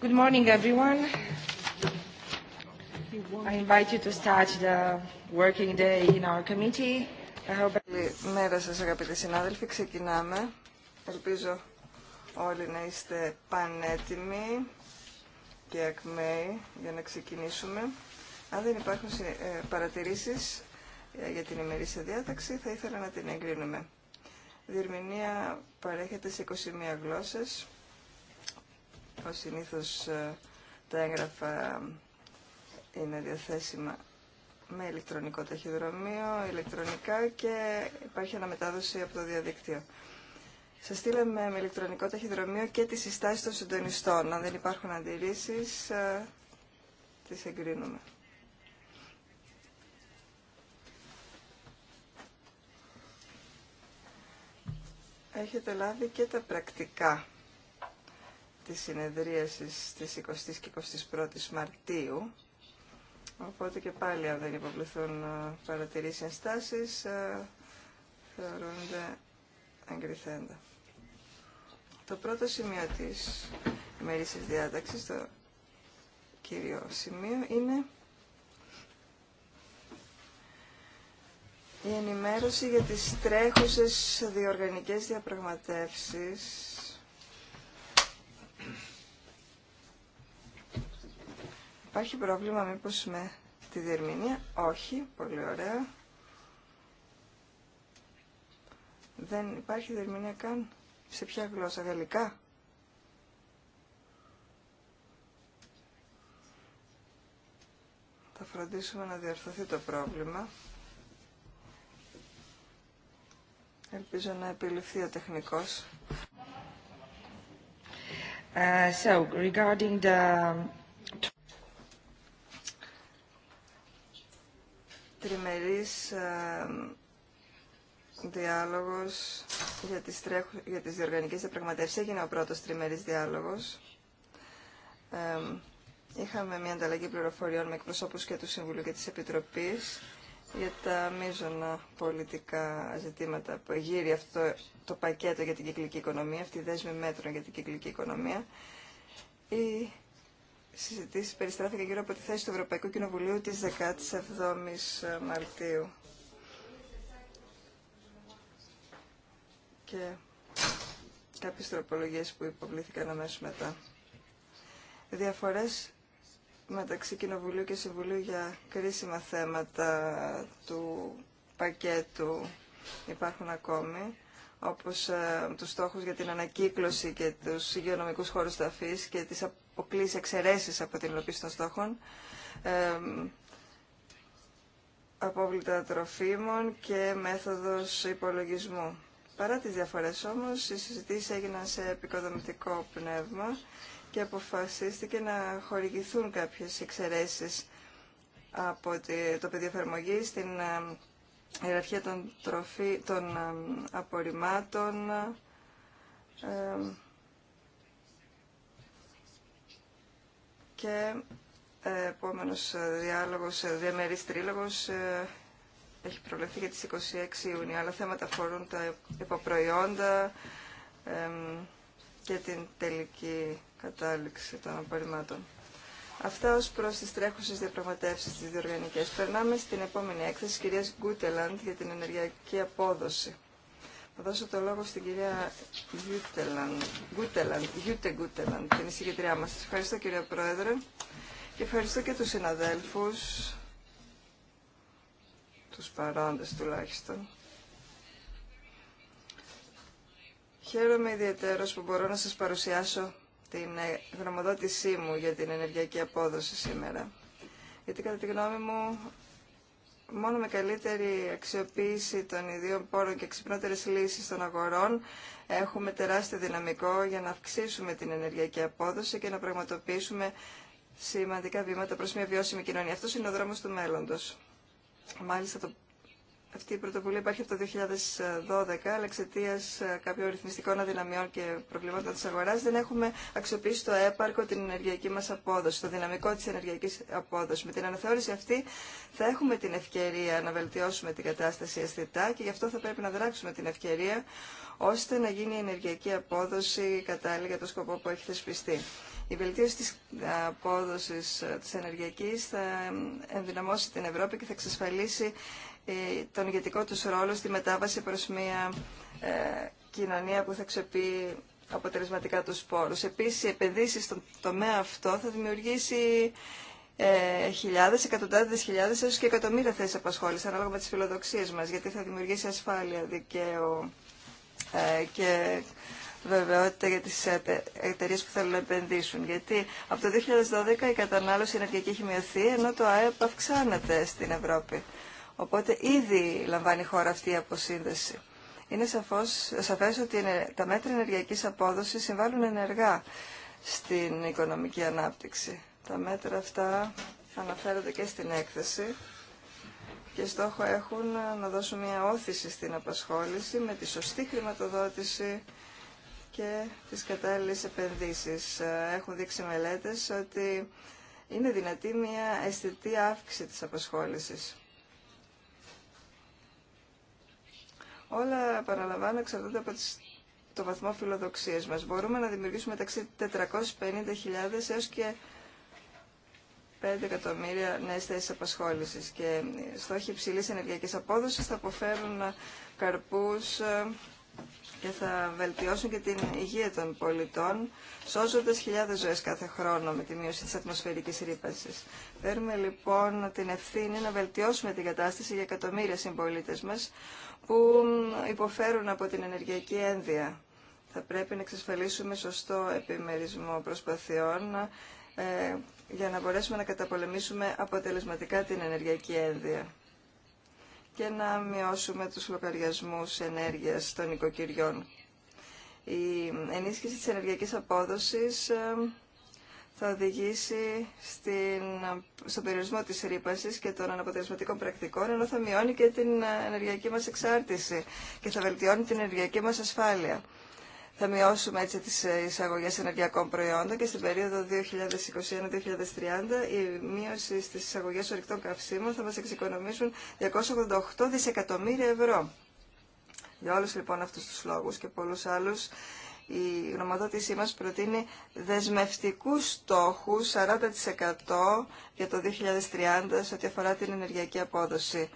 Good morning, everyone. I invite you to start the working day in our committee. I hope... Μέρα σας, αγαπητοί συνάδελφοι. Ξεκινάμε. Ελπίζω όλοι να είστε πανέτοιμοι και ακμαίοι για να ξεκινήσουμε. Αν δεν υπάρχουν ε, παρατηρήσεις ε, για την ημερήσια διάταξη, θα ήθελα να την εγκρίνουμε. Διερμηνία παρέχεται σε 21 γλώσσες. Ο συνήθως ε, τα έγγραφα είναι διαθέσιμα με ηλεκτρονικό ταχυδρομείο, ηλεκτρονικά και υπάρχει αναμετάδοση από το διαδίκτυο. Σα στείλαμε με ηλεκτρονικό ταχυδρομείο και τι συστάσει των συντονιστών. Αν δεν υπάρχουν αντιρρήσει, ε, τι εγκρίνουμε. Έχετε λάβει και τα πρακτικά της συνεδρίασης της 20 και 21ης Μαρτίου. Οπότε και πάλι αν δεν υποβληθούν ε, παρατηρήσεις ενστάσεις ε, θεωρούνται εγκριθέντα. Το πρώτο σημείο της ημερήσης διάταξης, το κύριο σημείο, είναι η ενημέρωση για τις τρέχουσες διοργανικές διαπραγματεύσεις Υπάρχει πρόβλημα μήπως με τη διερμηνία. Όχι, πολύ ωραία. Δεν υπάρχει διερμηνία καν. Σε ποια γλώσσα, γαλλικά. Θα φροντίσουμε να διορθωθεί το πρόβλημα. Ελπίζω να επιληφθεί ο τεχνικός. Uh, so, regarding the... τριμερής ε, διάλογος για τις, τρέχου, για διοργανικές διαπραγματεύσεις. Έγινε ο πρώτος τριμερής διάλογος. Ε, είχαμε μια ανταλλαγή πληροφοριών με εκπροσώπους και του Συμβουλίου και της Επιτροπής για τα μείζωνα πολιτικά ζητήματα που γύρει αυτό το πακέτο για την κυκλική οικονομία, αυτή η δέσμη μέτρων για την κυκλική οικονομία. Η Συζητήσει περιστράφηκαν γύρω από τη θέση του Ευρωπαϊκού Κοινοβουλίου τη 17 η Μαρτίου. Και κάποιε τροπολογίες που υποβλήθηκαν αμέσω μετά. Διαφορές μεταξύ Κοινοβουλίου και Συμβουλίου για κρίσιμα θέματα του πακέτου υπάρχουν ακόμη, όπως ε, τους στόχους για την ανακύκλωση και τους υγειονομικούς χώρους ταφής και τις αποκλείσει εξαιρέσει από την υλοποίηση των στόχων, απόβλητα τροφίμων και μέθοδος υπολογισμού. Παρά τις διαφορές όμως, οι συζητήσεις έγιναν σε επικοδομητικό πνεύμα και αποφασίστηκε να χορηγηθούν κάποιες εξαιρεσει από το πεδίο εφαρμογή στην ιεραρχία των, τροφί, των απορριμμάτων, Και ε, επόμενος ε, διάλογος, ε, διαμερής τρίλογος, ε, έχει προβλεφθεί για τις 26 Ιουνίου. Άλλα θέματα αφορούν τα υποπροϊόντα και την τελική κατάληξη των απορριμμάτων. Αυτά ως προς τις τρέχουσες διαπραγματεύσεις της διοργανικής. Περνάμε στην επόμενη έκθεση κυρίας Γκούτελαντ για την ενεργειακή απόδοση. Θα δώσω το λόγο στην κυρία Γιούτε Γκούτελαν, την εισηγητριά μας. Σας ευχαριστώ κύριε Πρόεδρε και ευχαριστώ και τους συναδέλφους, τους παρόντες τουλάχιστον. Χαίρομαι ιδιαίτερο που μπορώ να σας παρουσιάσω την ε, γνωμοδότησή μου για την ενεργειακή απόδοση σήμερα. Γιατί κατά τη γνώμη μου μόνο με καλύτερη αξιοποίηση των ιδίων πόρων και ξυπνότερες λύσεις των αγορών έχουμε τεράστιο δυναμικό για να αυξήσουμε την ενεργειακή απόδοση και να πραγματοποιήσουμε σημαντικά βήματα προς μια βιώσιμη κοινωνία. Αυτός είναι ο δρόμος του μέλλοντος. Μάλιστα το αυτή η πρωτοβουλία υπάρχει από το 2012, αλλά εξαιτία ε, κάποιων ρυθμιστικών αδυναμιών και προβλημάτων τη αγορά δεν έχουμε αξιοποιήσει το έπαρκο την ενεργειακή μα απόδοση, το δυναμικό τη ενεργειακή απόδοση. Με την αναθεώρηση αυτή θα έχουμε την ευκαιρία να βελτιώσουμε την κατάσταση αισθητά και γι' αυτό θα πρέπει να δράξουμε την ευκαιρία ώστε να γίνει η ενεργειακή απόδοση κατάλληλη για το σκοπό που έχει θεσπιστεί. Η βελτίωση της απόδοσης ε, της ενεργειακής θα ενδυναμώσει την Ευρώπη και θα εξασφαλίσει ε, τον ηγετικό του ρόλο στη μετάβαση προς μια ε, κοινωνία που θα ξεπεί αποτελεσματικά τους σπόρους. Επίσης, οι επενδύσεις στον τομέα αυτό θα δημιουργήσει ε, χιλιάδες, εκατοντάδες χιλιάδες, έως και εκατομμύρια θέσεις απασχόληση ανάλογα με τις φιλοδοξίες μας, γιατί θα δημιουργήσει ασφάλεια, δικαίου ε, και βεβαιότητα για τις εταιρείε που θέλουν να επενδύσουν. Γιατί από το 2012 η κατανάλωση ενεργειακή έχει μειωθεί, ενώ το ΑΕΠ αυξάνεται στην Ευρώπη. Οπότε ήδη λαμβάνει η χώρα αυτή η αποσύνδεση. Είναι σαφώς, σαφές ότι τα μέτρα ενεργειακής απόδοσης συμβάλλουν ενεργά στην οικονομική ανάπτυξη. Τα μέτρα αυτά αναφέρονται και στην έκθεση και στόχο έχουν να δώσουν μια όθηση στην απασχόληση με τη σωστή χρηματοδότηση και τις κατάλληλες επενδύσεις. Έχουν δείξει μελέτες ότι είναι δυνατή μια αισθητή αύξηση της απασχόλησης. Όλα, παραλαμβάνω, εξαρτώνται από το βαθμό φιλοδοξίας μας. Μπορούμε να δημιουργήσουμε μεταξύ 450.000 έως και 5 εκατομμύρια νέες θέσεις απασχόλησης και ε, στόχοι υψηλής ενεργειακής απόδοσης θα αποφέρουν ε, καρπούς ε, και θα βελτιώσουν και την υγεία των πολιτών, σώζοντας χιλιάδες ζωές κάθε χρόνο με τη μείωση της ατμοσφαιρικής ρήπανσης. Παίρνουμε λοιπόν την ευθύνη να βελτιώσουμε την κατάσταση για εκατομμύρια συμπολίτε μα, που υποφέρουν από την ενεργειακή ένδυα. Θα πρέπει να εξασφαλίσουμε σωστό επιμερισμό προσπαθειών ε, για να μπορέσουμε να καταπολεμήσουμε αποτελεσματικά την ενεργειακή ένδυα και να μειώσουμε τους λογαριασμούς ενέργειας των οικοκυριών. Η ενίσχυση της ενεργειακής απόδοσης ε, θα οδηγήσει στον περιορισμό της ρήπανσης και των αναποτελεσματικών πρακτικών, ενώ θα μειώνει και την ενεργειακή μας εξάρτηση και θα βελτιώνει την ενεργειακή μας ασφάλεια. Θα μειώσουμε έτσι τις εισαγωγές ενεργειακών προϊόντων και στην περίοδο 2021-2030 η μείωση στις εισαγωγές ορυκτών καυσίμων θα μας εξοικονομήσουν 288 δισεκατομμύρια ευρώ. Για όλους λοιπόν αυτούς τους λόγους και πολλούς άλλους, η γνωμοδότησή μας προτείνει δεσμευτικούς στόχους 40% για το 2030 σε ό,τι αφορά την ενεργειακή απόδοση.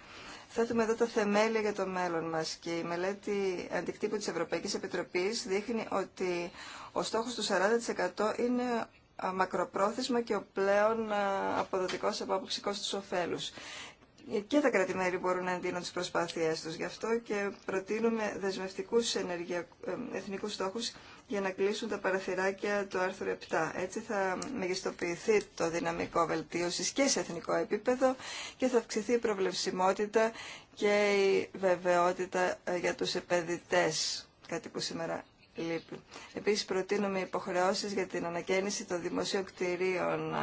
Θέτουμε εδώ τα θεμέλια για το μέλλον μας και η μελέτη αντικτύπου της Ευρωπαϊκής Επιτροπής δείχνει ότι ο στόχος του 40% είναι μακροπρόθεσμα και ο πλέον ε, αποδοτικός από άποψη τους ωφέλους και τα κρατημέρη μπορούν να εντείνουν τις προσπάθειές τους. Γι' αυτό και προτείνουμε δεσμευτικούς εθνικού ε, εθνικούς στόχους για να κλείσουν τα παραθυράκια του άρθρου 7. Έτσι θα μεγιστοποιηθεί το δυναμικό βελτίωσης και σε εθνικό επίπεδο και θα αυξηθεί η προβλεψιμότητα και η βεβαιότητα ε, για τους επενδυτές, κάτι που σήμερα λείπει. Επίσης προτείνουμε υποχρεώσεις για την ανακαίνιση των δημοσίων κτηρίων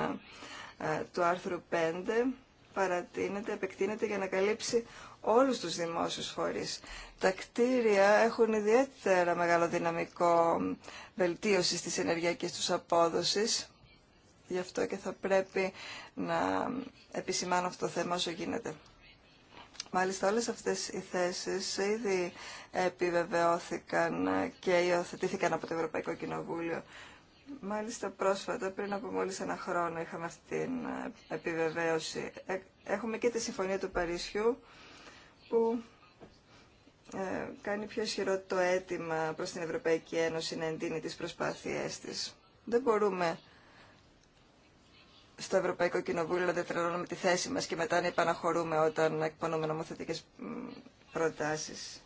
ε, του άρθρου 5 παρατείνεται, επεκτείνεται για να καλύψει όλους τους δημόσιους φορείς. Τα κτίρια έχουν ιδιαίτερα μεγάλο δυναμικό βελτίωση της ενεργειακής τους απόδοσης. Γι' αυτό και θα πρέπει να επισημάνω αυτό το θέμα όσο γίνεται. Μάλιστα όλες αυτές οι θέσεις ήδη επιβεβαιώθηκαν και υιοθετήθηκαν από το Ευρωπαϊκό Κοινοβούλιο Μάλιστα πρόσφατα, πριν από μόλις ένα χρόνο, είχαμε αυτή την ε, επιβεβαίωση. Ε, έχουμε και τη Συμφωνία του Παρίσιου, που ε, κάνει πιο ισχυρό το αίτημα προς την Ευρωπαϊκή Ένωση να εντείνει τις προσπάθειές της. Δεν μπορούμε στο Ευρωπαϊκό Κοινοβούλιο να διατρελώνουμε τη θέση μας και μετά να επαναχωρούμε όταν εκπονούμε νομοθετικές προτάσεις.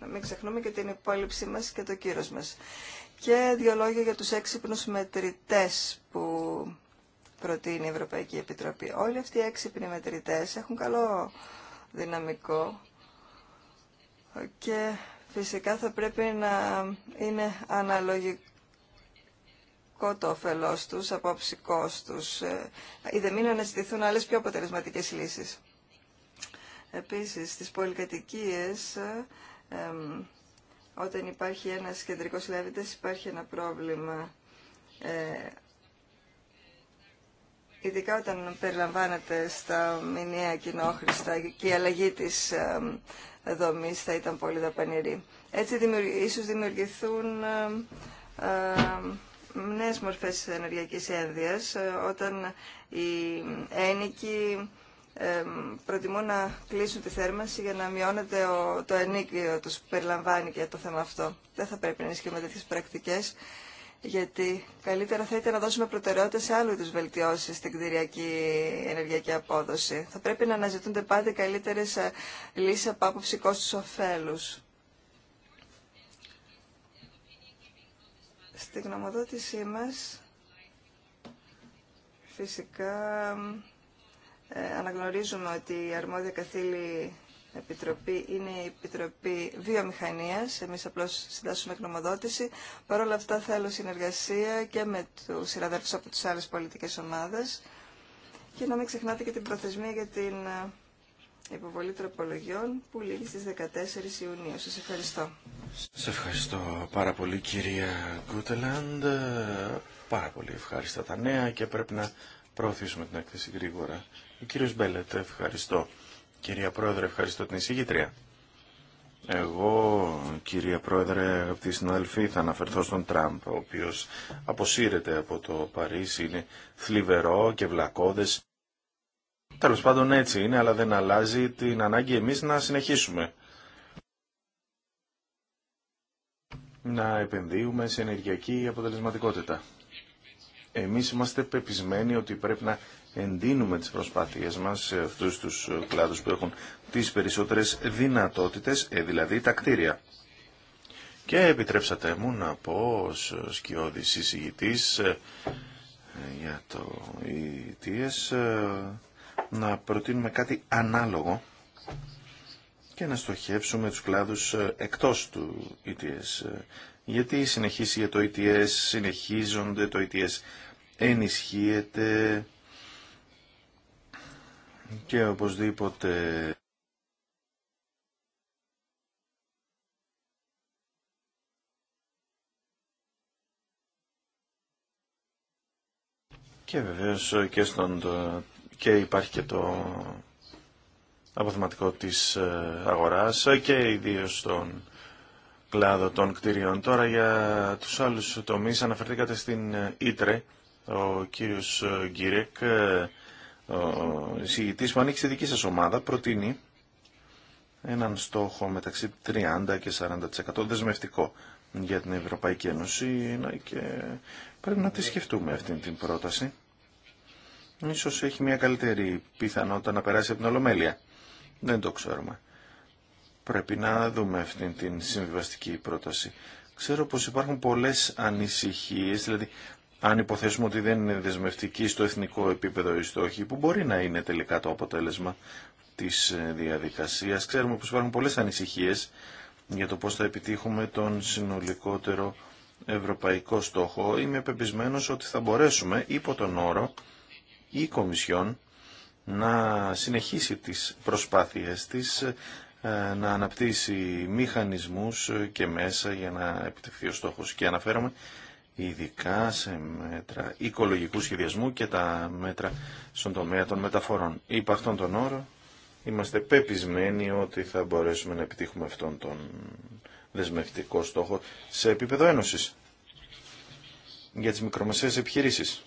Να μην ξεχνούμε και την υπόλοιψή μας και το κύρος μας. Και δύο λόγια για τους έξυπνους μετρητές που προτείνει η Ευρωπαϊκή Επιτροπή. Όλοι αυτοί οι έξυπνοι μετρητές έχουν καλό δυναμικό και φυσικά θα πρέπει να είναι αναλογικό το όφελός τους, απόψη τους, ε, ή δεν να ζητηθούν άλλες πιο αποτελεσματικές λύσεις. Επίσης, στις πολυκατοικίες ε, όταν υπάρχει ένας κεντρικός λάβητας υπάρχει ένα πρόβλημα. Ε, ειδικά όταν περιλαμβάνεται στα μηνιαία κοινόχρηστα και η αλλαγή της ε, δομής θα ήταν πολύ δαπανηρή. Έτσι ίσως δημιουργηθούν ε, ε, νέες μορφές ενεργειακής ένδυας όταν οι ένικοι προτιμούν να κλείσουν τη θέρμανση για να μειώνεται το ενίκιο τους που περιλαμβάνει και το θέμα αυτό. Δεν θα πρέπει να ενισχύουμε τέτοιες πρακτικές, γιατί καλύτερα θα ήταν να δώσουμε προτεραιότητα σε άλλου είδους βελτιώσεις στην κτηριακή ενεργειακή απόδοση. Θα πρέπει να αναζητούνται πάντα καλύτερες ε, λύσεις από άποψη κόστους ωφέλους. Στην γνωμοδότησή μας, φυσικά, ε, αναγνωρίζουμε ότι η αρμόδια καθήλη επιτροπή είναι η Επιτροπή Βιομηχανίας, εμείς απλώς συντάσσουμε εκνομοδότηση Παρ' όλα αυτά θέλω συνεργασία και με τους συναδέλφους από τις άλλες πολιτικές ομάδες και να μην ξεχνάτε και την προθεσμία για την ε, υποβολή τροπολογιών που λήγει στις 14 Ιουνίου. Σας ευχαριστώ. Σας ευχαριστώ πάρα πολύ κυρία Γκούτελαντ. Ε, πάρα πολύ ευχάριστα τα νέα και πρέπει να προωθήσουμε την έκθεση γρήγορα. Ο κύριος Μπέλετ, ευχαριστώ. Κυρία Πρόεδρε, ευχαριστώ την εισηγήτρια. Εγώ, κυρία Πρόεδρε, αγαπητοί συνάδελφοι, θα αναφερθώ στον Τραμπ, ο οποίος αποσύρεται από το Παρίσι, είναι θλιβερό και βλακώδες. Τέλο πάντων έτσι είναι, αλλά δεν αλλάζει την ανάγκη εμείς να συνεχίσουμε. Να επενδύουμε σε ενεργειακή αποτελεσματικότητα. Εμείς είμαστε πεπισμένοι ότι πρέπει να εντείνουμε τις προσπάθειές μας σε αυτούς τους κλάδους που έχουν τις περισσότερες δυνατότητες, ε, δηλαδή τα κτίρια. Και επιτρέψατε μου να πω ως σκιώδης εισηγητής ε, για το ΙΤΙΕΣ ε, να προτείνουμε κάτι ανάλογο και να στοχεύσουμε τους κλάδους εκτός του ETS. Γιατί συνεχίσει για το ETS, συνεχίζονται, το ETS ενισχύεται, και οπωσδήποτε και βεβαίως και, στον, και υπάρχει και το αποθεματικό της ε, αγοράς και ιδίως στον κλάδο των κτηριών. Τώρα για τους άλλους τομείς αναφερθήκατε στην ε, Ήτρε. Ο κύριος ε, Γκίρεκ ο εισηγητής που ανήκει στη δική σα ομάδα προτείνει έναν στόχο μεταξύ 30 και 40% δεσμευτικό για την Ευρωπαϊκή Ένωση και πρέπει να τη σκεφτούμε αυτή την πρόταση. Ίσως έχει μια καλύτερη πιθανότητα να περάσει από την Ολομέλεια. Δεν το ξέρουμε. Πρέπει να δούμε αυτή την συμβιβαστική πρόταση. Ξέρω πως υπάρχουν πολλές ανησυχίες, δηλαδή αν υποθέσουμε ότι δεν είναι δεσμευτική στο εθνικό επίπεδο η στόχη, που μπορεί να είναι τελικά το αποτέλεσμα της ε, διαδικασίας. Ξέρουμε πως υπάρχουν πολλές ανησυχίες για το πώς θα επιτύχουμε τον συνολικότερο ευρωπαϊκό στόχο. Είμαι πεπισμένος ότι θα μπορέσουμε υπό τον όρο η Κομισιόν να συνεχίσει τις προσπάθειες της ε, να αναπτύσσει μηχανισμούς και μέσα για να επιτευχθεί ο στόχος. Και αναφέρομαι ειδικά σε μέτρα οικολογικού σχεδιασμού και τα μέτρα στον τομέα των μεταφορών. Υπ' αυτόν τον όρο είμαστε πεπισμένοι ότι θα μπορέσουμε να επιτύχουμε αυτόν τον δεσμευτικό στόχο σε επίπεδο ένωσης για τις μικρομεσαίες επιχειρήσεις.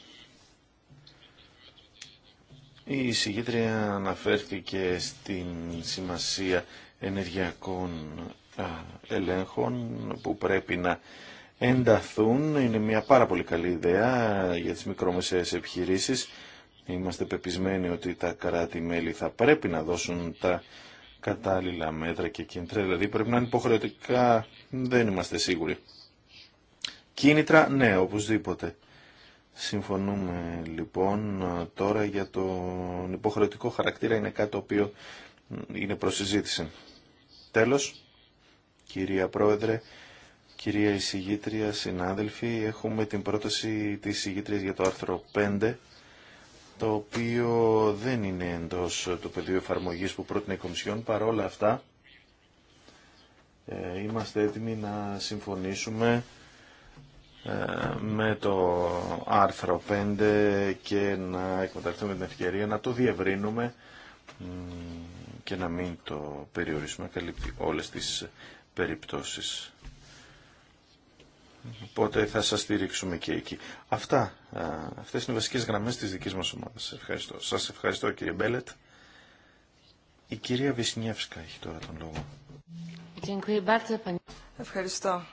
Η συγκίτρια αναφέρθηκε στην σημασία ενεργειακών ελέγχων που πρέπει να ενταθούν. Είναι μια πάρα πολύ καλή ιδέα για τις μικρομεσαίες επιχειρήσεις. Είμαστε πεπισμένοι ότι τα κράτη-μέλη θα πρέπει να δώσουν τα κατάλληλα μέτρα και κίνητρα. Δηλαδή πρέπει να είναι υποχρεωτικά, δεν είμαστε σίγουροι. Κίνητρα, ναι, οπωσδήποτε. Συμφωνούμε λοιπόν τώρα για τον υποχρεωτικό χαρακτήρα είναι κάτι το οποίο είναι προσυζήτηση. Τέλος, κυρία Πρόεδρε, Κυρία εισηγήτρια, συνάδελφοι, έχουμε την πρόταση της εισηγήτρια για το άρθρο 5, το οποίο δεν είναι εντός του πεδίου εφαρμογής που πρότεινε η Κομισιόν. Παρόλα αυτά, ε, είμαστε έτοιμοι να συμφωνήσουμε ε, με το άρθρο 5 και να εκμεταλλευτούμε την ευκαιρία να το διευρύνουμε και να μην το περιορίσουμε, καλύπτει όλες τις περιπτώσεις. Οπότε θα σα στηρίξουμε και εκεί. Αυτά, αυτές είναι οι βασικές γραμμές της δικής μας ομάδας. Σα ευχαριστώ, Σα ευχαριστώ κύριε Μπέλετ. Η κυρία Βυσνιεύσκα έχει τώρα τον λόγο. Ευχαριστώ.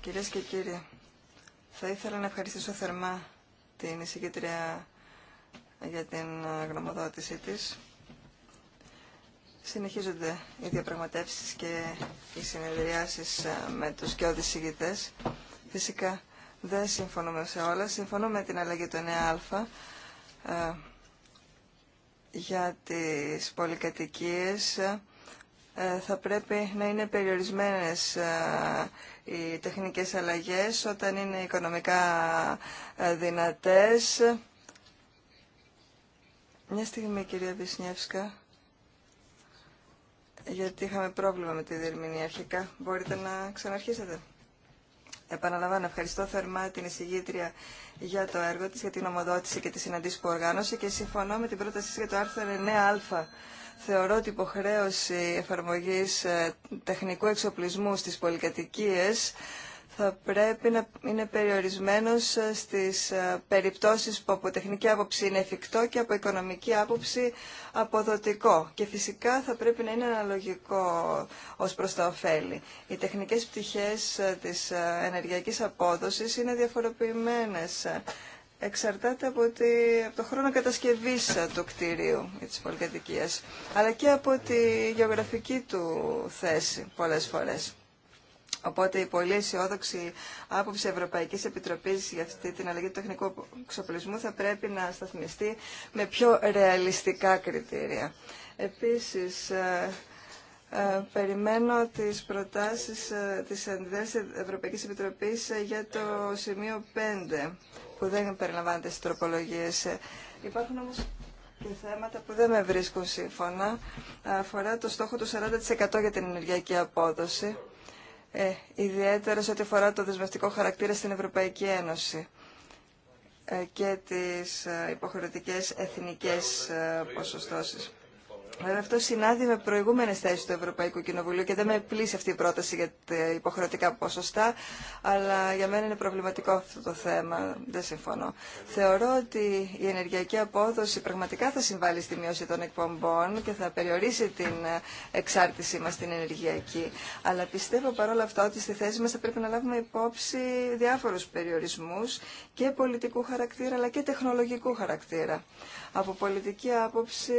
κυρίε και κύριοι, θα ήθελα να ευχαριστήσω θερμά την εισηγήτρια για την γνωμοδότησή της. Συνεχίζονται οι διαπραγματεύσεις και οι συνεδριάσεις ε, με τους και ηγητές. Φυσικά δεν συμφωνούμε σε όλα. Συμφωνούμε με την αλλαγή του 9α ε, για τις πολυκατοικίες. Ε, θα πρέπει να είναι περιορισμένες οι τεχνικές αλλαγές όταν είναι οικονομικά δυνατές. Μια στιγμή κυρία Βυσνιεύσκα γιατί είχαμε πρόβλημα με τη διερμηνία αρχικά. Μπορείτε να ξαναρχίσετε. Επαναλαμβάνω, ευχαριστώ θερμά την εισηγήτρια για το έργο της, για την ομοδότηση και τη συναντήση που οργάνωσε και συμφωνώ με την πρόταση για το άρθρο 9α. Θεωρώ ότι υποχρέωση εφαρμογής ε, τεχνικού εξοπλισμού στις πολυκατοικίες θα πρέπει να είναι περιορισμένος ε, στις ε, περιπτώσεις που από τεχνική άποψη είναι εφικτό και από οικονομική άποψη αποδοτικό. Και φυσικά θα πρέπει να είναι αναλογικό ως προς τα ωφέλη. Οι τεχνικές πτυχές ε, της ενεργειακής απόδοσης είναι διαφοροποιημένες. Εξαρτάται από, τη, από το χρόνο κατασκευής του κτίριου ή της πολυκατοικίας, αλλά και από τη γεωγραφική του θέση πολλές φορές. Οπότε η πολύ αισιόδοξη άποψη Ευρωπαϊκής Επιτροπής για αυτή την αλλαγή του τεχνικού εξοπλισμού θα πρέπει να σταθμιστεί με πιο ρεαλιστικά κριτήρια. Επίσης, ε, ε, περιμένω τις προτάσεις ε, της της Ευρωπαϊκής Επιτροπής για το σημείο 5, που δεν περιλαμβάνεται στις τροπολογίες. Υπάρχουν όμως και θέματα που δεν με βρίσκουν σύμφωνα. Αφορά το στόχο του 40% για την ενεργειακή απόδοση ε, ιδιαίτερα σε ό,τι αφορά το δεσμευτικό χαρακτήρα στην Ευρωπαϊκή Ένωση ε, και τις ε, υποχρεωτικές εθνικές ε, ποσοστώσεις. Βέβαια αυτό συνάδει με προηγούμενε θέσει του Ευρωπαϊκού Κοινοβουλίου και δεν με πλήσει αυτή η πρόταση για τα υποχρεωτικά ποσοστά, αλλά για μένα είναι προβληματικό αυτό το θέμα. Δεν συμφωνώ. Θεωρώ ότι η ενεργειακή απόδοση πραγματικά θα συμβάλλει στη μείωση των εκπομπών και θα περιορίσει την εξάρτησή μα στην ενεργειακή. Αλλά πιστεύω παρόλα αυτά ότι στη θέση μα θα πρέπει να λάβουμε υπόψη διάφορου περιορισμού και πολιτικού χαρακτήρα αλλά και τεχνολογικού χαρακτήρα. Από πολιτική άποψη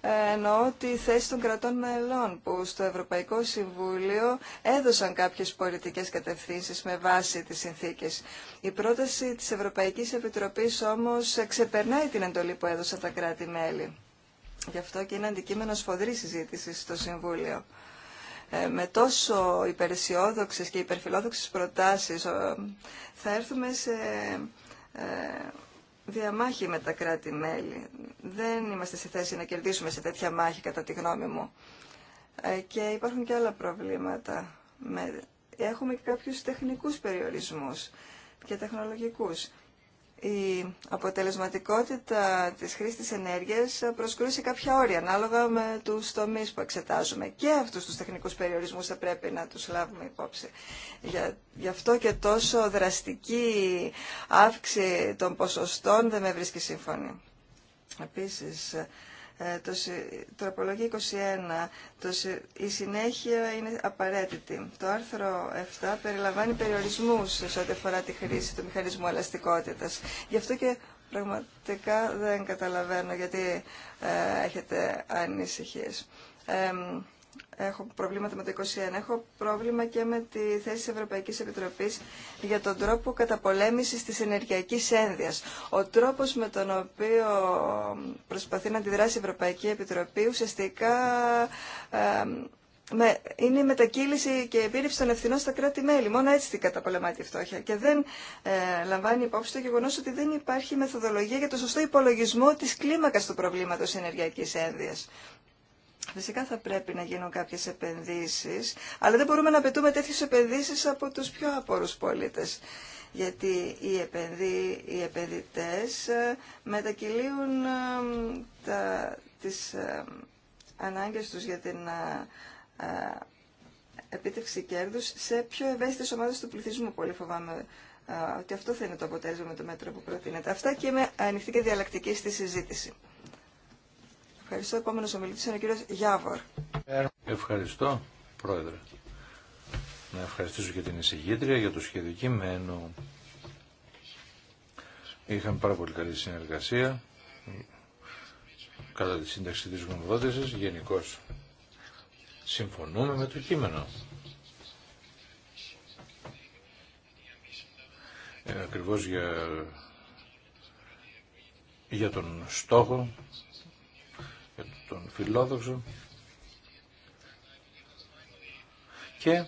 ε, εννοώ τη θέση των κρατών μελών που στο Ευρωπαϊκό Συμβούλιο έδωσαν κάποιες πολιτικές κατευθύνσεις με βάση τις συνθήκες. Η πρόταση της Ευρωπαϊκής Επιτροπής όμως ξεπερνάει την εντολή που έδωσαν τα κράτη-μέλη. Γι' αυτό και είναι αντικείμενο σφοδρή συζήτηση στο Συμβούλιο. Ε, με τόσο υπεραισιόδοξες και υπερφιλόδοξες προτάσεις ε, θα έρθουμε σε διαμάχη με τα κράτη-μέλη. Δεν είμαστε σε θέση να κερδίσουμε σε τέτοια μάχη, κατά τη γνώμη μου. Ε, και υπάρχουν και άλλα προβλήματα. Έχουμε και κάποιους τεχνικούς περιορισμούς και τεχνολογικούς η αποτελεσματικότητα της χρήσης ενέργειας προσκρούσε κάποια όρια ανάλογα με τους τομείς που εξετάζουμε. Και αυτούς τους τεχνικούς περιορισμούς θα πρέπει να τους λάβουμε υπόψη. Για, γι' αυτό και τόσο δραστική αύξηση των ποσοστών δεν με βρίσκει σύμφωνη. Επίσης, ε, το, τροπολογία 21, το, η συνέχεια είναι απαραίτητη. Το άρθρο 7 περιλαμβάνει περιορισμούς σε ό,τι αφορά τη χρήση του μηχανισμού ελαστικότητας. Γι' αυτό και πραγματικά δεν καταλαβαίνω γιατί ε, έχετε ανησυχίες έχω προβλήματα με το 21, έχω πρόβλημα και με τη θέση της Ευρωπαϊκής Επιτροπής για τον τρόπο καταπολέμησης της ενεργειακής ένδυας. Ο τρόπος με τον οποίο προσπαθεί να αντιδράσει η Ευρωπαϊκή Επιτροπή ουσιαστικά ε, με, είναι η μετακύληση και η επίρρηψη των ευθυνών στα κράτη-μέλη. Μόνο έτσι την καταπολεμάει τη φτώχεια. Και δεν ε, λαμβάνει υπόψη το γεγονό ότι δεν υπάρχει μεθοδολογία για το σωστό υπολογισμό τη κλίμακα του προβλήματο ενεργειακή ένδυα. Φυσικά θα πρέπει να γίνουν κάποιες επενδύσεις, αλλά δεν μπορούμε να απαιτούμε τέτοιες επενδύσεις από τους πιο απόρους πολίτες. Γιατί οι, επενδύ, οι επενδυτές ε, μετακυλίουν ε, τα, τις ε, ανάγκες τους για την επίτευξη κέρδους σε πιο ευαίσθητες ομάδες του πληθυσμού. Πολύ φοβάμαι ότι αυτό θα είναι το αποτέλεσμα με το μέτρο που προτείνεται. Αυτά και είμαι ανοιχτή και διαλλακτική στη συζήτηση. Ευχαριστώ. Επόμενος ομιλητής είναι ο κύριος Γιάβορ. Ευχαριστώ, Πρόεδρε. Να ευχαριστήσω και την εισηγήτρια για το σχέδιο κείμενο. Είχαμε πάρα πολύ καλή συνεργασία κατά τη σύνταξη της γνωμοδότησης. Γενικώ συμφωνούμε με το κείμενο. Ε, ακριβώς για, για τον στόχο για τον φιλόδοξο και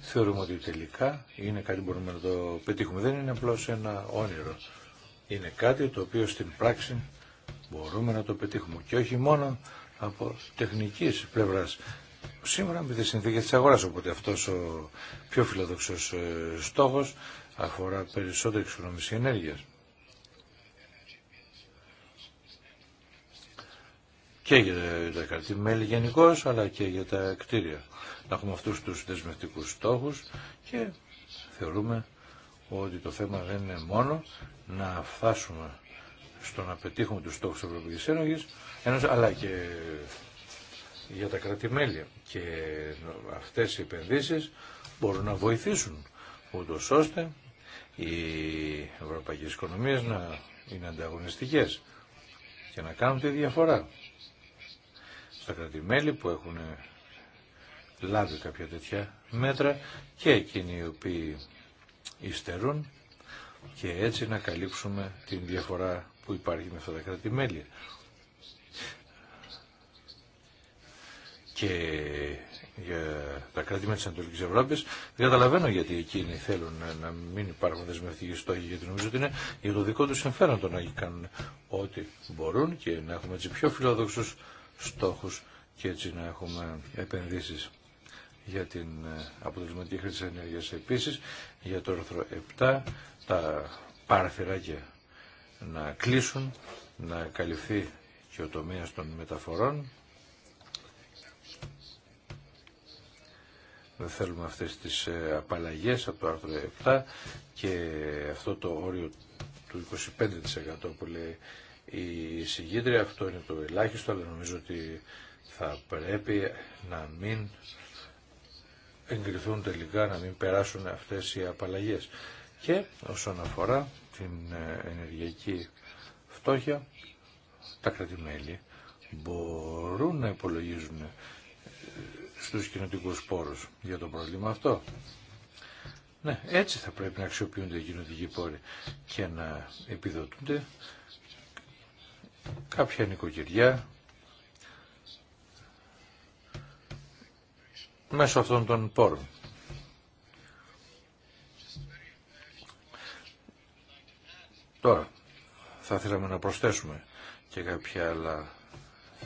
θεωρούμε ότι τελικά είναι κάτι που μπορούμε να το πετύχουμε. Δεν είναι απλώς ένα όνειρο. Είναι κάτι το οποίο στην πράξη μπορούμε να το πετύχουμε και όχι μόνο από τεχνικής πλευράς. Σήμερα με τη συνθήκη της αγοράς, οπότε αυτός ο πιο φιλοδοξός ε, στόχος αφορά περισσότερη εξοικονομήση ενέργειας. και για τα κρατημέλη γενικώ, αλλά και για τα κτίρια. Να έχουμε αυτούς τους δεσμευτικούς στόχους και θεωρούμε ότι το θέμα δεν είναι μόνο να φτάσουμε στο να πετύχουμε τους στόχους της Ευρωπαϊκής Ένωσης, αλλά και για τα κρατημέλη. Και αυτές οι επενδύσεις μπορούν να βοηθήσουν ούτω ώστε οι ευρωπαϊκές οικονομίες να είναι ανταγωνιστικές και να κάνουν τη διαφορά στα κρατημέλη που έχουν λάβει κάποια τέτοια μέτρα και εκείνοι οι οποίοι υστερούν και έτσι να καλύψουμε την διαφορά που υπάρχει με αυτά τα κρατημέλη. και για τα κράτη της Ανατολικής Ευρώπης. Δεν καταλαβαίνω γιατί εκείνοι θέλουν να μην υπάρχουν δεσμευτικοί στόχοι, γιατί νομίζω ότι είναι για το δικό τους συμφέρον το να κάνουν ό,τι μπορούν και να έχουμε έτσι πιο φιλόδοξους στόχους και έτσι να έχουμε επενδύσεις για την ε, αποτελεσματική χρήση της ενέργειας επίσης, για το άρθρο 7, τα παραθυράκια να κλείσουν, να καλυφθεί και ο τομέας των μεταφορών. Δεν θέλουμε αυτές τις ε, απαλλαγές από το άρθρο 7 και αυτό το όριο του 25% που λέει η συγκίτρια. Αυτό είναι το ελάχιστο, αλλά νομίζω ότι θα πρέπει να μην εγκριθούν τελικά, να μην περάσουν αυτές οι απαλλαγές. Και όσον αφορά την ε, ενεργειακή φτώχεια, τα κρατημέλη μπορούν να υπολογίζουν ε, στους κοινωτικούς πόρους για το πρόβλημα αυτό. Ναι, έτσι θα πρέπει να αξιοποιούνται οι κοινωτικοί πόροι και να επιδοτούνται κάποια νοικοκυριά μέσω αυτών των πόρων. Τώρα, θα θέλαμε να προσθέσουμε και κάποια άλλα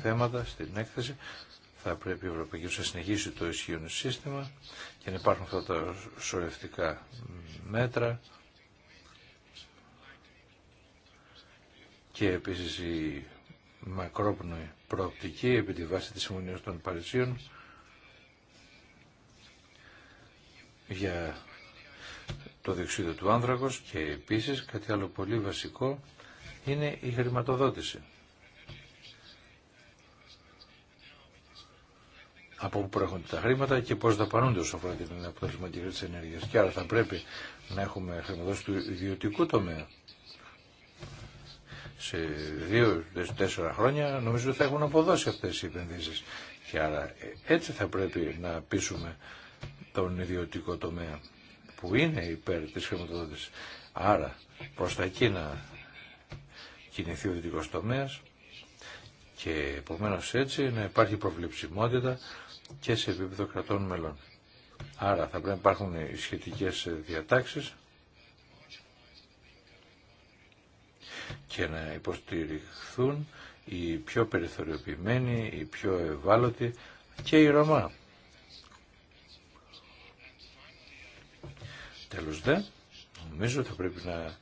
θέματα στην έκθεση. Θα πρέπει η Ευρωπαϊκή Ένωση να συνεχίσει το ισχύον σύστημα και να υπάρχουν αυτά τα σωρευτικά μέτρα. και επίσης η μακρόπνοη προοπτική επί τη βάση της Συμφωνίας των Παρισίων για το διοξείδιο του άνθρακος και επίσης κάτι άλλο πολύ βασικό είναι η χρηματοδότηση. Από πού προέρχονται τα χρήματα και πώς δαπανούνται όσο αφορά την αποτελεσματική της ενέργειας. Και άρα θα πρέπει να έχουμε χρηματοδότηση του ιδιωτικού τομέα σε δύο, τέσσερα χρόνια νομίζω θα έχουν αποδώσει αυτές οι επενδύσεις. Και άρα ε, έτσι θα πρέπει να πείσουμε τον ιδιωτικό τομέα που είναι υπέρ της χρηματοδότησης. Άρα προς τα εκεί να κινηθεί ο ιδιωτικός τομέας και επομένως έτσι να υπάρχει προβλεψιμότητα και σε επίπεδο κρατών μελών. Άρα θα πρέπει να υπάρχουν οι σχετικές διατάξεις και να υποστηριχθούν οι πιο περιθωριοποιημένοι, οι πιο ευάλωτοι και οι Ρωμά. Τέλος δε, νομίζω θα πρέπει να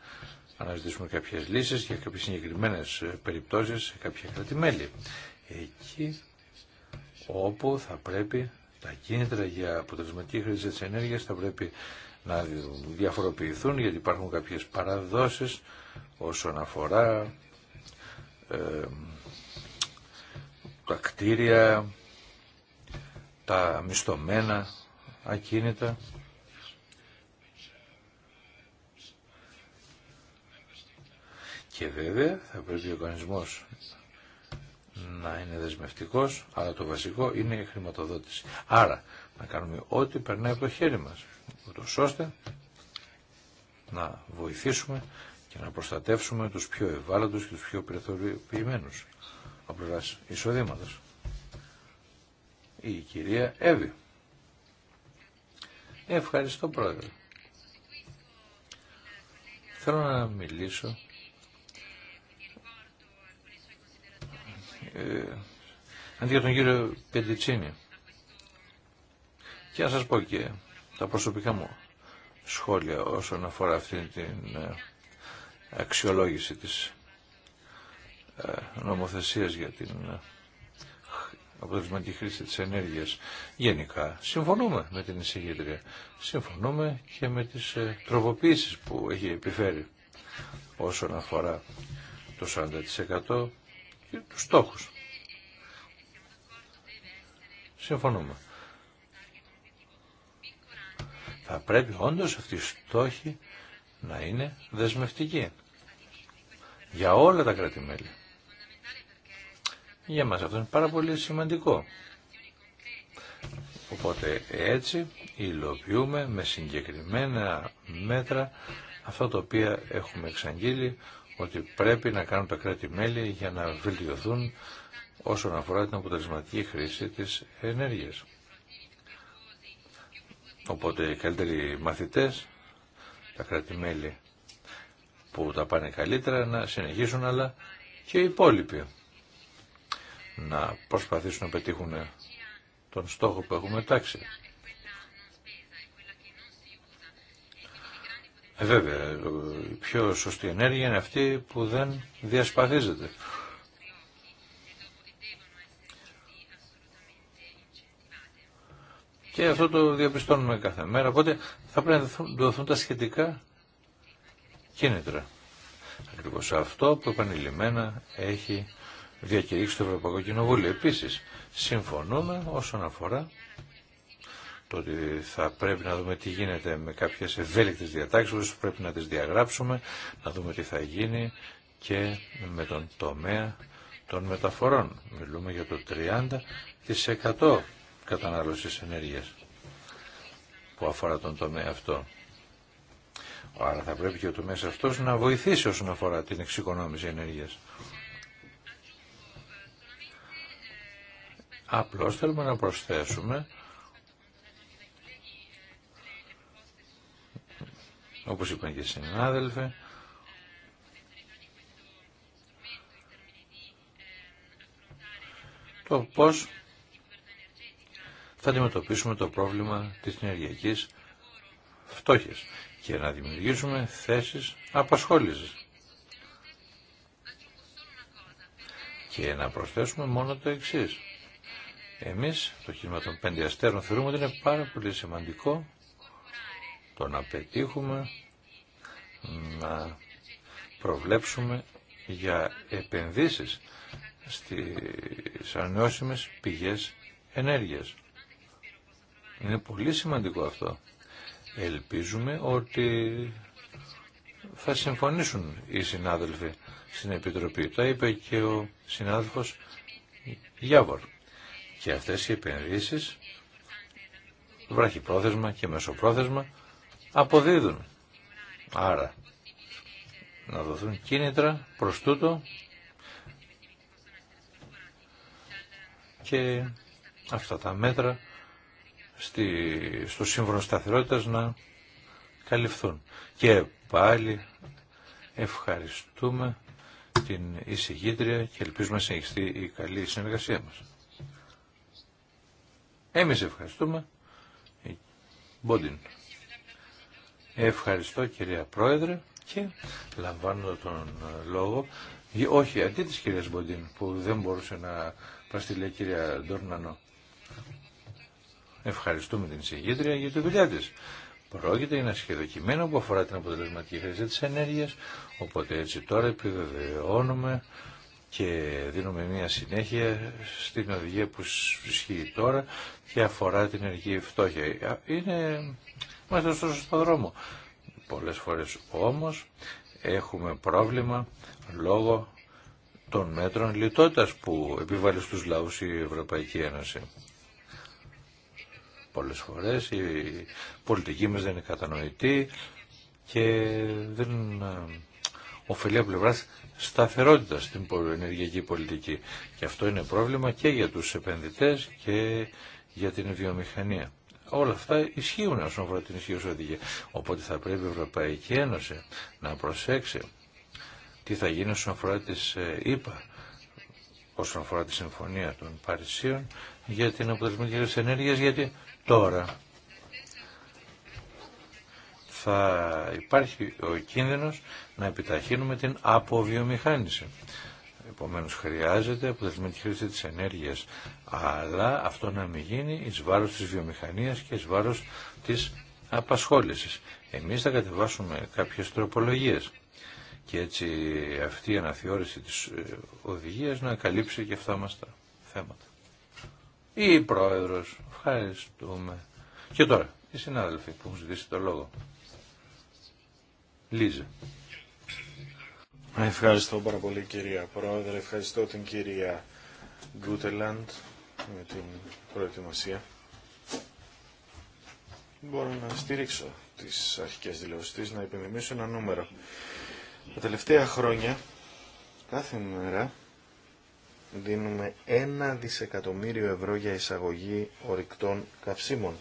αναζητήσουμε κάποιες λύσεις για κάποιες συγκεκριμένες περιπτώσεις σε κάποια κρατημέλη. Εκεί όπου θα πρέπει τα κίνητρα για αποτελεσματική χρήση της ενέργειας θα πρέπει να διαφοροποιηθούν γιατί υπάρχουν κάποιες παραδόσεις όσον αφορά ε, τα κτίρια, τα μισθωμένα ακίνητα. Και βέβαια θα πρέπει ο οργανισμός να είναι δεσμευτικός, αλλά το βασικό είναι η χρηματοδότηση. Άρα να κάνουμε ό,τι περνάει από το χέρι μας, ούτως ώστε να βοηθήσουμε και να προστατεύσουμε τους πιο ευάλωτους και τους πιο περιθωριοποιημένους από πλευράς εισοδήματος. Η κυρία Εύη. Ευχαριστώ πρόεδρε. Θέλω να μιλήσω ε, αντί για τον κύριο Πεντιτσίνη. Και να σας πω και τα προσωπικά μου σχόλια όσον αφορά αυτήν την ε, αξιολόγηση της ε, νομοθεσίας για την ε, αποτελεσματική χρήση της ενέργειας. Γενικά, συμφωνούμε με την εισηγήτρια. Συμφωνούμε και με τις ε, τροποποίησεις που έχει επιφέρει όσον αφορά το 40% και τους στόχους. Συμφωνούμε. Θα πρέπει όντως αυτοί οι στόχοι να είναι δεσμευτική για όλα τα κράτη-μέλη. Για μας αυτό είναι πάρα πολύ σημαντικό. Οπότε έτσι υλοποιούμε με συγκεκριμένα μέτρα αυτό το οποίο έχουμε εξαγγείλει ότι πρέπει να κάνουν τα κράτη-μέλη για να βελτιωθούν όσον αφορά την αποτελεσματική χρήση της ενέργειας. Οπότε οι καλύτεροι μαθητές, τα κράτη-μέλη που τα πάνε καλύτερα να συνεχίσουν αλλά και οι υπόλοιποι να προσπαθήσουν να πετύχουν τον στόχο που έχουμε τάξει. Ε, βέβαια, η πιο σωστή ενέργεια είναι αυτή που δεν διασπαθίζεται. Και αυτό το διαπιστώνουμε κάθε μέρα, οπότε θα πρέπει να δοθούν τα σχετικά κίνητρα. Ακριβώς αυτό που επανειλημμένα έχει διακηρύξει το Ευρωπαϊκό Κοινοβούλιο. Επίση, συμφωνούμε όσον αφορά το ότι θα πρέπει να δούμε τι γίνεται με κάποιες ευέλικτες διατάξεις, πρέπει να τις διαγράψουμε, να δούμε τι θα γίνει και με τον τομέα των μεταφορών. Μιλούμε για το 30% κατανάλωσης ενέργεια που αφορά τον τομέα αυτό. Άρα θα πρέπει και ο τομέας αυτός να βοηθήσει όσον αφορά την εξοικονόμηση ενέργειας. Απλώς θέλουμε να προσθέσουμε όπως είπαν και οι συνάδελφοι το πώς θα αντιμετωπίσουμε το πρόβλημα της ενεργειακής φτώχειας και να δημιουργήσουμε θέσεις απασχόλησης. Και να προσθέσουμε μόνο το εξής. Εμείς, το κίνημα των πέντε αστέρων, θεωρούμε ότι είναι πάρα πολύ σημαντικό το να πετύχουμε να προβλέψουμε για επενδύσεις στις ανανεώσιμες πηγές ενέργειας. Είναι πολύ σημαντικό αυτό. Ελπίζουμε ότι θα συμφωνήσουν οι συνάδελφοι στην Επιτροπή. Τα είπε και ο συνάδελφος Γιάβορ. Και αυτές οι επενδύσεις βραχυπρόθεσμα και μεσοπρόθεσμα αποδίδουν. Άρα να δοθούν κίνητρα προς τούτο και αυτά τα μέτρα στη, στο σύμφωνο σταθερότητας να καλυφθούν. Και πάλι ευχαριστούμε την εισηγήτρια και ελπίζουμε να συνεχιστεί η καλή συνεργασία μας. Εμείς ευχαριστούμε. Μπόντιν. Ευχαριστώ κυρία Πρόεδρε και λαμβάνω τον λόγο. Όχι, αντί της κυρίας Μποντίν που δεν μπορούσε να πραστηλεί κυρία Ντόρνανο. Ευχαριστούμε την εισηγήτρια για τη δουλειά τη. Πρόκειται για ένα σχεδοκειμένο που αφορά την αποτελεσματική χρήση τη ενέργεια, οπότε έτσι τώρα επιβεβαιώνουμε και δίνουμε μια συνέχεια στην οδηγία που ισχύει τώρα και αφορά την ενεργή φτώχεια. Είναι, μέσα στο σωστό δρόμο. Πολλές φορές όμως έχουμε πρόβλημα λόγω των μέτρων λιτότητας που επιβάλλει στους λαούς η Ευρωπαϊκή Ένωση πολλές φορές, η πολιτική μας δεν είναι κατανοητή και δεν ε, ωφελεί από πλευρά σταθερότητα στην ενεργειακή πολιτική. Και αυτό είναι πρόβλημα και για τους επενδυτές και για την βιομηχανία. Όλα αυτά ισχύουν όσον αφορά την ισχύω οδηγία. Οπότε θα πρέπει η Ευρωπαϊκή Ένωση να προσέξει τι θα γίνει όσον αφορά τις ε, ΕΠΑ, όσον αφορά τη Συμφωνία των Παρισίων για την αποτελεσματική ενέργεια. γιατί Τώρα θα υπάρχει ο κίνδυνος να επιταχύνουμε την αποβιομηχάνηση. Επομένως χρειάζεται αποτελεσματική χρήση της ενέργειας, αλλά αυτό να μην γίνει εις βάρος της βιομηχανίας και εις βάρος της απασχόλησης. Εμείς θα κατεβάσουμε κάποιες τροπολογίες και έτσι αυτή η αναθεώρηση της ε, οδηγίας να καλύψει και αυτά μας τα θέματα. Ή η Πρόεδρος. Ευχαριστούμε. Και τώρα, οι συνάδελφοι που έχουν ζητήσει το λόγο. Λίζε. Ευχαριστώ πάρα πολύ κυρία Πρόεδρε, ευχαριστώ την κυρία Γκούτελαντ με την προετοιμασία. Μπορώ να στήριξω τις αρχικές δηλώσεις να υπενθυμίσω ένα νούμερο. Τα τελευταία χρόνια, κάθε μέρα, δίνουμε ένα δισεκατομμύριο ευρώ για εισαγωγή ορυκτών καυσίμων.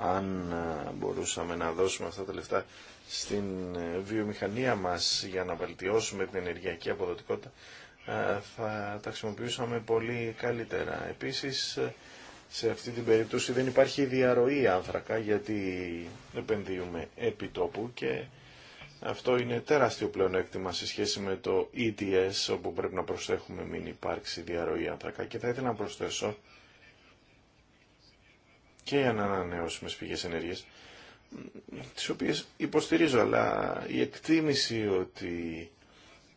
Αν ε, μπορούσαμε να δώσουμε αυτά τα λεφτά στην ε, βιομηχανία μας για να βελτιώσουμε την ενεργειακή αποδοτικότητα, ε, θα τα χρησιμοποιούσαμε πολύ καλύτερα. Επίσης, σε αυτή την περίπτωση δεν υπάρχει διαρροή άνθρακα γιατί επενδύουμε επί τόπου και αυτό είναι τεράστιο πλεονέκτημα σε σχέση με το ETS, όπου πρέπει να προσέχουμε μην υπάρξει διαρροή άνθρακα. Και θα ήθελα να προσθέσω και για να ανανεώσουμε πηγές ενέργειας, τις οποίες υποστηρίζω, αλλά η εκτίμηση ότι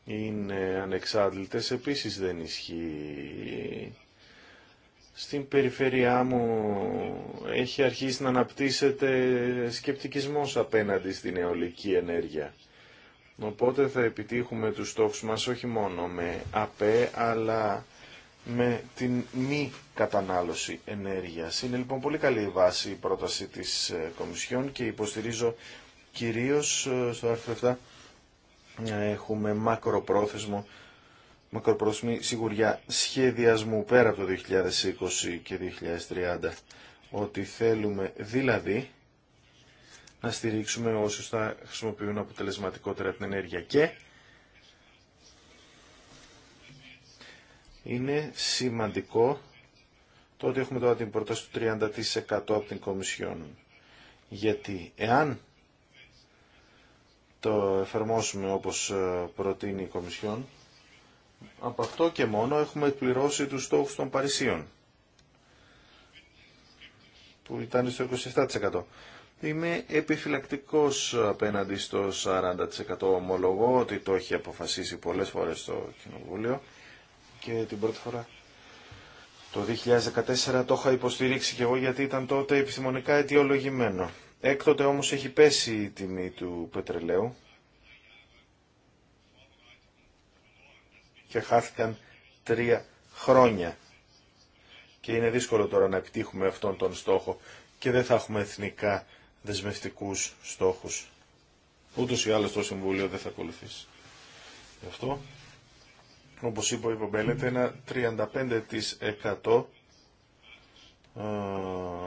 είναι ανεξάντλητες επίσης δεν ισχύει στην περιφερειά μου έχει αρχίσει να αναπτύσσεται σκεπτικισμός απέναντι στην αιωλική ενέργεια. Οπότε θα επιτύχουμε τους στόχους μας όχι μόνο με ΑΠΕ, αλλά με την μη κατανάλωση ενέργειας. Είναι λοιπόν πολύ καλή η βάση η πρόταση της ε, Κομισιόν και υποστηρίζω κυρίως ε, στο άρθρο 7 να έχουμε μακροπρόθεσμο μακροπρόσμη σιγουριά σχεδιασμού πέρα από το 2020 και 2030. Ότι θέλουμε δηλαδή να στηρίξουμε όσους θα χρησιμοποιούν αποτελεσματικότερα την ενέργεια. Και είναι σημαντικό το ότι έχουμε τώρα την πρόταση του 30% από την Κομισιόν. Γιατί εάν το εφαρμόσουμε όπως προτείνει η Κομισιόν, από αυτό και μόνο έχουμε πληρώσει τους στόχους των Παρισίων, που ήταν στο 27%. Είμαι επιφυλακτικός απέναντι στο 40% ομολογώ ότι το έχει αποφασίσει πολλές φορές το Κοινοβούλιο και την πρώτη φορά το 2014 το είχα υποστηρίξει και εγώ γιατί ήταν τότε επιστημονικά αιτιολογημένο. Έκτοτε όμως έχει πέσει η τιμή του πετρελαίου και χάθηκαν τρία χρόνια. Και είναι δύσκολο τώρα να επιτύχουμε αυτόν τον στόχο και δεν θα έχουμε εθνικά δεσμευτικούς στόχους. Ούτως ή άλλως το Συμβούλιο δεν θα ακολουθήσει. Γι' αυτό, όπως είπα, μπέλετε, ένα 35% α, ε,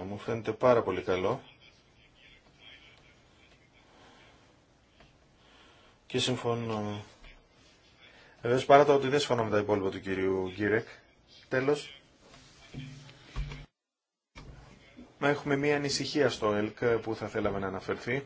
μου φαίνεται πάρα πολύ καλό. Και συμφωνώ Βεβαίω παρά το ότι δεν συμφωνώ με τα υπόλοιπα του κυρίου Γκίρεκ. Τέλος, έχουμε μία ανησυχία στο ΕΛΚ που θα θέλαμε να αναφερθεί.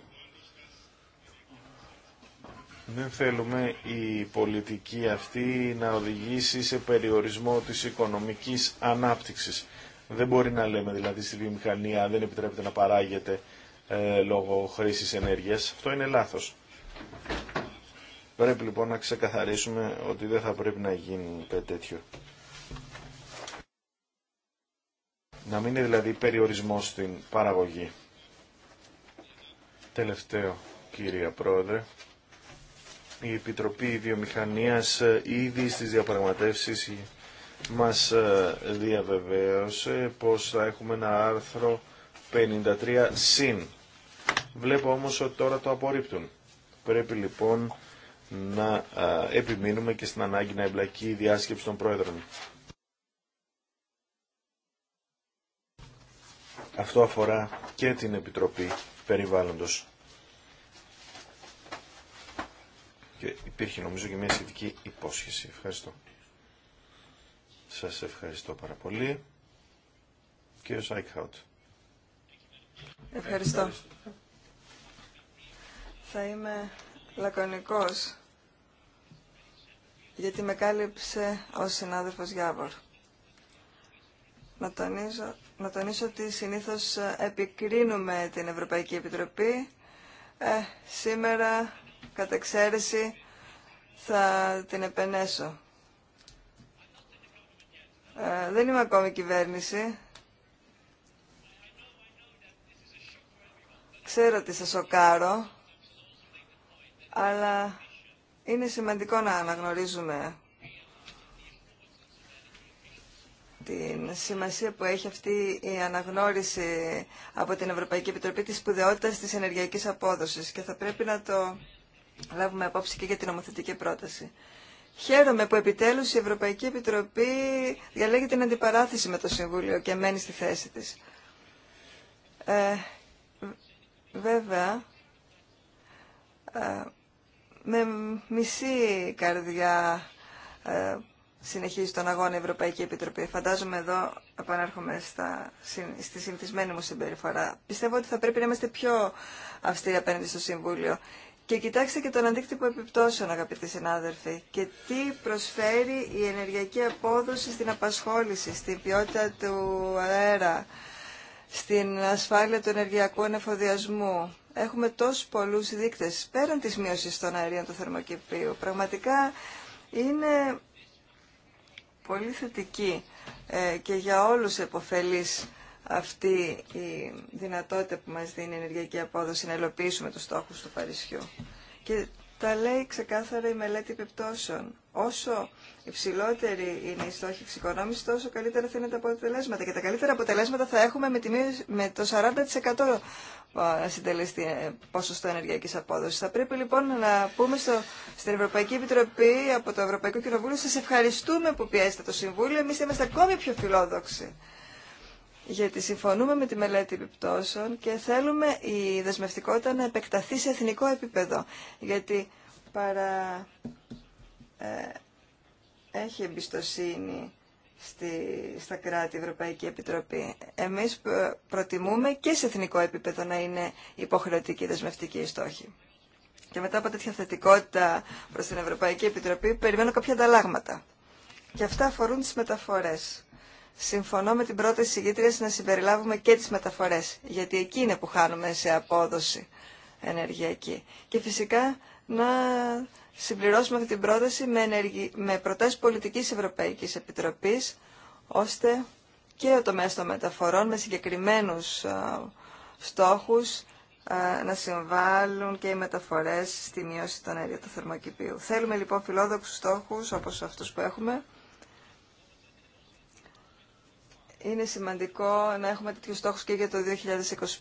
Δεν θέλουμε η πολιτική αυτή να οδηγήσει σε περιορισμό της οικονομικής ανάπτυξης. Δεν μπορεί να λέμε δηλαδή στη βιομηχανία δεν επιτρέπεται να παράγεται ε, λόγω χρήσης ενέργειας. Αυτό είναι λάθος. Πρέπει λοιπόν να ξεκαθαρίσουμε ότι δεν θα πρέπει να γίνει τέτοιο. Να μην είναι δηλαδή περιορισμός στην παραγωγή. Τελευταίο, κυρία Πρόεδρε. Η Επιτροπή Βιομηχανίας ε, ήδη στις διαπραγματεύσεις ε, μας ε, διαβεβαίωσε πως θα έχουμε ένα άρθρο 53 συν. Βλέπω όμως ότι τώρα το απορρίπτουν. Πρέπει λοιπόν να επιμείνουμε και στην ανάγκη να εμπλακεί η διάσκεψη των πρόεδρων. Αυτό αφορά και την Επιτροπή Περιβάλλοντος. Και υπήρχε νομίζω και μια σχετική υπόσχεση. Ευχαριστώ. Σας ευχαριστώ πάρα πολύ. Κύριο Σάικχαουτ. Ευχαριστώ. Θα είμαι λακωνικός, γιατί με κάλυψε ο συνάδελφος Γιάβορ. Να τονίσω, να τονίσω ότι συνήθως ε, επικρίνουμε την Ευρωπαϊκή Επιτροπή. Ε, σήμερα, κατά εξαίρεση, θα την επενέσω. Ε, δεν είμαι ακόμη κυβέρνηση. Ξέρω ότι σας σοκάρω, αλλά είναι σημαντικό να αναγνωρίζουμε την σημασία που έχει αυτή η αναγνώριση από την Ευρωπαϊκή Επιτροπή της σπουδαιότητας της ενεργειακής απόδοσης και θα πρέπει να το λάβουμε απόψη και για την νομοθετική πρόταση. Χαίρομαι που επιτέλους η Ευρωπαϊκή Επιτροπή διαλέγει την αντιπαράθεση με το Συμβούλιο και μένει στη θέση της. Ε, βέβαια, ε, με μισή καρδιά ε, συνεχίζει τον αγώνα η Ευρωπαϊκή Επιτροπή. Φαντάζομαι εδώ επανέρχομαι στα, στη συνηθισμένη μου συμπεριφορά. Πιστεύω ότι θα πρέπει να είμαστε πιο αυστηροί απέναντι στο Συμβούλιο. Και κοιτάξτε και τον αντίκτυπο επιπτώσεων, αγαπητοί συνάδελφοι, και τι προσφέρει η ενεργειακή απόδοση στην απασχόληση, στην ποιότητα του αέρα, στην ασφάλεια του ενεργειακού ενεφοδιασμού έχουμε τόσους πολλούς δείκτες πέραν της μείωσης των αερίων του θερμοκηπίου. Πραγματικά είναι πολύ θετική ε, και για όλους επωφελής αυτή η δυνατότητα που μας δίνει η ενεργειακή απόδοση να υλοποιήσουμε τους στόχους του Παρισιού. Και τα λέει ξεκάθαρα η μελέτη επιπτώσεων. Όσο υψηλότερη είναι η στόχη εξοικονόμηση, τόσο καλύτερα θα είναι τα αποτελέσματα. Και τα καλύτερα αποτελέσματα θα έχουμε με, τη, με το 40% συντελεστή ε, ποσοστό ενεργειακή απόδοση. Θα πρέπει λοιπόν να πούμε στο, στην Ευρωπαϊκή Επιτροπή από το Ευρωπαϊκό Κοινοβούλιο σα ευχαριστούμε που πιέσετε το Συμβούλιο. Εμεί είμαστε ακόμη πιο φιλόδοξοι γιατί συμφωνούμε με τη μελέτη επιπτώσεων και θέλουμε η δεσμευτικότητα να επεκταθεί σε εθνικό επίπεδο, γιατί παρά ε, έχει εμπιστοσύνη στη, στα κράτη Ευρωπαϊκή Επιτροπή. Εμείς ε, προτιμούμε και σε εθνικό επίπεδο να είναι υποχρεωτική δεσμευτική στόχη. Και μετά από τέτοια θετικότητα προς την Ευρωπαϊκή Επιτροπή περιμένω κάποια ανταλλάγματα. Και αυτά αφορούν τις μεταφορές συμφωνώ με την πρόταση Ηγήτριας να συμπεριλάβουμε και τις μεταφορές, γιατί εκεί είναι που χάνουμε σε απόδοση ενεργειακή. Και φυσικά να συμπληρώσουμε αυτή την πρόταση με, ενεργη... με προτάσεις πολιτικής Ευρωπαϊκής Επιτροπής, ώστε και ο τομέας των μεταφορών με συγκεκριμένους στόχους να συμβάλλουν και οι μεταφορές στη μείωση των αερίων του θερμοκηπίου. Θέλουμε λοιπόν φιλόδοξους στόχους όπως αυτούς που έχουμε είναι σημαντικό να έχουμε τέτοιου στόχου και για το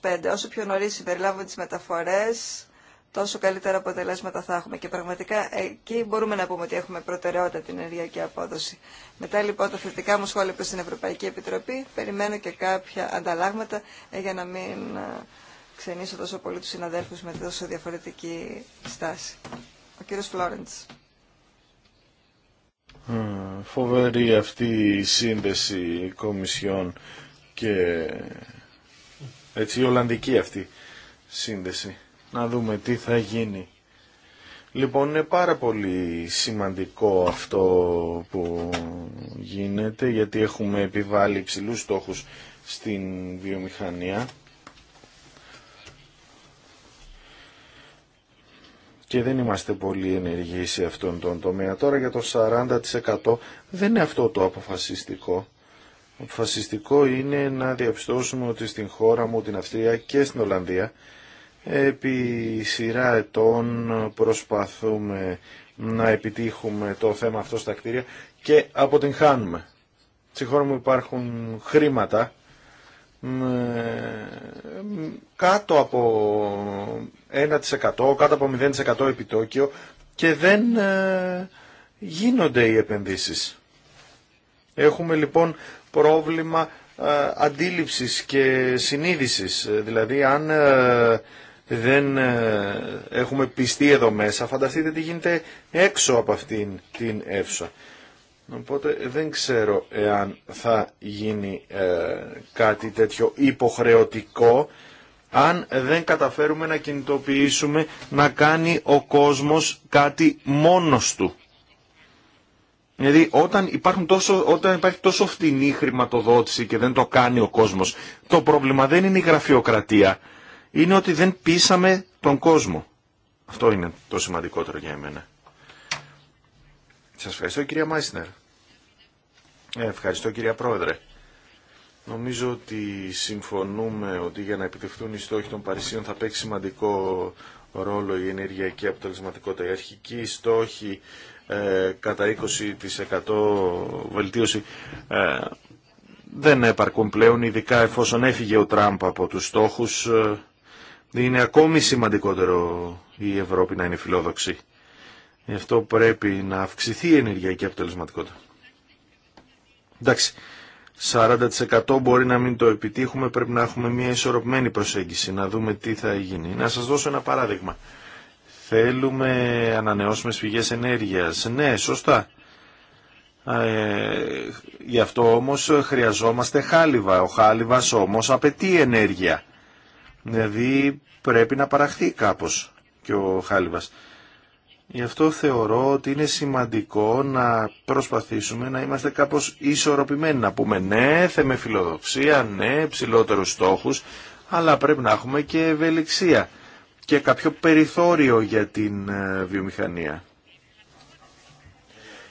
2025. Όσο πιο νωρίς συμπεριλάβουμε τι μεταφορέ, τόσο καλύτερα αποτελέσματα θα έχουμε. Και πραγματικά ε, εκεί μπορούμε να πούμε ότι έχουμε προτεραιότητα την ενεργειακή απόδοση. Μετά λοιπόν τα θετικά μου σχόλια προ την Ευρωπαϊκή Επιτροπή, περιμένω και κάποια ανταλλάγματα ε, για να μην ε, ξενήσω τόσο πολύ του συναδέλφου με τόσο διαφορετική στάση. Ο κύριο Φλόρεντ. Φοβερή αυτή η σύνδεση κομισιών και έτσι η Ολλανδική αυτή σύνδεση. Να δούμε τι θα γίνει. Λοιπόν, είναι πάρα πολύ σημαντικό αυτό που γίνεται, γιατί έχουμε επιβάλει υψηλούς στόχους στην βιομηχανία και δεν είμαστε πολύ ενεργοί σε αυτόν τον τομέα. Τώρα για το 40% δεν είναι αυτό το αποφασιστικό. Αποφασιστικό είναι να διαπιστώσουμε ότι στην χώρα μου, την Αυστρία και στην Ολλανδία επί σειρά ετών προσπαθούμε να επιτύχουμε το θέμα αυτό στα κτίρια και αποτυγχάνουμε. Στη χώρα μου υπάρχουν χρήματα ναι. κάτω από 1%, κάτω από 0% επιτόκιο και δεν ε, γίνονται οι επενδύσεις. Έχουμε λοιπόν πρόβλημα ε, αντίληψης και συνείδησης. Δηλαδή αν ε, δεν έχουμε πιστεί εδώ μέσα, φανταστείτε τι γίνεται έξω από αυτήν την εύσοα. Οπότε δεν ξέρω εάν θα γίνει ε, κάτι τέτοιο υποχρεωτικό αν δεν καταφέρουμε να κινητοποιήσουμε να κάνει ο κόσμος κάτι μόνος του. Δηλαδή όταν, υπάρχουν τόσο, όταν υπάρχει τόσο φτηνή χρηματοδότηση και δεν το κάνει ο κόσμος, το πρόβλημα δεν είναι η γραφειοκρατία, είναι ότι δεν πείσαμε τον κόσμο. Αυτό είναι το σημαντικότερο για εμένα. Σας ευχαριστώ κυρία Μάισνερ. Ευχαριστώ κυρία Πρόεδρε. Νομίζω ότι συμφωνούμε ότι για να επιτευχθούν οι στόχοι των Παρισίων θα παίξει σημαντικό ρόλο η ενεργειακή αποτελεσματικότητα. Η αρχική στόχη ε, κατά 20% βελτίωση ε, δεν επαρκούν πλέον, ειδικά εφόσον έφυγε ο Τραμπ από τους στόχους. Ε, είναι ακόμη σημαντικότερο η Ευρώπη να είναι φιλόδοξη. Γι' αυτό πρέπει να αυξηθεί η ενεργειακή αποτελεσματικότητα. Εντάξει, 40% μπορεί να μην το επιτύχουμε, πρέπει να έχουμε μια ισορροπημένη προσέγγιση, να δούμε τι θα γίνει. Να σας δώσω ένα παράδειγμα. Θέλουμε ανανεώσιμες πηγές ενέργειας. Ναι, σωστά. Ε, γι' αυτό όμως χρειαζόμαστε χάλιβα. Ο χάλιβας όμως απαιτεί ενέργεια. Δηλαδή πρέπει να παραχθεί κάπως και ο χάλιβας. Γι' αυτό θεωρώ ότι είναι σημαντικό να προσπαθήσουμε να είμαστε κάπως ισορροπημένοι, να πούμε ναι, θέμε φιλοδοξία, ναι, ψηλότερους στόχους, αλλά πρέπει να έχουμε και ευελιξία και κάποιο περιθώριο για την ε, βιομηχανία.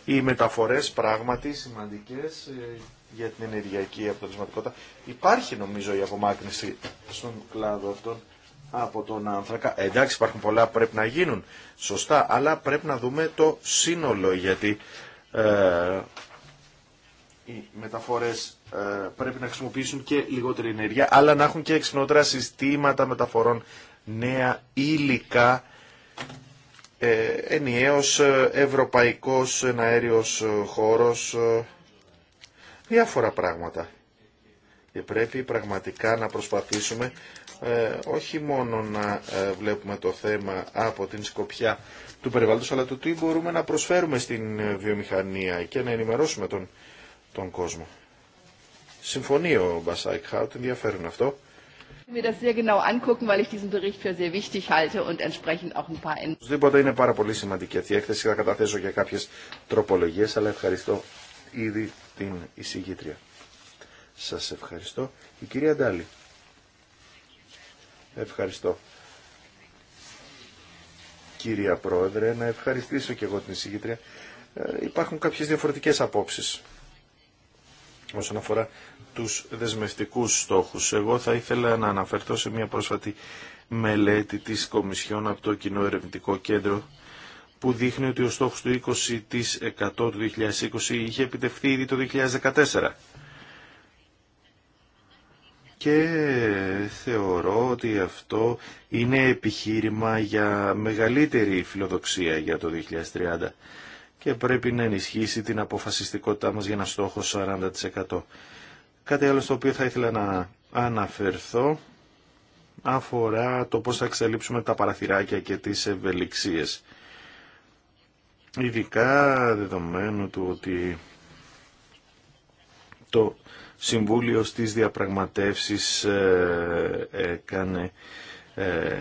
Οι μεταφορές πράγματι σημαντικές ε, για την ενεργειακή αποτελεσματικότητα. Υπάρχει νομίζω η απομάκρυνση στον κλάδο αυτόν από τον άνθρακα. Ε, εντάξει υπάρχουν πολλά πρέπει να γίνουν, σωστά, αλλά πρέπει να δούμε το σύνολο γιατί ε, οι μεταφορές ε, πρέπει να χρησιμοποιήσουν και λιγότερη ενέργεια αλλά να έχουν και εξυπνότερα συστήματα μεταφορών νέα υλικά ε, ενιαίος ευρωπαϊκός εναέριος χώρος διάφορα πράγματα. Και ε, πρέπει πραγματικά να προσπαθήσουμε ε, όχι μόνο να ε, βλέπουμε το θέμα από την σκοπιά του περιβάλλοντος, αλλά το τι μπορούμε να προσφέρουμε στην βιομηχανία και να ενημερώσουμε τον, τον κόσμο. Συμφωνεί ο Μπασάικ Χάουτ, ενδιαφέρον αυτό. Οπωσδήποτε είναι πάρα πολύ σημαντική αυτή η έκθεση. Θα καταθέσω και κάποιε τροπολογίε, αλλά ευχαριστώ ήδη την εισηγήτρια. Σας ευχαριστώ. Η κυρία Ντάλη. Ευχαριστώ. Κυρία Πρόεδρε, να ευχαριστήσω και εγώ την εισηγήτρια. Ε, υπάρχουν κάποιες διαφορετικές απόψεις όσον αφορά τους δεσμευτικούς στόχους. Εγώ θα ήθελα να αναφερθώ σε μια πρόσφατη μελέτη της Κομισιόν από το Κοινό Ερευνητικό Κέντρο που δείχνει ότι ο στόχος του 20% του 2020 είχε επιτευχθεί ήδη το 2014 και θεωρώ ότι αυτό είναι επιχείρημα για μεγαλύτερη φιλοδοξία για το 2030 και πρέπει να ενισχύσει την αποφασιστικότητά μας για ένα στόχο 40%. Κάτι άλλο στο οποίο θα ήθελα να αναφερθώ αφορά το πώς θα εξελίψουμε τα παραθυράκια και τις ευελιξίες. Ειδικά δεδομένου του ότι το Συμβούλιο στις διαπραγματεύσεις ε, έκανε, ε,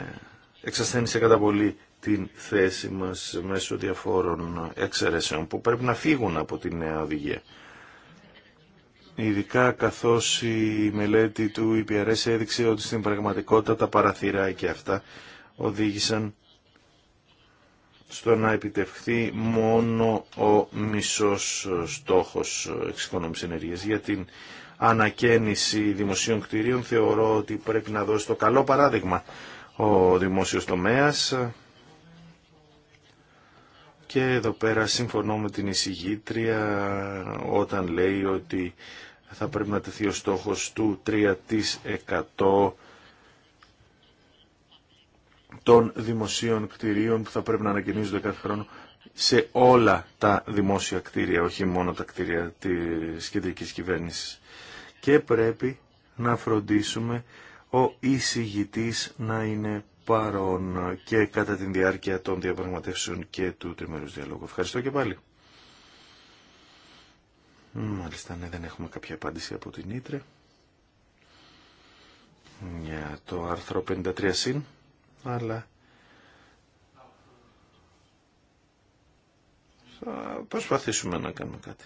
εξασθένησε κατά πολύ την θέση μας μέσω διαφόρων εξαιρέσεων που πρέπει να φύγουν από τη νέα οδηγία. Ειδικά καθώς η μελέτη του EPRS έδειξε ότι στην πραγματικότητα τα και αυτά οδήγησαν στο να επιτευχθεί μόνο ο μισός στόχος εξοικονόμησης ενέργειας. Για την ανακαίνιση δημοσίων κτηρίων θεωρώ ότι πρέπει να δώσει το καλό παράδειγμα ο δημόσιος τομέας και εδώ πέρα συμφωνώ με την εισηγήτρια όταν λέει ότι θα πρέπει να τεθεί ο στόχος του 3% των δημοσίων κτηρίων που θα πρέπει να ανακαινίζονται κάθε χρόνο σε όλα τα δημόσια κτίρια, όχι μόνο τα κτίρια της κεντρικής κυβέρνησης και πρέπει να φροντίσουμε ο εισηγητής να είναι παρόν και κατά την διάρκεια των διαπραγματεύσεων και του τριμερούς διαλόγου. Ευχαριστώ και πάλι. Μάλιστα, ναι, δεν έχουμε κάποια απάντηση από την Ήτρε. Για το άρθρο 53 συν, αλλά θα προσπαθήσουμε να κάνουμε κάτι.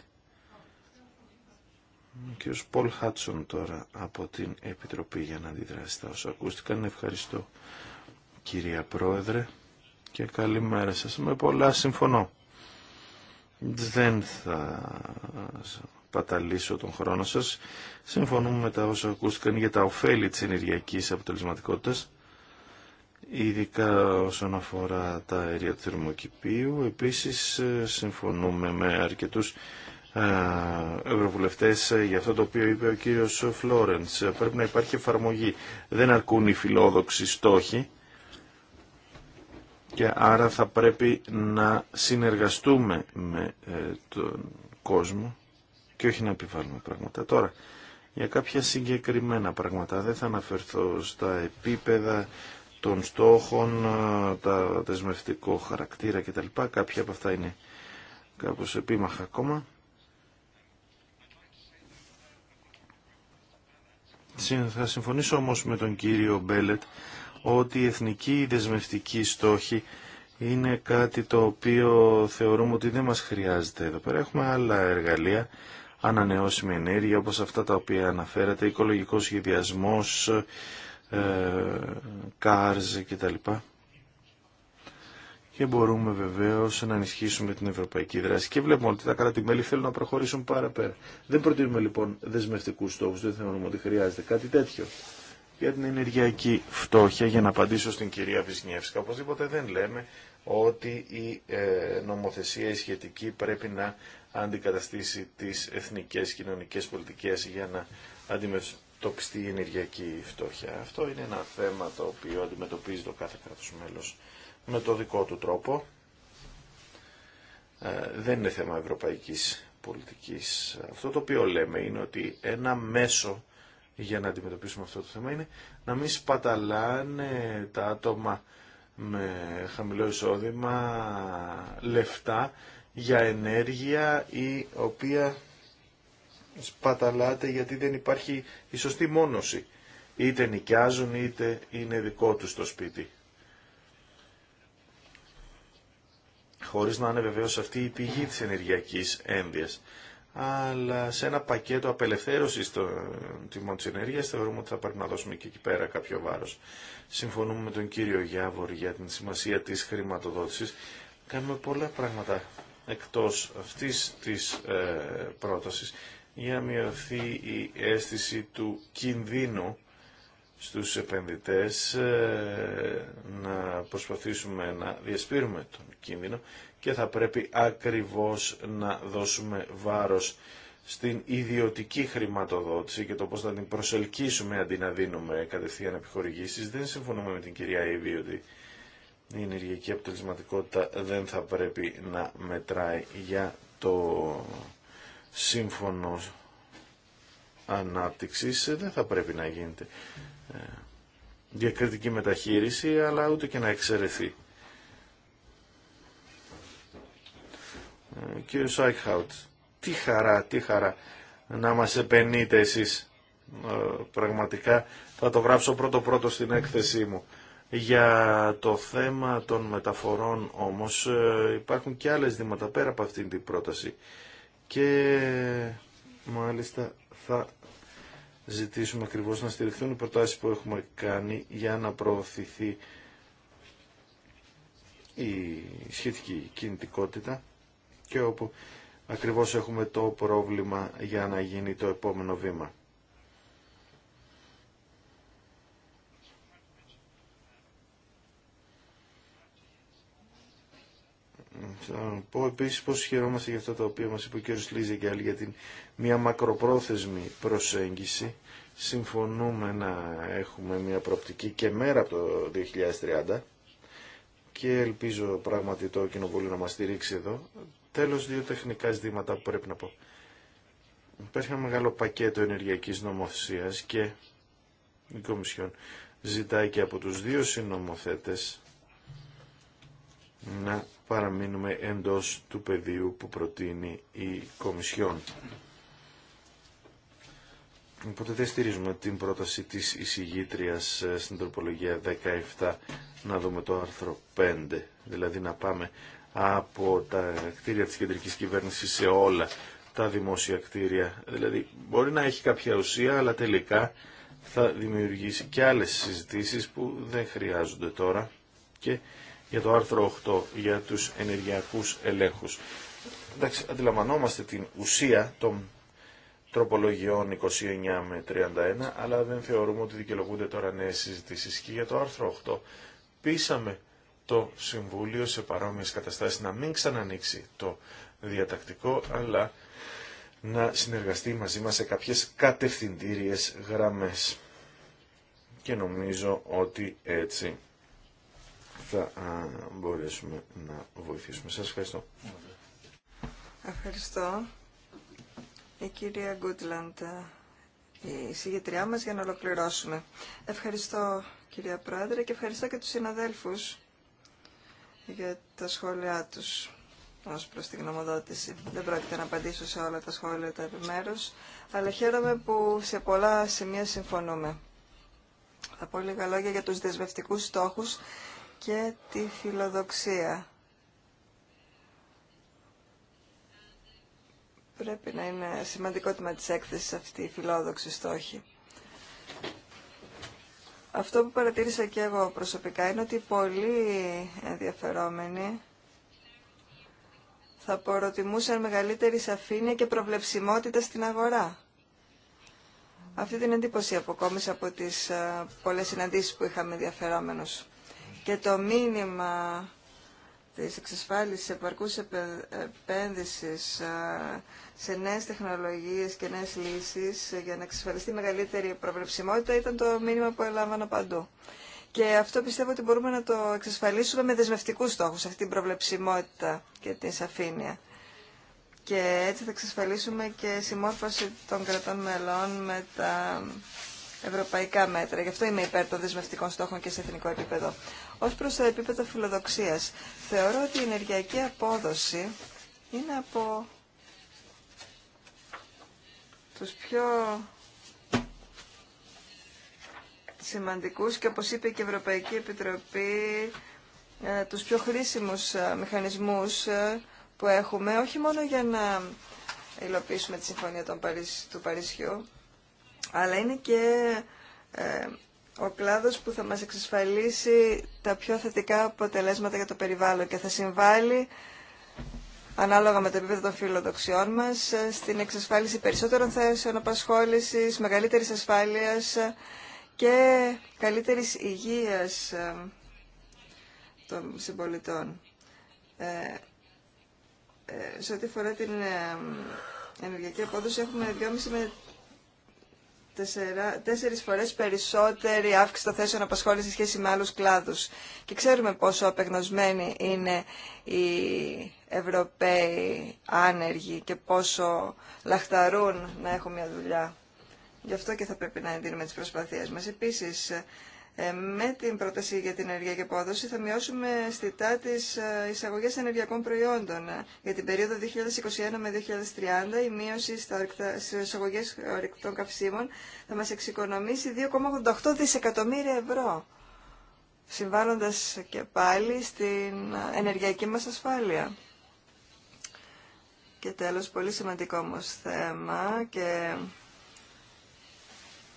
Ο κ. Πολ Χάτσον τώρα από την Επιτροπή για να αντιδράσει τα όσα ακούστηκαν. Ευχαριστώ κυρία Πρόεδρε και καλημέρα σας. Με πολλά συμφωνώ. Δεν θα παταλήσω τον χρόνο σας. Συμφωνούμε με τα όσα ακούστηκαν για τα ωφέλη της ενεργειακής αποτελεσματικότητας, ειδικά όσον αφορά τα αερία του θερμοκηπίου. Επίσης ε, συμφωνούμε με αρκετούς ευρωβουλευτέ ε, για αυτό το οποίο είπε ο κύριος Φλόρενς. Ε, πρέπει να υπάρχει εφαρμογή. Δεν αρκούν οι φιλόδοξοι στόχοι και άρα θα πρέπει να συνεργαστούμε με ε, τον κόσμο και όχι να επιβάλλουμε πράγματα. Τώρα, για κάποια συγκεκριμένα πράγματα, δεν θα αναφερθώ στα επίπεδα των στόχων, τα δεσμευτικό χαρακτήρα κτλ. Κάποια από αυτά είναι κάπως επίμαχα ακόμα. Θα συμφωνήσω όμως με τον κύριο Μπέλετ ότι η εθνική δεσμευτική στόχη είναι κάτι το οποίο θεωρούμε ότι δεν μας χρειάζεται εδώ πέρα. Έχουμε άλλα εργαλεία, ανανεώσιμη ενέργεια όπως αυτά τα οποία αναφέρατε, οικολογικός σχεδιασμός, ε, cars κτλ και μπορούμε βεβαίω να ενισχύσουμε την ευρωπαϊκή δράση. Και βλέπουμε ότι τα κράτη-μέλη θέλουν να προχωρήσουν παραπέρα. Δεν προτείνουμε λοιπόν δεσμευτικού στόχου, δεν θεωρούμε ότι χρειάζεται κάτι τέτοιο. Για την ενεργειακή φτώχεια, για να απαντήσω στην κυρία Βυσνιεύσκα, οπωσδήποτε δεν λέμε ότι η ε, νομοθεσία η σχετική πρέπει να αντικαταστήσει τι εθνικέ κοινωνικέ πολιτικέ για να αντιμετωπιστεί η ενεργειακή φτώχεια. Αυτό είναι ένα θέμα το οποίο αντιμετωπίζει το κάθε κράτο μέλο με το δικό του τρόπο. Ε, δεν είναι θέμα ευρωπαϊκής πολιτικής. Αυτό το οποίο λέμε είναι ότι ένα μέσο για να αντιμετωπίσουμε αυτό το θέμα είναι να μην σπαταλάνε τα άτομα με χαμηλό εισόδημα λεφτά για ενέργεια η οποία σπαταλάται γιατί δεν υπάρχει η σωστή μόνωση. Είτε νοικιάζουν είτε είναι δικό τους το σπίτι. χωρίς να είναι βεβαίω αυτή η πηγή τη ενεργειακή ένδυας. Αλλά σε ένα πακέτο απελευθέρωσης των τιμών τη ενέργεια, θεωρούμε ότι θα πρέπει να δώσουμε και εκεί πέρα κάποιο βάρο. Συμφωνούμε με τον κύριο Γιάβορ για την σημασία της χρηματοδότησης. Κάνουμε πολλά πράγματα εκτός αυτής της ε, πρότασης για να μειωθεί η αίσθηση του κινδύνου στους επενδυτές ε, να προσπαθήσουμε να διασπείρουμε τον κίνδυνο και θα πρέπει ακριβώς να δώσουμε βάρος στην ιδιωτική χρηματοδότηση και το πώς θα την προσελκύσουμε αντί να δίνουμε κατευθείαν επιχορηγήσεις. Δεν συμφωνούμε με την κυρία Ήβη ότι η ενεργειακή αποτελεσματικότητα δεν θα πρέπει να μετράει για το σύμφωνο ανάπτυξης. Δεν θα πρέπει να γίνεται ε, διακριτική μεταχείριση, αλλά ούτε και να εξαιρεθεί. Ε, Κύριο Σάικχαουτ, τι χαρά, τι χαρά να μας επενείτε εσείς. Ε, πραγματικά θα το γράψω πρώτο-πρώτο στην έκθεσή μου. Για το θέμα των μεταφορών όμως υπάρχουν και άλλες δήματα πέρα από αυτήν την πρόταση και μάλιστα θα ζητήσουμε ακριβώς να στηριχθούν οι προτάσεις που έχουμε κάνει για να προωθηθεί η σχετική κινητικότητα και όπου ακριβώς έχουμε το πρόβλημα για να γίνει το επόμενο βήμα. Θέλω να πω επίσης πως χαιρόμαστε για αυτό το οποίο μας είπε ο κ. άλλοι για την μια μακροπρόθεσμη προσέγγιση. Συμφωνούμε να έχουμε μια προοπτική και μέρα από το 2030 και ελπίζω πράγματι το κοινοβούλιο να μας στηρίξει εδώ. Τέλος, δύο τεχνικά ζητήματα που πρέπει να πω. Υπάρχει ένα μεγάλο πακέτο ενεργειακής νομοθεσία και η Κομισιόν ζητάει και από τους δύο συνομοθέτες να παραμείνουμε εντός του πεδίου που προτείνει η Κομισιόν. Οπότε δεν στηρίζουμε την πρόταση της εισηγήτριας ε, στην τροπολογία 17 να δούμε το άρθρο 5, δηλαδή να πάμε από τα κτίρια της κεντρικής κυβέρνησης σε όλα τα δημόσια κτίρια. Δηλαδή μπορεί να έχει κάποια ουσία, αλλά τελικά θα δημιουργήσει και άλλες συζητήσεις που δεν χρειάζονται τώρα για το άρθρο 8 για τους ενεργειακούς ελέγχους. Εντάξει, αντιλαμβανόμαστε την ουσία των τροπολογιών 29 με 31, αλλά δεν θεωρούμε ότι δικαιολογούνται τώρα νέε συζητήσει. Και για το άρθρο 8, πείσαμε το Συμβούλιο σε παρόμοιες καταστάσεις να μην ξανανοίξει το διατακτικό, αλλά να συνεργαστεί μαζί μας σε κάποιες κατευθυντήριες γραμμές. Και νομίζω ότι έτσι θα μπορέσουμε να βοηθήσουμε. Σας ευχαριστώ. Ευχαριστώ. Η κυρία Γκούτλαντ, η συγγετριά μας για να ολοκληρώσουμε. Ευχαριστώ κυρία Πρόεδρε και ευχαριστώ και τους συναδέλφους για τα σχόλιά τους ως προς την γνωμοδότηση. Δεν πρόκειται να απαντήσω σε όλα τα σχόλια τα επιμέρους, αλλά χαίρομαι που σε πολλά σημεία συμφωνούμε. Θα πω λίγα λόγια για τους δεσμευτικούς στόχους και τη φιλοδοξία. Πρέπει να είναι σημαντικό τμήμα της έκθεσης αυτή η φιλόδοξη στόχη. Αυτό που παρατήρησα και εγώ προσωπικά είναι ότι πολλοί ενδιαφερόμενοι θα προτιμούσαν μεγαλύτερη σαφήνεια και προβλεψιμότητα στην αγορά. Αυτή την εντύπωση αποκόμισα από τις ε, πολλές συναντήσεις που είχαμε ενδιαφερόμενους και το μήνυμα της εξασφάλισης επαρκούς επένδυσης ε, σε νέες τεχνολογίες και νέες λύσεις ε, για να εξασφαλιστεί μεγαλύτερη προβλεψιμότητα ήταν το μήνυμα που έλαβανα παντού. Και αυτό πιστεύω ότι μπορούμε να το εξασφαλίσουμε με δεσμευτικούς στόχους, αυτή την προβλεψιμότητα και την σαφήνεια. Και έτσι θα εξασφαλίσουμε και συμμόρφωση των κρατών μελών με τα ευρωπαϊκά μέτρα. Γι' αυτό είμαι υπέρ των δεσμευτικών στόχων και σε εθνικό επίπεδο. Ως προς το επίπεδο φιλοδοξίας, θεωρώ ότι η ενεργειακή απόδοση είναι από τους πιο σημαντικούς και όπως είπε και η Ευρωπαϊκή Επιτροπή, ε, τους πιο χρήσιμους ε, μηχανισμούς ε, που έχουμε, όχι μόνο για να υλοποιήσουμε τη Συμφωνία του Παρισιού, αλλά είναι και ο κλάδος που θα μας εξασφαλίσει τα πιο θετικά αποτελέσματα για το περιβάλλον και θα συμβάλλει ανάλογα με το επίπεδο των φιλοδοξιών μας στην εξασφάλιση περισσότερων θέσεων απασχόλησης, μεγαλύτερης ασφάλειας και καλύτερης υγείας ε, των συμπολιτών. Ε, ε, σε ό,τι αφορά την ενεργειακή απόδοση έχουμε 2,5 με τέσσερις φορές περισσότερη αύξηση των θέσεων απασχόλησης σχέση με άλλους κλάδους. Και ξέρουμε πόσο απεγνωσμένοι είναι οι Ευρωπαίοι άνεργοι και πόσο λαχταρούν να έχουν μια δουλειά. Γι' αυτό και θα πρέπει να εντείνουμε τις προσπαθίες μας. Επίσης, ε, με την πρόταση για την ενεργειακή απόδοση θα μειώσουμε αισθητά τι ε, εισαγωγέ ενεργειακών προϊόντων. Ε, για την περίοδο 2021 με 2030 η μείωση στι εισαγωγέ ορυκτών καυσίμων θα μα εξοικονομήσει 2,88 δισεκατομμύρια ευρώ, συμβάλλοντα και πάλι στην ενεργειακή μας ασφάλεια. Και τέλος, πολύ σημαντικό όμω θέμα και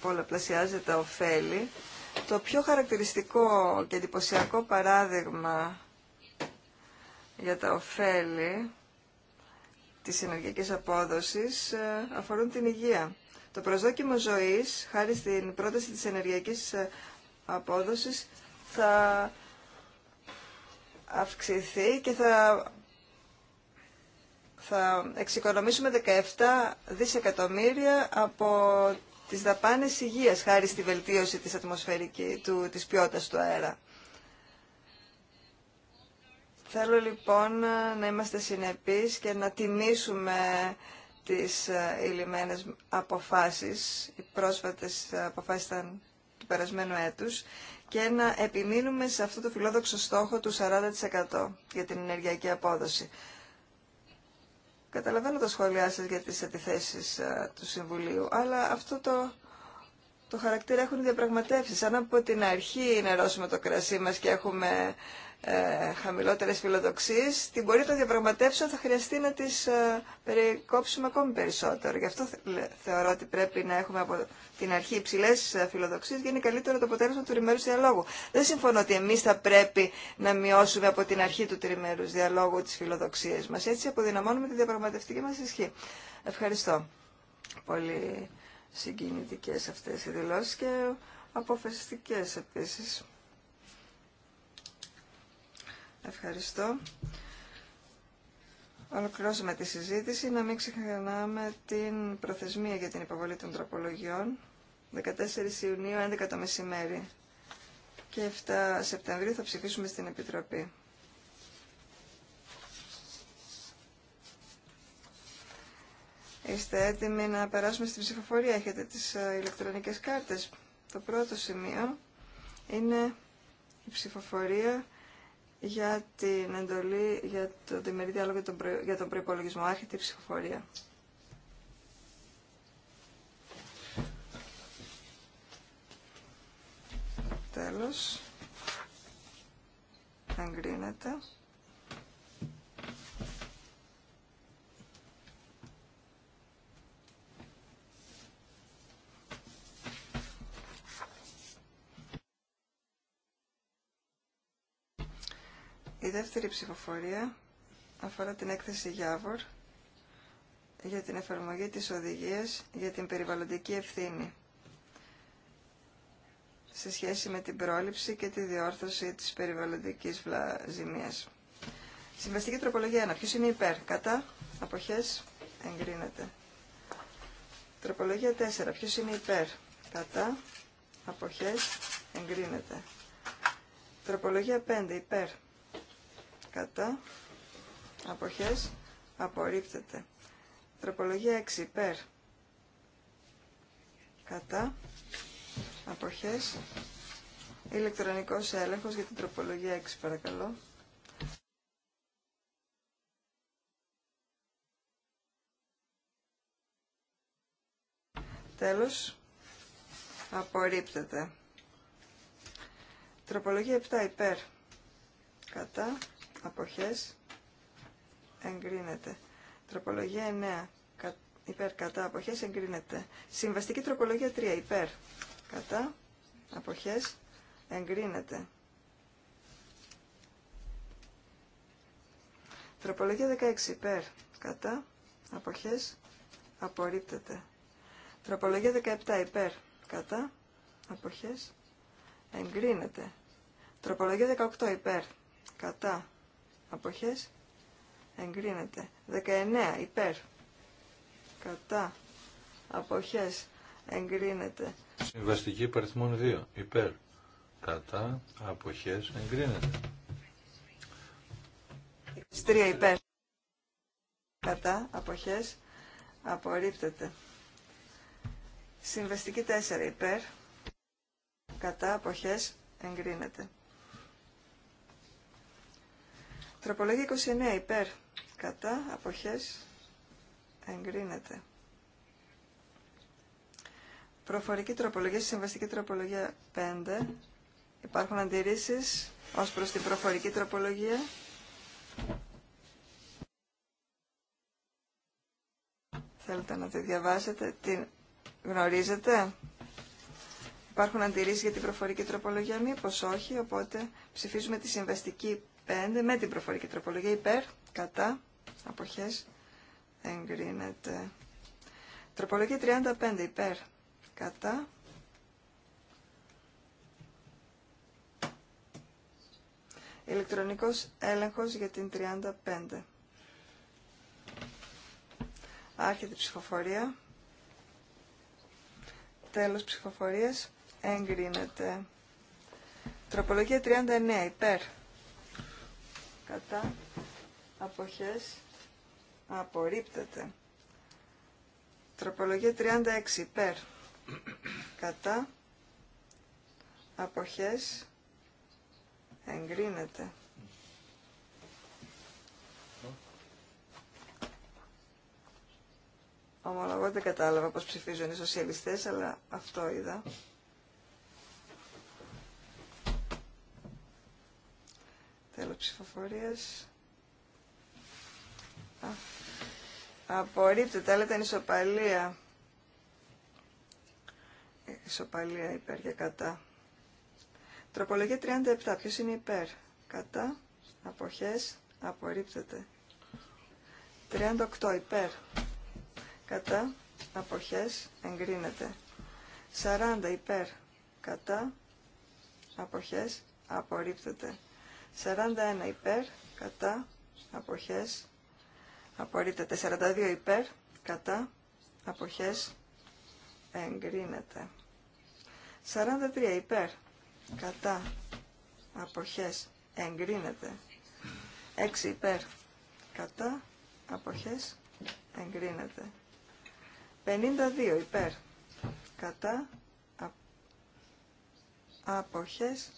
πολλαπλασιάζεται τα ωφέλη το πιο χαρακτηριστικό και εντυπωσιακό παράδειγμα για τα ωφέλη της ενεργειακής απόδοσης ε, αφορούν την υγεία. Το προσδόκιμο ζωής, χάρη στην πρόταση της ενεργειακής ε, απόδοσης, θα αυξηθεί και θα, θα εξοικονομήσουμε 17 δισεκατομμύρια από τι δαπάνε υγείας χάρη στη βελτίωση της, ατμοσφαιρικής του, της ποιότητας του αέρα. Θέλω λοιπόν να είμαστε συνεπείς και να τιμήσουμε τις ε, ηλιμένες αποφάσεις, οι πρόσφατες αποφάσεις ήταν του περασμένου έτους και να επιμείνουμε σε αυτό το φιλόδοξο στόχο του 40% για την ενεργειακή απόδοση. Καταλαβαίνω τα σχόλιά σας για τις αντιθέσεις ε, του Συμβουλίου, αλλά αυτό το, το χαρακτήρα έχουν οι διαπραγματεύσεις. Αν από την αρχή νερώσουμε το κρασί μας και έχουμε ε, χαμηλότερες φιλοδοξίες, την πορεία των διαπραγματεύσεων θα χρειαστεί να τις ε, περικόψουμε ακόμη περισσότερο. Γι' αυτό θεωρώ ότι πρέπει να έχουμε από την αρχή υψηλέ ε, φιλοδοξίες για να είναι καλύτερο το αποτέλεσμα του τριμερούς διαλόγου. Δεν συμφωνώ ότι εμείς θα πρέπει να μειώσουμε από την αρχή του τριμερούς διαλόγου τις φιλοδοξίες μας. Έτσι αποδυναμώνουμε τη διαπραγματευτική μας ισχύ. Ευχαριστώ. Πολύ συγκινητικές αυτές οι δηλώσεις και αποφασιστικές επίσης. Ευχαριστώ. Ολοκληρώσαμε τη συζήτηση. Να μην ξεχνάμε την προθεσμία για την υποβολή των τροπολογιών. 14 Ιουνίου, 11 το μεσημέρι. Και 7 Σεπτεμβρίου θα ψηφίσουμε στην Επιτροπή. Είστε έτοιμοι να περάσουμε στην ψηφοφορία. Έχετε τις ε, ηλεκτρονικές κάρτες. Το πρώτο σημείο είναι η ψηφοφορία για την εντολή για το διμερή διάλογο για τον προϋπολογισμό. Άρχεται η ψηφοφορία. Τέλος. Εγκρίνεται. Η δεύτερη ψηφοφορία αφορά την έκθεση Γιάβορ για την εφαρμογή της οδηγίας για την περιβαλλοντική ευθύνη σε σχέση με την πρόληψη και τη διόρθωση της περιβαλλοντικής ζημίας. Συμβαστική τροπολογία 1. Ποιος είναι υπέρ, κατά, αποχές, εγκρίνεται. Τροπολογία 4. Ποιος είναι υπέρ, κατά, αποχές, εγκρίνεται. Τροπολογία 5. Υπέρ, κατά, αποχές, απορρίπτεται. Τροπολογία 6 υπέρ, κατά, αποχές, ηλεκτρονικός έλεγχος για την τροπολογία 6 παρακαλώ. Τέλος, απορρίπτεται. Τροπολογία 7 υπέρ, κατά, αποχές εγκρίνεται. Τροπολογία 9 υπέρ κατά αποχές εγκρίνεται. Συμβαστική τροπολογία 3 υπέρ κατά αποχές εγκρίνεται. Τροπολογία 16 υπέρ κατά αποχές απορρίπτεται. Τροπολογία 17 υπέρ κατά αποχές εγκρίνεται. Τροπολογία 18 υπέρ κατά αποχές εγκρίνεται 19 υπέρ κατά αποχές εγκρίνεται συμβαστική παριθμών 2 υπέρ κατά αποχές εγκρίνεται 23 υπέρ κατά αποχές απορρίπτεται συμβαστική 4 υπέρ κατά αποχές εγκρίνεται Τροπολογία 29 υπέρ. Κατά αποχές εγκρίνεται. Προφορική τροπολογία, συμβαστική τροπολογία 5. Υπάρχουν αντιρρήσεις ως προς την προφορική τροπολογία. Θέλετε να τη διαβάσετε. Την γνωρίζετε. Υπάρχουν αντιρρήσεις για την προφορική τροπολογία. Μήπως όχι, οπότε ψηφίζουμε τη συμβαστική με την προφορική τροπολογία υπέρ, κατά, αποχές, εγκρίνεται. Τροπολογία 35 υπέρ, κατά, ηλεκτρονικός έλεγχος για την 35. Άρχεται ψυχοφορία ψηφοφορία. Τέλος ψηφοφορίας. Εγκρίνεται. Τροπολογία 39. Υπέρ κατά αποχές απορρίπτεται. Τροπολογία 36 υπέρ κατά αποχές εγκρίνεται. Ομολογώ δεν κατάλαβα πώς ψηφίζουν οι σοσιαλιστές, αλλά αυτό είδα. θέλω ψηφοφορία. Απορρίπτεται, αλλά ήταν ισοπαλία. Ε, ισοπαλία υπέρ και κατά. Τροπολογία 37. Ποιος είναι υπέρ. Κατά. Αποχές. Απορρίπτεται. 38. Υπέρ. Κατά. Αποχές. Εγκρίνεται. 40. Υπέρ. Κατά. Αποχές. Απορρίπτεται. 41 υπέρ, κατά, αποχές, απορρίπτεται. 42 υπέρ, κατά, αποχές, εγκρίνεται. 43 υπέρ, κατά, αποχές, εγκρίνεται. 6 υπέρ, κατά, αποχές, εγκρίνεται. 52 υπέρ, κατά, αποχές,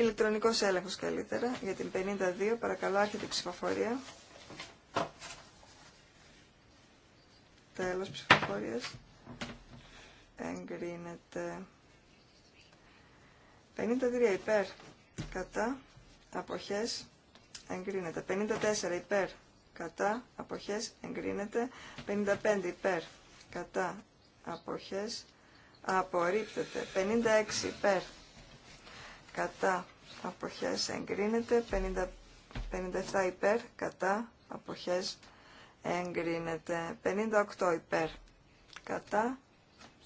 Ηλεκτρονικός έλεγχος καλύτερα για την 52. Παρακαλώ, άρχεται η ψηφοφορία. Τέλος ψηφοφορίας. Εγκρίνεται. 53 υπέρ. Κατά. Αποχές. Εγκρίνεται. 54 υπέρ. Κατά. Αποχές. Εγκρίνεται. 55 υπέρ. Κατά. Αποχές. Απορρίπτεται. 56 υπέρ κατά αποχές εγκρίνεται, 50, 57 υπέρ κατά αποχές εγκρίνεται, 58 υπέρ κατά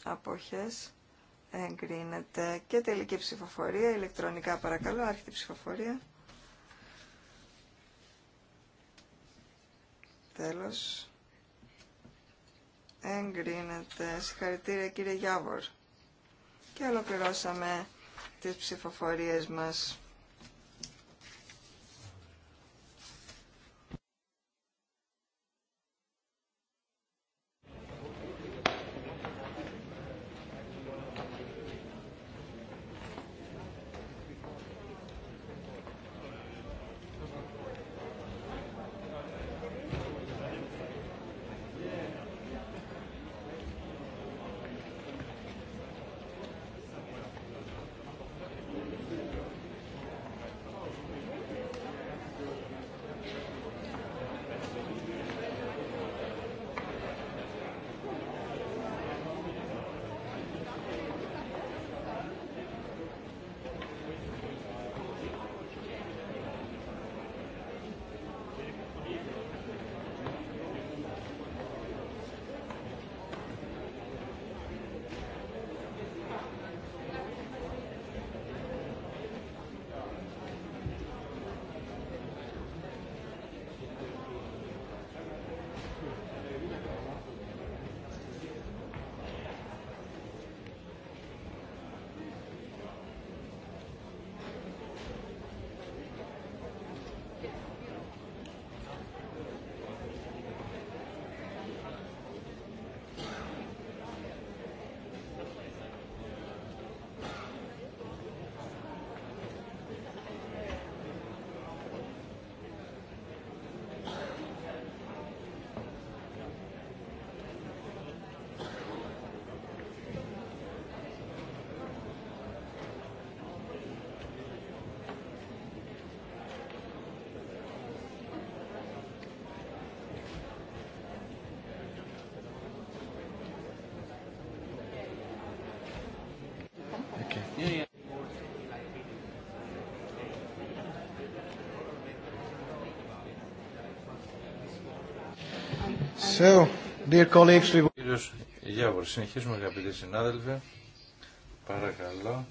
αποχές εγκρίνεται και τελική ψηφοφορία, ηλεκτρονικά παρακαλώ, άρχιτη ψηφοφορία. Τέλος. Εγκρίνεται. Συγχαρητήρια κύριε Γιάβορ. Και ολοκληρώσαμε τις ψηφοφορίες μας. So, dear colleagues, Κύριος Γιάβορ, συνεχίζουμε αγαπητοί συνάδελφοι. Παρακαλώ.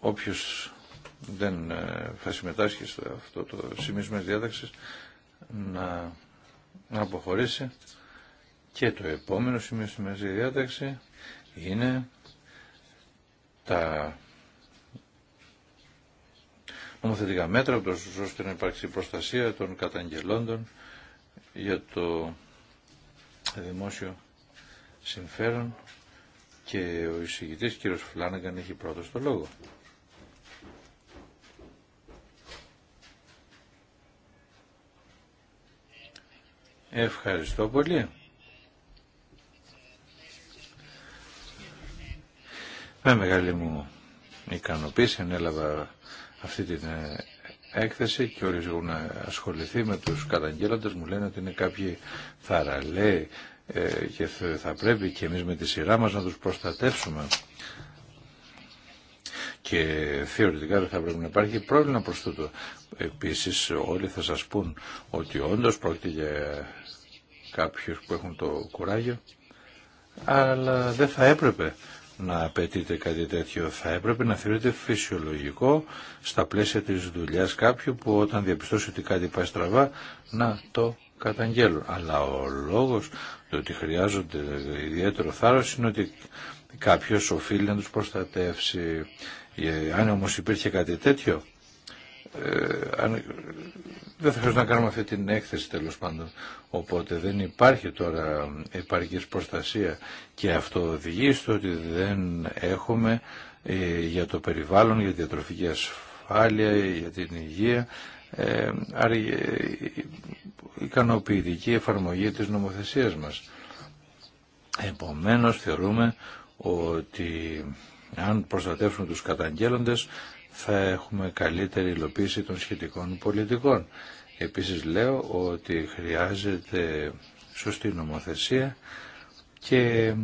Όποιος δεν ε, θα συμμετάσχει σε αυτό το σημείο τη να, να αποχωρήσει. Και το επόμενο σημείο της διάταξη είναι τα νομοθετικά μέτρα, ώστε να υπάρξει προστασία των καταγγελόντων για το δημόσιο συμφέρον και ο εισηγητής κ. Φλάνεγκαν έχει πρώτος το λόγο. Ευχαριστώ πολύ. Με μεγάλη μου ικανοποίηση ανέλαβα αυτή την ε, έκθεση και όλοι να ασχοληθεί με τους καταγγέλλοντες μου λένε ότι είναι κάποιοι θαραλέοι ε, και θα πρέπει και εμείς με τη σειρά μας να τους προστατεύσουμε και θεωρητικά δεν θα πρέπει να υπάρχει πρόβλημα προς τούτο. Επίσης όλοι θα σας πούν ότι όντως πρόκειται για κάποιους που έχουν το κουράγιο αλλά δεν θα έπρεπε να απαιτείται κάτι τέτοιο. Θα έπρεπε να θεωρείται φυσιολογικό στα πλαίσια της δουλειάς κάποιου που όταν διαπιστώσει ότι κάτι πάει στραβά να το καταγγέλουν. Αλλά ο λόγος το ότι χρειάζονται ιδιαίτερο θάρρος είναι ότι κάποιος οφείλει να τους προστατεύσει. Ε, αν όμως υπήρχε κάτι τέτοιο ε, δεν θα χρειάζεται να κάνουμε αυτή την έκθεση τέλος πάντων. Οπότε δεν υπάρχει τώρα επαρκής προστασία και αυτό οδηγεί στο ότι δεν έχουμε ε, για το περιβάλλον, για τη διατροφική ασφάλεια, για την υγεία, ε, ε, ικανοποιητική εφαρμογή της νομοθεσίας μας. Επομένως θεωρούμε ότι αν προστατεύσουμε τους καταγγέλλοντες θα έχουμε καλύτερη υλοποίηση των σχετικών πολιτικών. Επίσης λέω ότι χρειάζεται σωστή νομοθεσία και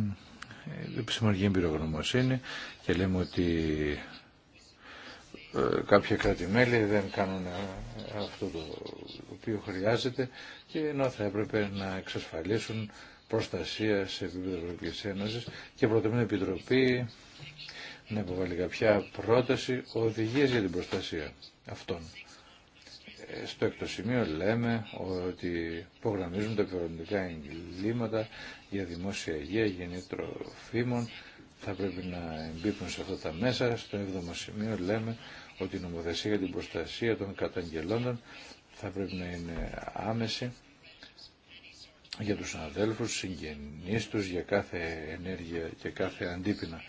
επιστημονική εμπειρογνωμοσύνη και λέμε ότι ε, κάποια κράτη-μέλη δεν κάνουν ε, αυτό το οποίο χρειάζεται και ενώ θα έπρεπε να εξασφαλίσουν προστασία σε επίπεδο Ευρωπαϊκής Ένωσης και προτείνω Επιτροπή να υποβάλει κάποια πρόταση οδηγίες για την προστασία αυτών. Ε, στο έκτο σημείο λέμε ότι υπογραμμίζουν τα επιβαλλοντικά εγκλήματα για δημόσια υγεία, γεννήτρο φήμων. θα πρέπει να εμπίπτουν σε αυτά τα μέσα. Στο έβδομο σημείο λέμε ότι η νομοθεσία για την προστασία των καταγγελώντων, θα πρέπει να είναι άμεση για τους αδέλφους, συγγενείς τους, για κάθε ενέργεια και κάθε αντίπεινα.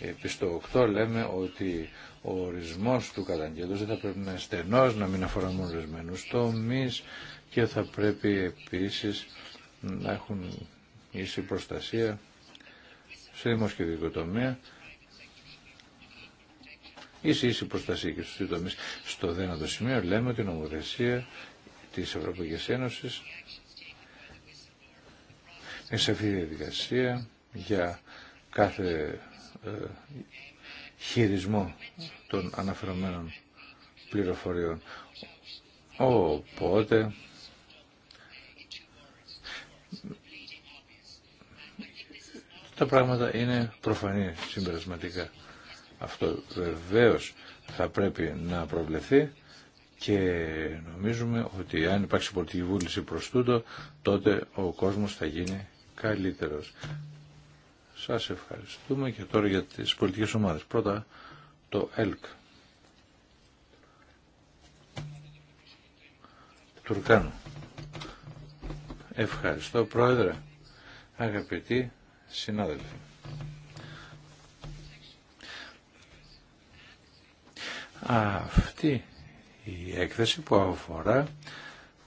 Επί στο 8 λέμε ότι ο ορισμός του καταγγέλους δεν θα πρέπει να είναι στενός, να μην αφορά μόνο ορισμένους τομείς και θα πρέπει επίσης να έχουν ίση προστασία σε και τομέα ίση ίση προστασία και στους τομείς. Στο δένατο σημείο λέμε ότι η νομοθεσία της Ευρωπαϊκής Ένωσης είναι σαφή διαδικασία για κάθε ε, χειρισμό των αναφερομένων πληροφοριών. Οπότε τα πράγματα είναι προφανή συμπερασματικά. Αυτό βεβαίως θα πρέπει να προβλεφθεί και νομίζουμε ότι αν υπάρξει πολιτική βούληση προς τούτο τότε ο κόσμος θα γίνει καλύτερος. Σας ευχαριστούμε και τώρα για τις πολιτικές ομάδες. Πρώτα το ΕΛΚ. Τουρκάνου. Ευχαριστώ πρόεδρε. Αγαπητοί συνάδελφοι. Αυτή η έκθεση που αφορά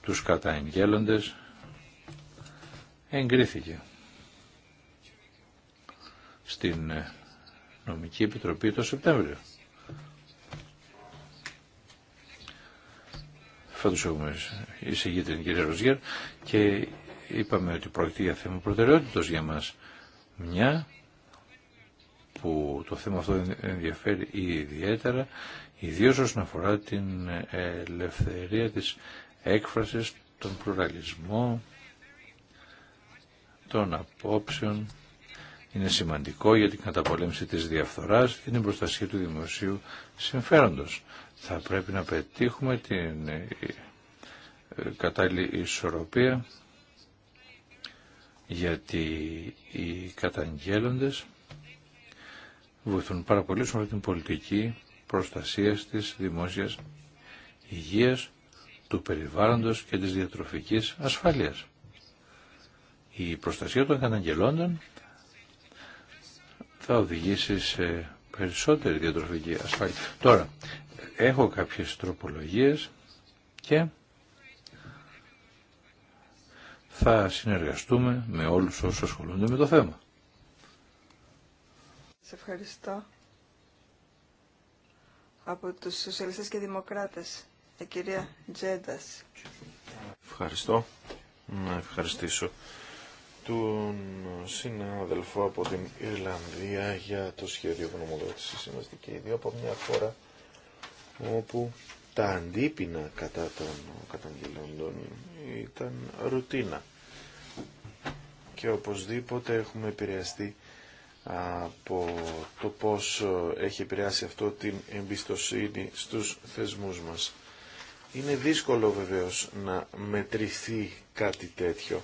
τους καταγγέλλοντες εγκρίθηκε στην ε, Νομική Επιτροπή το Σεπτέμβριο. Φέτος έχουμε εισηγεί την κυρία Ροζιέρ και είπαμε ότι πρόκειται για θέμα προτεραιότητας για μας. Μια που το θέμα αυτό ενδιαφέρει ιδιαίτερα, ιδίως όσον αφορά την ελευθερία της έκφρασης, τον πλουραλισμό των απόψεων είναι σημαντικό για την καταπολέμηση της διαφθοράς και την προστασία του δημοσίου συμφέροντος. Θα πρέπει να πετύχουμε την ε, ε, κατάλληλη ισορροπία γιατί οι καταγγέλλοντες βοηθούν πάρα πολύ την πολιτική προστασία της δημόσιας υγείας, του περιβάλλοντος και της διατροφικής ασφάλειας. Η προστασία των καταγγελόντων θα οδηγήσει σε περισσότερη διατροφική ασφάλεια. Τώρα, έχω κάποιες τροπολογίες και θα συνεργαστούμε με όλους όσους ασχολούνται με το θέμα. Σε ευχαριστώ. Από τους Σοσιαλιστές και Δημοκράτες, η κυρία Τζέντας. Ευχαριστώ. Να ευχαριστήσω τον συνάδελφο από την Ιρλανδία για το σχέδιο γνωμοδότησης. Είμαστε και οι δύο από μια χώρα όπου τα αντίπεινα κατά των καταγγελόντων ήταν ρουτίνα. Και οπωσδήποτε έχουμε επηρεαστεί από το πώς έχει επηρεάσει αυτό την εμπιστοσύνη στους θεσμούς μας. Είναι δύσκολο βεβαίως να μετρηθεί κάτι τέτοιο,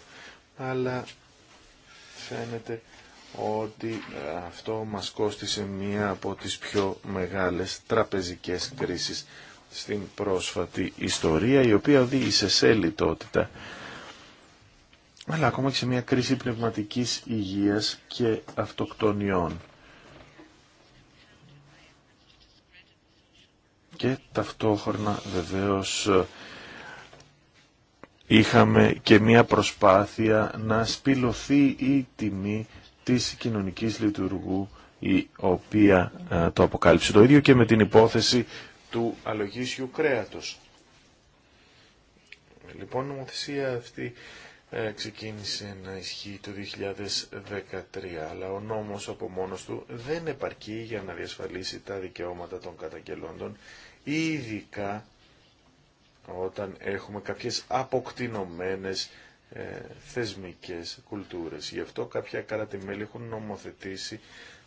αλλά φαίνεται ότι ε, αυτό μας κόστισε μία από τις πιο μεγάλες τραπεζικές κρίσεις στην πρόσφατη ιστορία, η οποία οδήγησε σε λιτότητα, αλλά ακόμα και σε μία κρίση πνευματικής υγείας και αυτοκτονιών. Και ταυτόχρονα βεβαίως είχαμε και μια προσπάθεια να σπηλωθεί η τιμή της κοινωνικής λειτουργού η οποία ε, το αποκάλυψε. Το ίδιο και με την υπόθεση του αλογίσιου κρέατος. Λοιπόν, η νομοθεσία αυτή ε, ξεκίνησε να ισχύει το 2013, αλλά ο νόμος από μόνος του δεν επαρκεί για να διασφαλίσει τα δικαιώματα των καταγγελόντων, ειδικά όταν έχουμε κάποιες αποκτηνωμένες ε, θεσμικές κουλτούρες. Γι' αυτό τη κράτη-μέλη έχουν νομοθετήσει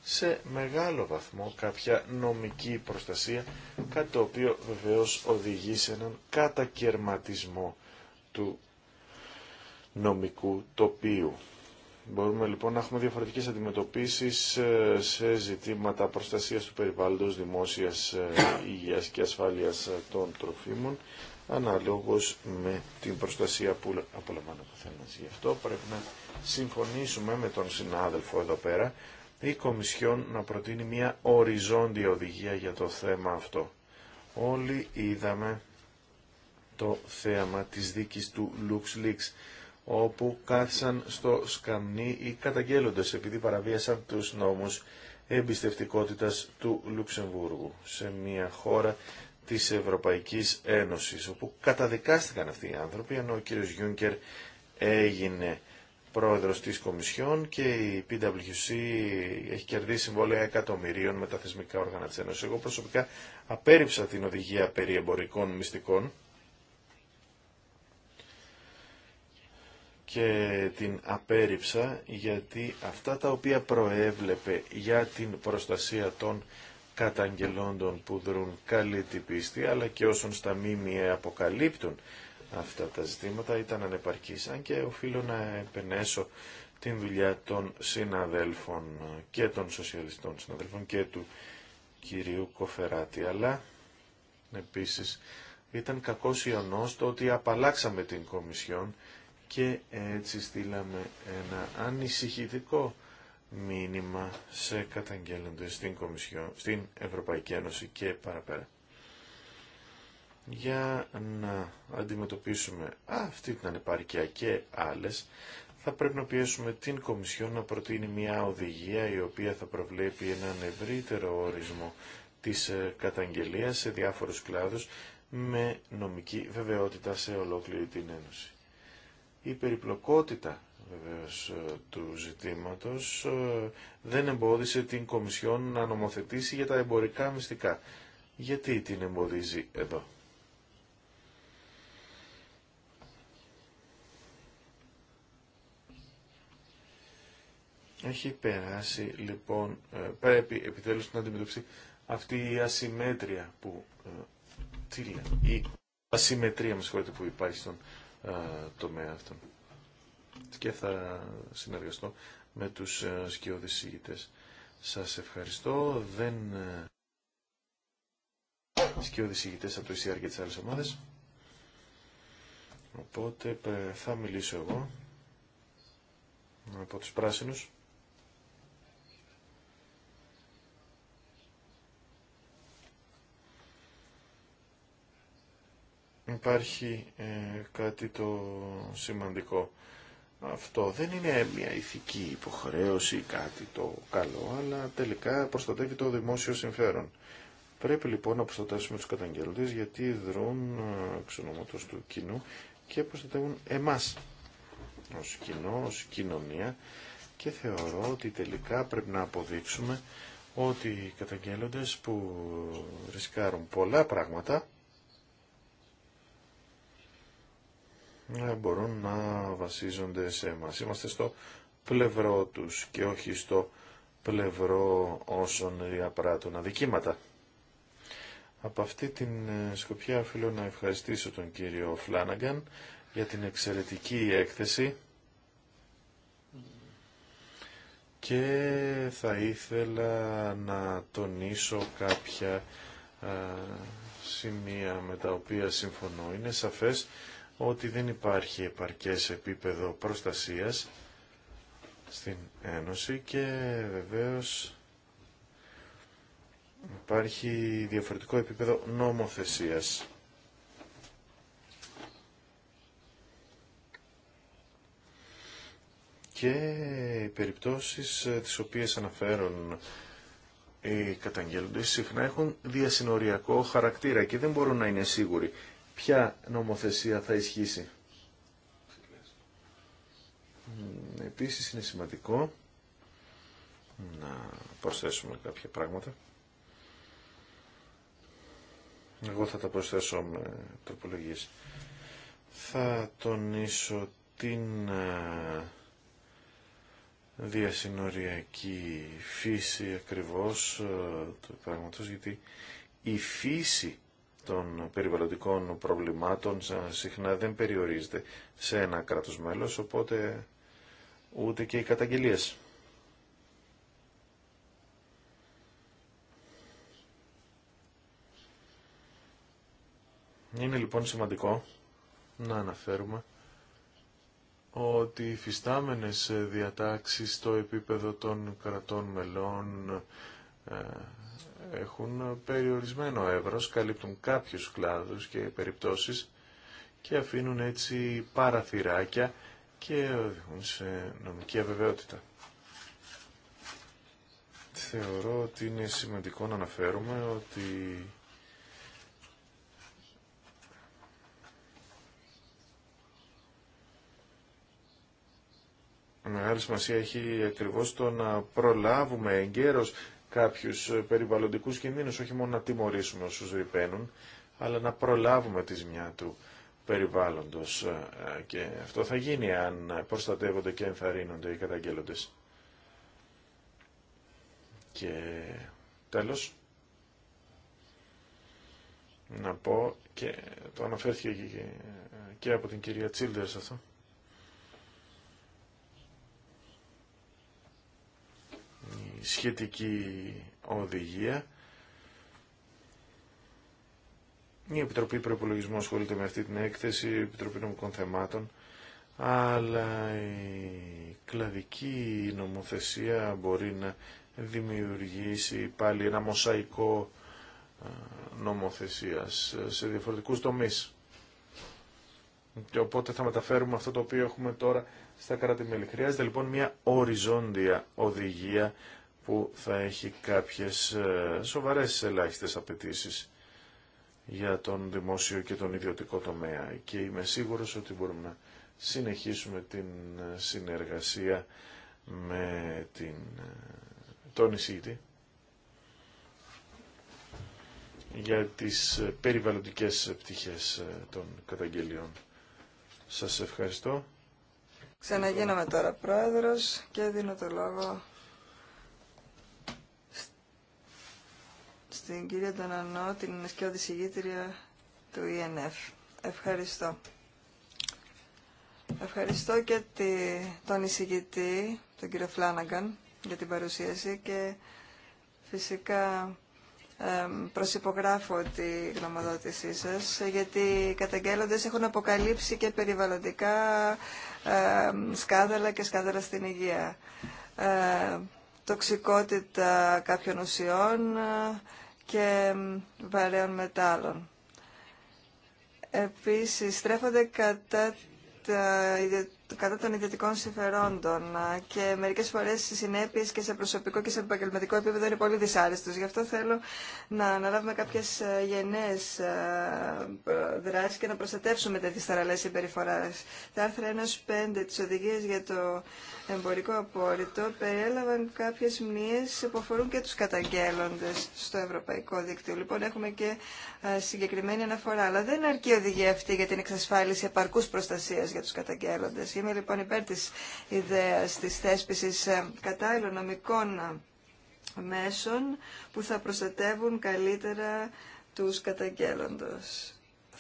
σε μεγάλο βαθμό κάποια νομική προστασία, κάτι το οποίο βεβαίως οδηγεί σε έναν κατακαιρματισμό του νομικού τοπίου. Μπορούμε λοιπόν να έχουμε διαφορετικές αντιμετωπίσεις ε, σε ζητήματα προστασίας του περιβάλλοντος, δημόσιας ε, υγείας και ασφάλειας των τροφίμων αναλόγως με την προστασία που απολαμβάνει ο καθένας. Γι' αυτό πρέπει να συμφωνήσουμε με τον συνάδελφο εδώ πέρα η Κομισιόν να προτείνει μια οριζόντια οδηγία για το θέμα αυτό. Όλοι είδαμε το θέαμα της δίκης του LuxLeaks όπου κάθισαν στο σκαμνί οι καταγγέλλοντες επειδή παραβίασαν τους νόμους εμπιστευτικότητας του Λουξεμβούργου σε μια χώρα της Ευρωπαϊκής Ένωσης, όπου καταδικάστηκαν αυτοί οι άνθρωποι, ενώ ο κύριος Γιούνκερ έγινε πρόεδρος της Κομισιόν και η PwC έχει κερδίσει συμβόλαια εκατομμυρίων με τα θεσμικά όργανα της Ένωσης. Εγώ προσωπικά απέριψα την οδηγία περί εμπορικών μυστικών και την απέριψα γιατί αυτά τα οποία προέβλεπε για την προστασία των καταγγελόντων που δρούν καλή την πίστη, αλλά και όσων στα μήμια αποκαλύπτουν αυτά τα ζητήματα ήταν ανεπαρκήσαν και οφείλω να επενέσω την δουλειά των συναδέλφων και των σοσιαλιστών συναδέλφων και του κυρίου Κοφεράτη, αλλά επίσης ήταν κακός ιονός το ότι απαλλάξαμε την Κομισιόν και έτσι στείλαμε ένα ανησυχητικό μήνυμα σε καταγγέλλοντες στην, στην Ευρωπαϊκή Ένωση και παραπέρα. Για να αντιμετωπίσουμε αυτή την ανεπάρκεια και άλλες, θα πρέπει να πιέσουμε την Κομισιό να προτείνει μια οδηγία η οποία θα προβλέπει έναν ευρύτερο ορισμό της ε, καταγγελίας σε διάφορους κλάδους με νομική βεβαιότητα σε ολόκληρη την Ένωση. Η περιπλοκότητα βεβαίως ε, του ζητήματος ε, δεν εμπόδισε την Κομισιόν να νομοθετήσει για τα εμπορικά μυστικά. Γιατί την εμποδίζει εδώ. Έχει περάσει λοιπόν, ε, πρέπει επιτέλους να αντιμετωπιστεί αυτή η ασυμμέτρια που, τι λέει, η ασυμμετρία με που υπάρχει στον τομέα αυτόν και θα συνεργαστώ με τους ε, σκιώδεις συγητές. Σας ευχαριστώ. Δεν... Ε, σκιώδεις συγητές από το ECR και τις άλλες ομάδες. Οπότε ε, θα μιλήσω εγώ από τους πράσινους. Υπάρχει κάτι το σημαντικό αυτό δεν είναι μια ηθική υποχρέωση ή κάτι το καλό, αλλά τελικά προστατεύει το δημόσιο συμφέρον. Πρέπει λοιπόν να προστατεύσουμε τους καταγγελτές γιατί δρούν ε, εξ του κοινού και προστατεύουν εμάς ως κοινό, ως κοινωνία και θεωρώ ότι τελικά πρέπει να αποδείξουμε ότι οι καταγγέλλοντες που ρισκάρουν πολλά πράγματα Ε, μπορούν να βασίζονται σε εμάς. Είμαστε στο πλευρό τους και όχι στο πλευρό όσων διαπράττουν αδικήματα. Από αυτή την ε, σκοπιά οφείλω να ευχαριστήσω τον κύριο Φλάναγκαν για την εξαιρετική έκθεση και θα ήθελα να τονίσω κάποια ε, σημεία με τα οποία συμφωνώ. Είναι σαφές ότι δεν υπάρχει επαρκές επίπεδο προστασίας στην Ένωση και βεβαίως υπάρχει διαφορετικό επίπεδο νομοθεσίας. Και οι περιπτώσεις ε, τις οποίες αναφέρουν οι καταγγέλλοντες συχνά έχουν διασυνοριακό χαρακτήρα και δεν μπορούν να είναι σίγουροι ποια νομοθεσία θα ισχύσει. Επίσης είναι σημαντικό να προσθέσουμε κάποια πράγματα. Εγώ θα τα προσθέσω με τροπολογίες. Θα τονίσω την ε, διασυνοριακή φύση ακριβώς ε, του πράγματος, γιατί η φύση των περιβαλλοντικών προβλημάτων συχνά δεν περιορίζεται σε ένα κράτος μέλος, οπότε ούτε και οι καταγγελίες. Είναι λοιπόν σημαντικό να αναφέρουμε ότι οι φυστάμενες διατάξεις στο επίπεδο των κρατών μελών ε, έχουν περιορισμένο εύρος, καλύπτουν κάποιους κλάδους και περιπτώσεις και αφήνουν έτσι παραθυράκια και οδηγούν σε νομική αβεβαιότητα. Θεωρώ ότι είναι σημαντικό να αναφέρουμε ότι μεγάλη σημασία έχει ακριβώ το να προλάβουμε εγκαίρως Κάποιου ε, περιβαλλοντικούς κινδύνους, όχι μόνο να τιμωρήσουμε όσου ρηπαίνουν, αλλά να προλάβουμε τη ζημιά του περιβάλλοντος. Ε, και αυτό θα γίνει αν προστατεύονται και ενθαρρύνονται οι καταγγέλλοντε. Και τέλος, να πω, και το αναφέρθηκε και από την κυρία Τσίλντερς αυτό, σχετική οδηγία. Η Επιτροπή Προπολογισμού ασχολείται με αυτή την έκθεση, η Επιτροπή Νομικών Θεμάτων, αλλά η κλαδική νομοθεσία μπορεί να δημιουργήσει πάλι ένα μοσαϊκό ε, νομοθεσίας σε διαφορετικούς τομείς. Και οπότε θα μεταφέρουμε αυτό το οποίο έχουμε τώρα στα κράτη-μέλη. Χρειάζεται λοιπόν μια οριζόντια οδηγία που θα έχει κάποιες ε, σοβαρές ελάχιστες απαιτήσει για τον δημόσιο και τον ιδιωτικό τομέα και είμαι σίγουρος ότι μπορούμε να συνεχίσουμε την ε, συνεργασία με την... Ε, τον εισηγητή για τις περιβαλλοντικές πτυχές των καταγγελιών. Σας ευχαριστώ. Ξαναγίνομαι τώρα πρόεδρος και δίνω το λόγο στην κυρία Τανανό, την σκιώδη του ΙΕΝΕΦ. Ευχαριστώ. Ευχαριστώ και τον εισηγητή, τον κύριο Φλάναγκαν, για την παρουσίαση και φυσικά προσυπογράφω τη γνωμοδότησή σας γιατί οι καταγγέλλοντες έχουν αποκαλύψει και περιβαλλοντικά σκάδαλα και σκάδαλα στην υγεία ε, τοξικότητα κάποιων ουσιών και βαρέων μετάλλων. Επίσης, στρέφονται κατά τα κατά των ιδιωτικών συμφερόντων και μερικές φορές οι συνέπειες και σε προσωπικό και σε επαγγελματικό επίπεδο είναι πολύ δυσάρεστος. Γι' αυτό θέλω να αναλάβουμε κάποιες ε, γενναίες ε, δράσεις και να προστατεύσουμε τέτοιες θαραλές συμπεριφοράς. Τα άρθρα 1-5 της οδηγίας για το εμπορικό απόρριτο περιέλαβαν κάποιες μνήες που αφορούν και τους καταγγέλλοντες στο ευρωπαϊκό δίκτυο. Λοιπόν, έχουμε και ε, συγκεκριμένη αναφορά, αλλά δεν αρκεί οδηγία αυτή για την εξασφάλιση επαρκούς προστασίας για τους καταγγέλλοντες. Είμαι λοιπόν υπέρ της ιδέας της θέσπισης ε, κατάλληλων νομικών ε, μέσων που θα προστατεύουν καλύτερα τους καταγγέλλοντος.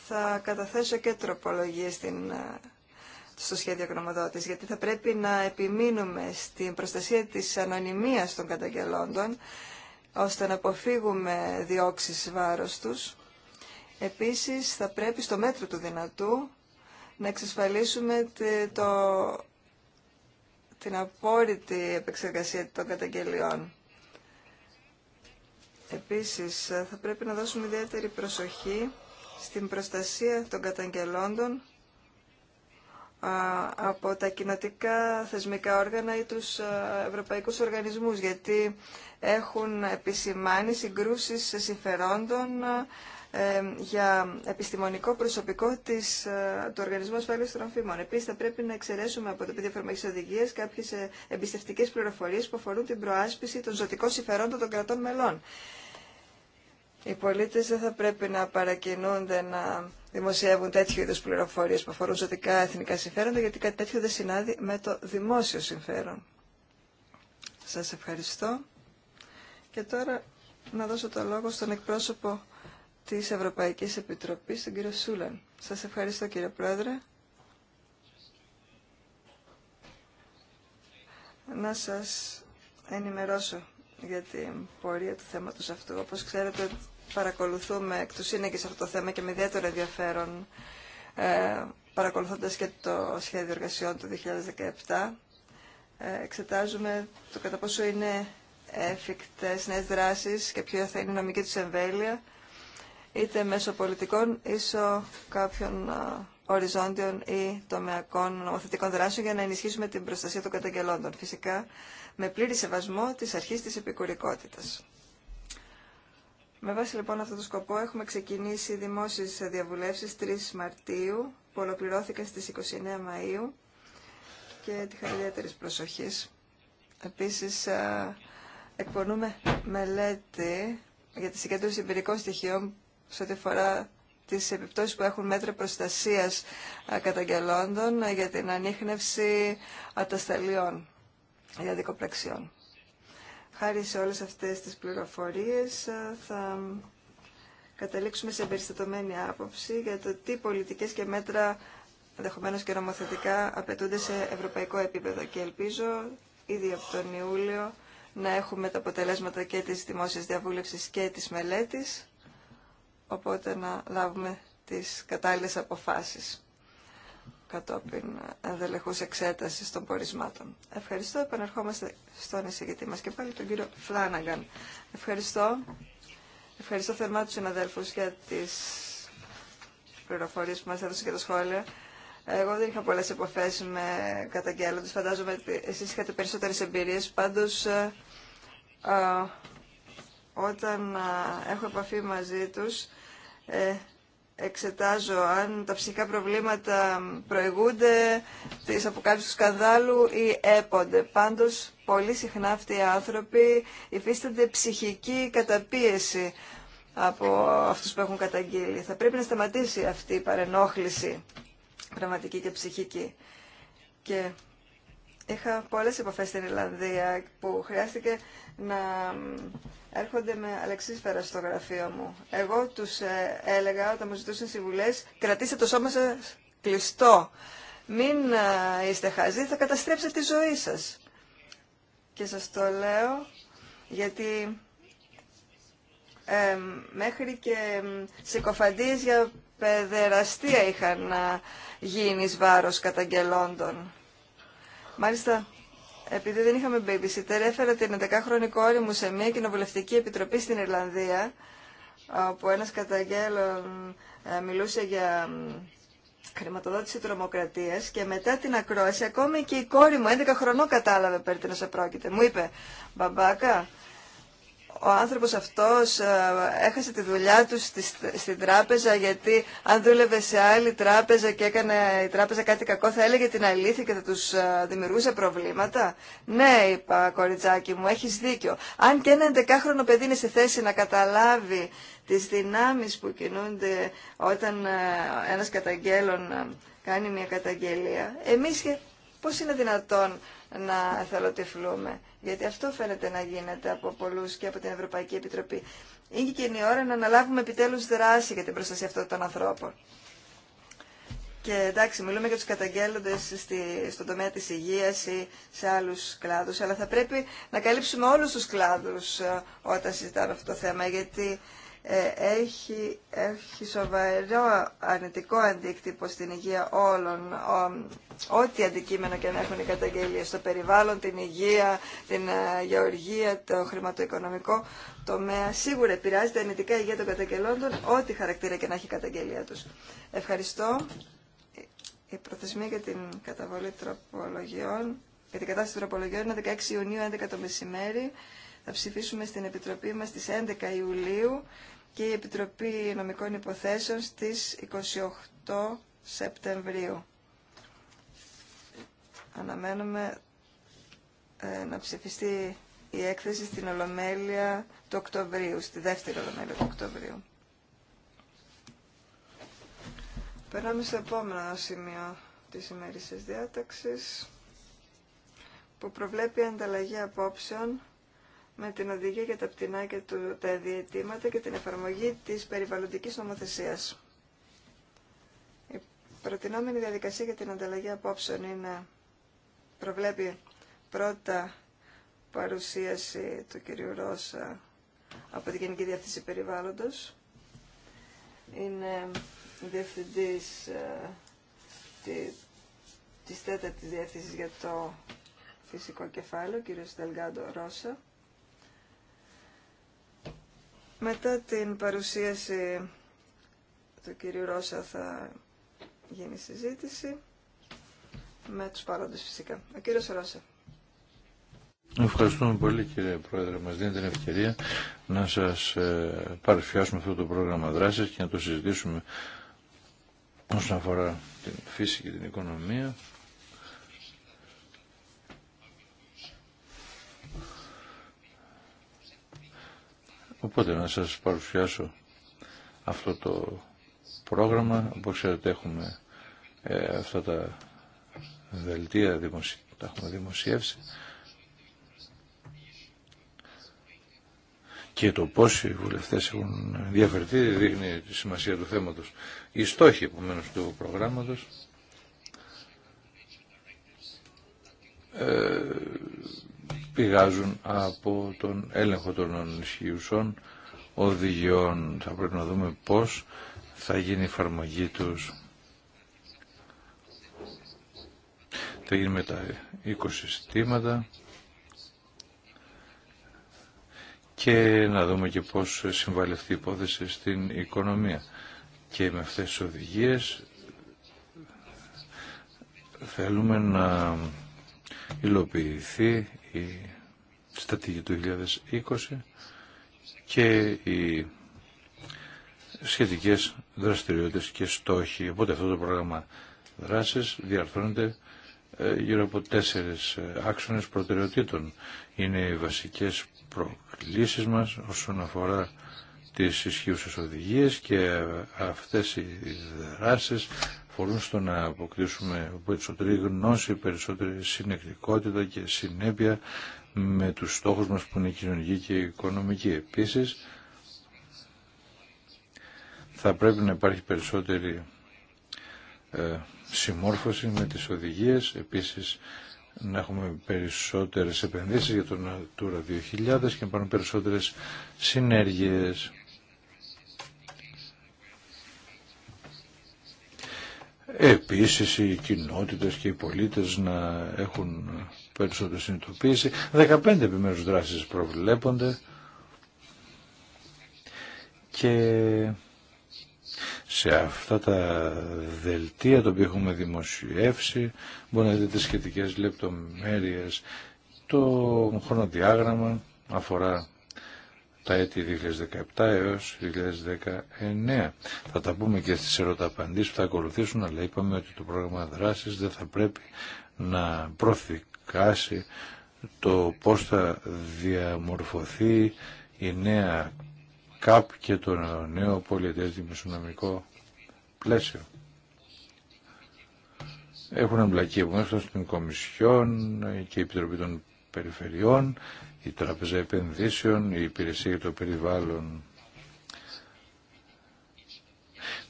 Θα καταθέσω και τροπολογίες στην ε, στο σχέδιο γνωμοδότης, γιατί θα πρέπει να επιμείνουμε στην προστασία της ανωνυμίας των καταγγελόντων, ώστε να αποφύγουμε διώξεις βάρος τους. Επίσης, θα πρέπει στο μέτρο του δυνατού να εξασφαλίσουμε το, την απόρριτη επεξεργασία των καταγγελιών. Επίσης, θα πρέπει να δώσουμε ιδιαίτερη προσοχή στην προστασία των καταγγελόντων από τα κοινοτικά θεσμικά όργανα ή τους ευρωπαϊκούς οργανισμούς, γιατί έχουν επισημάνει συγκρούσεις συμφερόντων ε, για επιστημονικό προσωπικό της, ε, του Οργανισμού Ασφάλειας Τροφίμων. Επίσης, θα πρέπει να εξαιρέσουμε από το πίδιο εφαρμογής οδηγίας κάποιες ε, εμπιστευτικές πληροφορίες που αφορούν την προάσπιση των ζωτικών συμφερόντων των κρατών μελών. Οι πολίτες δεν θα πρέπει να παρακινούνται να δημοσιεύουν τέτοιου είδους πληροφορίες που αφορούν ζωτικά εθνικά συμφέροντα, γιατί κάτι τέτοιο δεν συνάδει με το δημόσιο συμφέρον. Σας ευχαριστώ. Και τώρα να δώσω το λόγο στον εκπρόσωπο της Ευρωπαϊκής Επιτροπής, τον κύριο Σούλαν. Σας ευχαριστώ κύριε Πρόεδρε. Να σας ενημερώσω για την πορεία του θέματος αυτού. Όπως ξέρετε παρακολουθούμε εκ του σύνεγγυς αυτό το θέμα και με ιδιαίτερο ενδιαφέρον ε, παρακολουθώντας και το σχέδιο εργασιών του 2017. Ε, εξετάζουμε το κατά πόσο είναι εφικτές νέες δράσεις και ποια θα είναι η νομική τους εμβέλεια είτε μέσω πολιτικών, ίσω κάποιων οριζόντιων ή τομεακών νομοθετικών δράσεων για να ενισχύσουμε την προστασία των καταγγελόντων. Φυσικά, με πλήρη σεβασμό τη αρχή της επικουρικότητα. Με βάση λοιπόν αυτό το σκοπό έχουμε ξεκινήσει δημόσιε διαβουλεύσεις 3 Μαρτίου που ολοκληρώθηκαν στι 29 Μαου και τη ιδιαίτερη προσοχή. Επίσης εκπονούμε μελέτη για τη συγκέντρωση εμπειρικών στοιχείων σε ό,τι αφορά τις επιπτώσεις που έχουν μέτρα προστασίας ε, καταγγελόντων ε, για την ανείχνευση ατασταλιών για δικοπραξιών. Χάρη σε όλες αυτές τις πληροφορίες ε, θα καταλήξουμε σε περιστατωμένη άποψη για το τι πολιτικές και μέτρα ενδεχομένω και νομοθετικά απαιτούνται σε ευρωπαϊκό επίπεδο και ελπίζω ήδη από τον Ιούλιο να έχουμε τα αποτελέσματα και της δημόσιας διαβούλευσης και της μελέτης οπότε να λάβουμε τις κατάλληλες αποφάσεις κατόπιν ενδελεχούς εξέτασης των πορισμάτων. Ευχαριστώ. Επαναρχόμαστε στον εισηγητή μας και πάλι τον κύριο Φλάναγκαν. Ευχαριστώ. Ευχαριστώ θερμά τους συναδέλφους για τις πληροφορίες που μας έδωσαν και τα σχόλια. Εγώ δεν είχα πολλές επαφές με καταγγέλλοντες. Φαντάζομαι ότι εσείς είχατε περισσότερες εμπειρίες. Πάντως, ε, ε, όταν ε, έχω επαφή μαζί τους, ε, εξετάζω αν τα ψυχικά προβλήματα προηγούνται της αποκάλυψης του σκανδάλου ή έπονται. Πάντως, πολύ συχνά αυτοί οι άνθρωποι υφίστανται ψυχική καταπίεση από αυτούς που έχουν καταγγείλει. Θα πρέπει να σταματήσει αυτή η παρενόχληση πραγματική και ψυχική. Και είχα πολλές επαφές στην Ιρλανδία που χρειάστηκε να έρχονται με αλεξίσφαιρα στο γραφείο μου. Εγώ τους ε, έλεγα όταν μου ζητούσαν συμβουλές, κρατήστε το σώμα σας κλειστό. Μην ε, είστε χαζοί, θα καταστρέψετε τη ζωή σας. Και σας το λέω γιατί ε, μέχρι και συκοφαντίες για παιδεραστία είχαν γίνει βάρο βάρος καταγγελόντων. Μάλιστα, επειδή δεν είχαμε babysitter, έφερα την 11χρονη κόρη μου σε μια κοινοβουλευτική επιτροπή στην Ιρλανδία, όπου ένας καταγγέλων ε, μιλούσε για χρηματοδότηση τρομοκρατίας και μετά την ακρόαση ακόμη και η κόρη μου 11 χρονών κατάλαβε να σε πρόκειται. Μου είπε «Μπαμπάκα, ο άνθρωπος αυτός ε, έχασε τη δουλειά του στην τράπεζα γιατί αν δούλευε σε άλλη τράπεζα και έκανε η τράπεζα κάτι κακό θα έλεγε την αλήθεια και θα τους ε, δημιουργούσε προβλήματα. Ναι, είπα κοριτσάκι μου, έχεις δίκιο. Αν και ενα εντεκάχρονο παιδί είναι στη θέση να καταλάβει τις δυνάμεις που κινούνται όταν ε, ένας καταγγέλων κάνει μια καταγγελία, εμείς Πώς είναι δυνατόν να εθελοτυφλούμε, γιατί αυτό φαίνεται να γίνεται από πολλούς και από την Ευρωπαϊκή Επιτροπή. Είναι και η ώρα να αναλάβουμε επιτέλους δράση για την προστασία αυτών των ανθρώπων. Και εντάξει, μιλούμε για τους καταγγέλλοντες στον τομέα της υγείας ή σε άλλους κλάδους, αλλά θα πρέπει να καλύψουμε όλους τους κλάδους ε, όταν συζητάμε αυτό το θέμα, γιατί ε, έχει, έχει σοβαρό αρνητικό αντίκτυπο στην υγεία όλων, ό,τι αντικείμενο και να έχουν οι καταγγελίες, στο περιβάλλον, την υγεία, την ε, γεωργία, το χρηματοοικονομικό τομέα. Σίγουρα επηρεάζεται αρνητικά η υγεία των καταγγελόντων, ό,τι χαρακτήρα και να έχει η καταγγελία τους. Ευχαριστώ. Η προθεσμία για την καταβολή τροπολογιών, για την κατάσταση τροπολογιών είναι 16 Ιουνίου, 11 το μεσημέρι. Θα ψηφίσουμε στην Επιτροπή μας στις 11 Ιουλίου και η Επιτροπή Νομικών Υποθέσεων στις 28 Σεπτεμβρίου. Αναμένουμε ε, να ψηφιστεί η έκθεση στην Ολομέλεια του Οκτωβρίου, στη δεύτερη Ολομέλεια του Οκτωβρίου. Περνάμε στο επόμενο σημείο της ημέρησης διάταξης που προβλέπει ανταλλαγή απόψεων με την οδηγία για τα πτηνά και τα διαιτήματα και την εφαρμογή της περιβαλλοντικής νομοθεσίας. Η προτινόμενη διαδικασία για την ανταλλαγή απόψεων είναι προβλέπει πρώτα παρουσίαση του κυρίου Ρώσα από την Γενική Διεύθυνση Περιβάλλοντος. Είναι διευθυντής ε, τη, της τέταρτης διεύθυνσης για το φυσικό κεφάλαιο, κύριος Δελγάντο Ρώσα. Μετά την παρουσίαση του κύριου Ρώσα θα γίνει συζήτηση με τους παρόντες φυσικά. Ο κύριος Ρώσα. Ευχαριστούμε πολύ κύριε Πρόεδρε. Μας δίνει την ευκαιρία να σας ε, παρουσιάσουμε αυτό το πρόγραμμα δράσης και να το συζητήσουμε όσον αφορά την φύση και την οικονομία Οπότε να σας παρουσιάσω αυτό το πρόγραμμα. Όπως ξέρετε έχουμε ε, αυτά τα δελτία, δημοσι... τα έχουμε δημοσιεύσει. Και το πώς οι βουλευτές έχουν διαφερθεί δείχνει τη σημασία του θέματος. Οι στόχοι επομένως του προγράμματος ε, πηγάζουν από τον έλεγχο των ισχυουσών οδηγιών. Θα πρέπει να δούμε πώς θα γίνει η εφαρμογή τους. Θα γίνει με τα και να δούμε και πώς συμβάλλει αυτή η υπόθεση στην οικονομία. Και με αυτές τις οδηγίες θέλουμε να υλοποιηθεί η στρατηγική του 2020 και οι σχετικές δραστηριότητες και στόχοι. Οπότε αυτό το πρόγραμμα δράσης διαρθρώνεται ε, γύρω από τέσσερις ε, άξονες προτεραιοτήτων. Είναι οι βασικές προκλήσεις μας όσον αφορά τις ισχύουσες οδηγίες και ε, αυτές οι δράσεις μπορούν στο να αποκτήσουμε περισσότερη γνώση, περισσότερη συνεκτικότητα και συνέπεια με τους στόχους μας που είναι κοινωνική και οικονομική. Επίσης, θα πρέπει να υπάρχει περισσότερη ε, συμμόρφωση με τις οδηγίες, επίσης να έχουμε περισσότερες επενδύσεις για το Natura 2000 και να πάρουν περισσότερες συνέργειες. Επίσης οι κοινότητες και οι πολίτες να έχουν περισσότερη συνειδητοποίηση. 15 επιμέρους δράσεις προβλέπονται και σε αυτά τα δελτία τα οποία έχουμε δημοσιεύσει μπορείτε να δείτε τις σχετικές λεπτομέρειες το χρονοδιάγραμμα αφορά τα έτη 2017 έως 2019. Θα τα πούμε και στις ερωταπαντήσεις που θα ακολουθήσουν, αλλά είπαμε ότι το πρόγραμμα δράσης δεν θα πρέπει να προθυκάσει το πώς θα διαμορφωθεί η νέα ΚΑΠ και το νέο πολιετές δημοσιονομικό πλαίσιο. Έχουν εμπλακεί επομένως στην Κομισιόν και η Επιτροπή των Περιφερειών η Τράπεζα Επενδύσεων, η Υπηρεσία για το Περιβάλλον.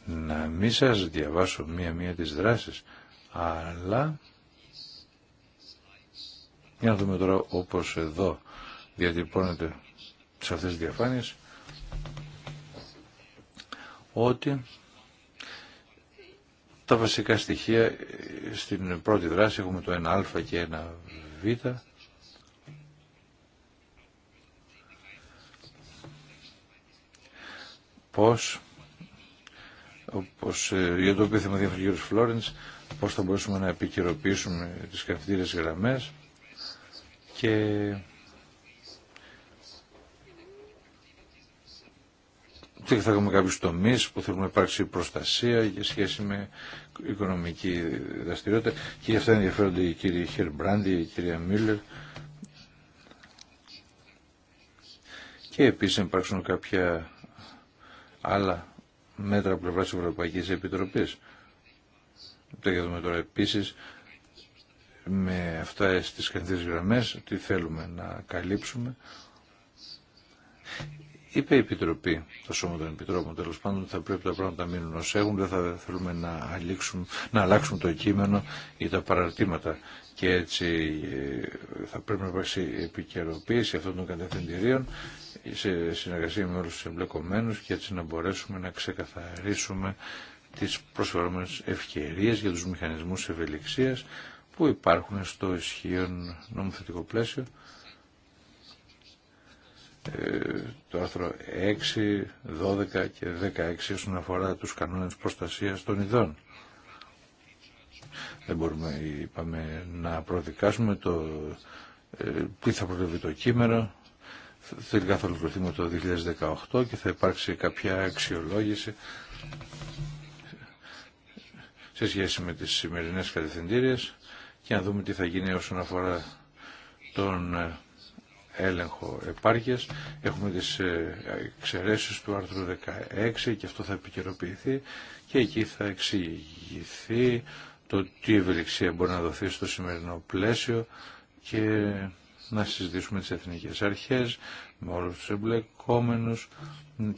Να μην σας διαβάσω μία-μία τις δράσεις, αλλά για να δούμε τώρα όπως εδώ διατυπώνεται σε αυτές τις διαφάνειες ότι τα βασικά στοιχεία στην πρώτη δράση έχουμε το 1α και ένα β πώς, ε, για το οποίο θυμαθεί ο κ. Φλόρεντς, πώς θα μπορέσουμε να επικαιροποιήσουμε τις καυτήρες γραμμές και θα έχουμε κάποιους τομείς που θέλουμε να υπάρξει προστασία για σχέση με οικονομική δραστηριότητα και γι' αυτό ενδιαφέρονται οι κύριοι Χερμπράντι, η κυρία Μίλλερ και επίσης υπάρξουν κάποια άλλα μέτρα πλευρά τη Ευρωπαϊκή Επιτροπή. Το είδαμε τώρα Επίση, με αυτά τι καθημερινές γραμμέ τι θέλουμε να καλύψουμε. Είπε η Επιτροπή, το Σώμα των Επιτρόπων, τέλο πάντων, ότι θα πρέπει τα πράγματα να μείνουν ω έχουν, δεν θα θέλουμε να, αλήξουν, να αλλάξουν το κείμενο ή τα παραρτήματα. Και έτσι ε, θα πρέπει να υπάρξει επικαιροποίηση αυτών των κατευθυντηρίων σε συνεργασία με όλους τους εμπλεκομένους και έτσι να μπορέσουμε να ξεκαθαρίσουμε τις προσφερόμενες ευκαιρίες για τους μηχανισμούς ευελιξίας που υπάρχουν στο ισχύον νομοθετικό πλαίσιο. Ε, το άρθρο 6, 12 και 16 όσον αφορά τους κανόνες προστασίας των ειδών. Δεν μπορούμε, είπαμε, να προδικάσουμε το ε, τι θα προτείνει το κείμενο, τελικά θα ολοκληρωθεί με το 2018 και θα υπάρξει κάποια αξιολόγηση σε σχέση με τις σημερινές κατευθυντήριες και να δούμε τι θα γίνει όσον αφορά τον ε, έλεγχο επάρκειας. Έχουμε τις ε, εξαιρέσεις του άρθρου 16 και αυτό θα επικαιροποιηθεί και εκεί θα εξηγηθεί το τι ευελιξία μπορεί να δοθεί στο σημερινό πλαίσιο και να συζητήσουμε τις εθνικές αρχές με όλους τους εμπλεκόμενους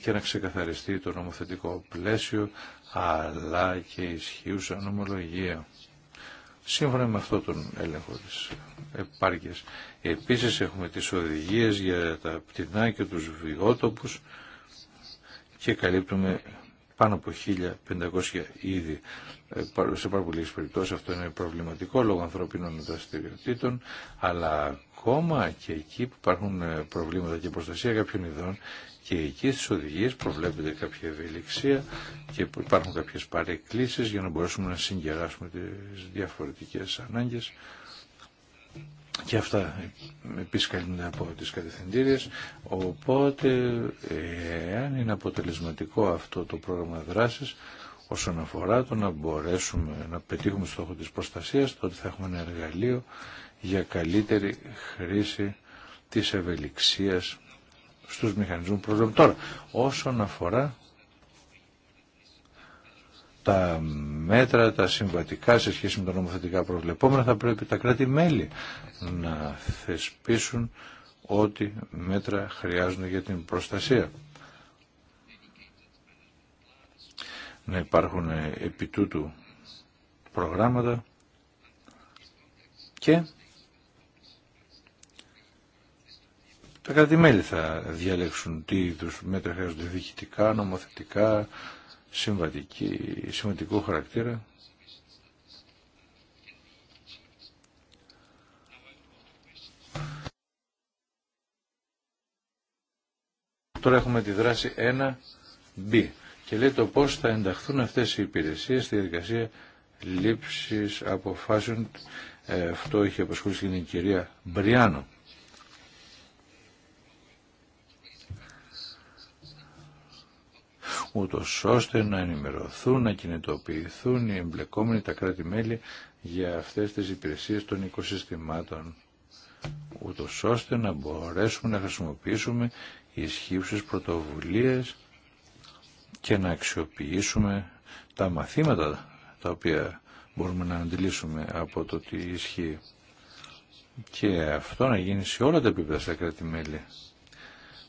και να ξεκαθαριστεί το νομοθετικό πλαίσιο αλλά και ισχύουσα νομολογία. Σύμφωνα με αυτό τον έλεγχο της επάρκειας. Επίσης έχουμε τις οδηγίες για τα πτηνά και τους βιγότοπους και καλύπτουμε πάνω από 1.500 είδη. Ε, σε πάρα πολλέ περιπτώσει αυτό είναι προβληματικό λόγω ανθρωπίνων δραστηριοτήτων, αλλά ακόμα και εκεί που υπάρχουν ε, προβλήματα και προστασία κάποιων ειδών και εκεί στις οδηγίες προβλέπεται κάποια ευελιξία και υπάρχουν κάποιες παρεκκλήσεις για να μπορέσουμε να συγκεράσουμε τις διαφορετικές ανάγκες και αυτά επίσης καλύπτονται από τις κατευθυντήριες οπότε εάν είναι αποτελεσματικό αυτό το πρόγραμμα δράσης όσον αφορά το να μπορέσουμε να πετύχουμε στόχο της προστασίας τότε θα έχουμε ένα εργαλείο για καλύτερη χρήση της ευελιξίας στους μηχανισμούς προβλήματος. Τώρα, όσον αφορά τα μέτρα, τα συμβατικά σε σχέση με τα νομοθετικά προβλεπόμενα θα πρέπει τα κράτη-μέλη να θεσπίσουν ό,τι μέτρα χρειάζονται για την προστασία. Να υπάρχουν ε, επί τούτου προγράμματα και τα κράτη-μέλη θα διαλέξουν τι είδου μέτρα χρειάζονται διοικητικά, νομοθετικά, συμβατική, σημαντικού χαρακτήρα. Τώρα έχουμε τη δράση 1B και λέει το πώς θα ενταχθούν αυτές οι υπηρεσίες στη διαδικασία λήψης αποφάσεων. Ε, αυτό είχε απασχολήσει την κυρία Μπριάνο. ούτω ώστε να ενημερωθούν, να κινητοποιηθούν οι εμπλεκόμενοι τα κράτη-μέλη για αυτές τις υπηρεσίες των οικοσυστημάτων, ούτω ώστε να μπορέσουμε να χρησιμοποιήσουμε ισχύουσες πρωτοβουλίες και να αξιοποιήσουμε τα μαθήματα τα οποία μπορούμε να αντιλήσουμε από το τι ισχύει. Και αυτό να γίνει σε όλα τα επίπεδα στα κράτη-μέλη.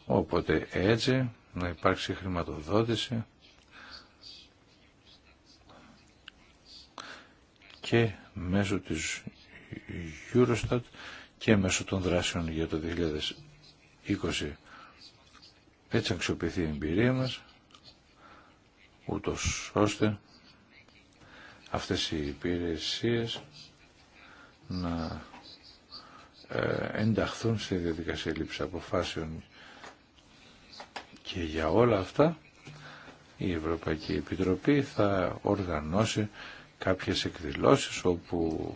Οπότε έτσι να υπάρξει χρηματοδότηση και μέσω της Eurostat και μέσω των δράσεων για το 2020. Έτσι αξιοποιηθεί η εμπειρία μας, ούτως ώστε αυτές οι υπηρεσίες να ε, ενταχθούν στη διαδικασία λήψη αποφάσεων και για όλα αυτά η Ευρωπαϊκή Επιτροπή θα οργανώσει κάποιες εκδηλώσεις όπου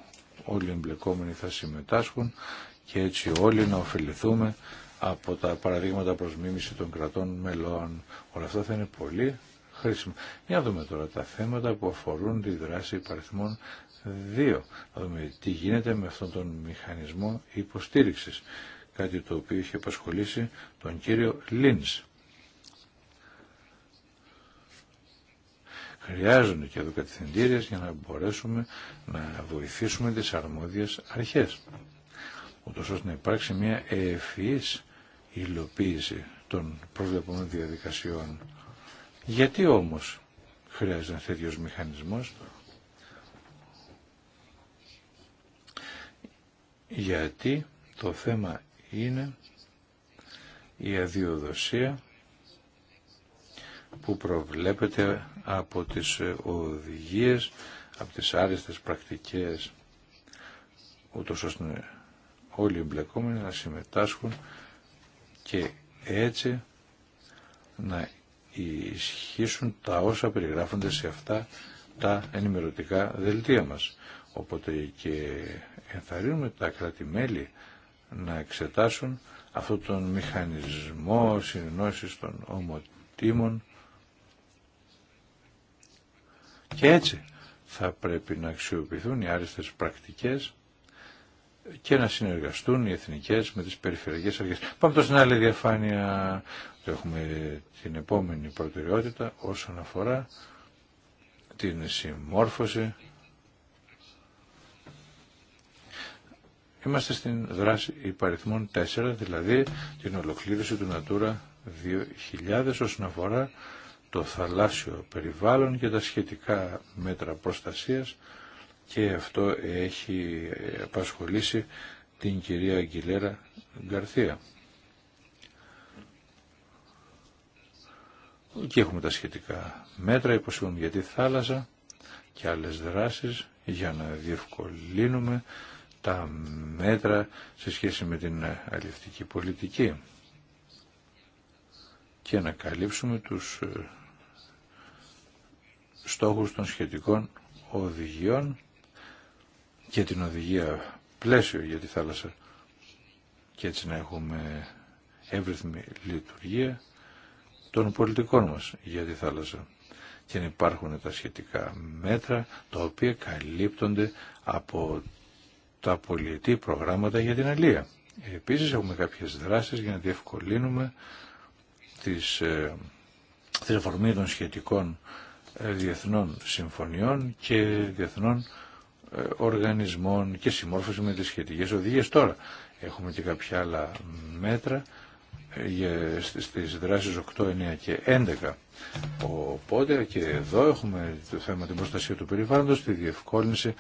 όλοι οι εμπλεκόμενοι θα συμμετάσχουν και έτσι όλοι να ωφεληθούμε από τα παραδείγματα προς μίμηση των κρατών μελών. Όλα αυτά θα είναι πολύ χρήσιμα. Για να δούμε τώρα τα θέματα που αφορούν τη δράση υπαριθμών 2. Να δούμε τι γίνεται με αυτόν τον μηχανισμό υποστήριξης. Κάτι το οποίο είχε απασχολήσει τον κύριο Λίνς. Χρειάζονται και εδώ κατευθυντήρια για να μπορέσουμε να βοηθήσουμε τις αρμόδιες αρχές. Ούτως ώστε να υπάρξει μια ευφυής υλοποίηση των προβλεπόμενων διαδικασιών. Γιατί όμως χρειάζεται ένα τέτοιο μηχανισμός. Γιατί το θέμα είναι η αδειοδοσία που προβλέπεται από τις ε, οδηγίες, από τις άριστες πρακτικές, ούτως ώστε όλοι οι εμπλεκόμενοι να συμμετάσχουν και έτσι να ισχύσουν τα όσα περιγράφονται σε αυτά τα ενημερωτικά δελτία μας. Οπότε και ενθαρρύνουμε τα κράτη-μέλη να εξετάσουν αυτόν τον μηχανισμό συνεννόησης των ομοτήμων Και έτσι θα πρέπει να αξιοποιηθούν οι άριστες πρακτικές και να συνεργαστούν οι εθνικές με τις περιφερειακές αρχές. Πάμε τώρα στην άλλη διαφάνεια. Έχουμε την επόμενη προτεραιότητα όσον αφορά την συμμόρφωση. Είμαστε στην δράση υπαριθμών 4, δηλαδή την ολοκλήρωση του Natura 2000 όσον αφορά το θαλάσσιο περιβάλλον και τα σχετικά μέτρα προστασίας και αυτό έχει απασχολήσει την κυρία Αγγιλέρα Γκαρθία. Και έχουμε τα σχετικά μέτρα, υποσχόμαστε για τη θάλασσα και άλλες δράσεις για να διευκολύνουμε τα μέτρα σε σχέση με την αλληλευτική πολιτική και να καλύψουμε τους ε, στόχους των σχετικών οδηγιών και την οδηγία πλαίσιο για τη θάλασσα και έτσι να έχουμε εύρυθμη λειτουργία των πολιτικών μας για τη θάλασσα και να υπάρχουν τα σχετικά μέτρα τα οποία καλύπτονται από τα πολιτικά προγράμματα για την αλία. Επίσης έχουμε κάποιες δράσεις για να διευκολύνουμε της, ε, της αφορμή των σχετικών ε, διεθνών συμφωνιών και διεθνών ε, οργανισμών και συμμόρφωση με τις σχετικές οδηγίες τώρα. Έχουμε και κάποια άλλα μέτρα για, στις δράσεις 8, 9 και 11. Οπότε και εδώ έχουμε το θέμα την προστασία του περιβάλλοντος, τη διευκόλυνση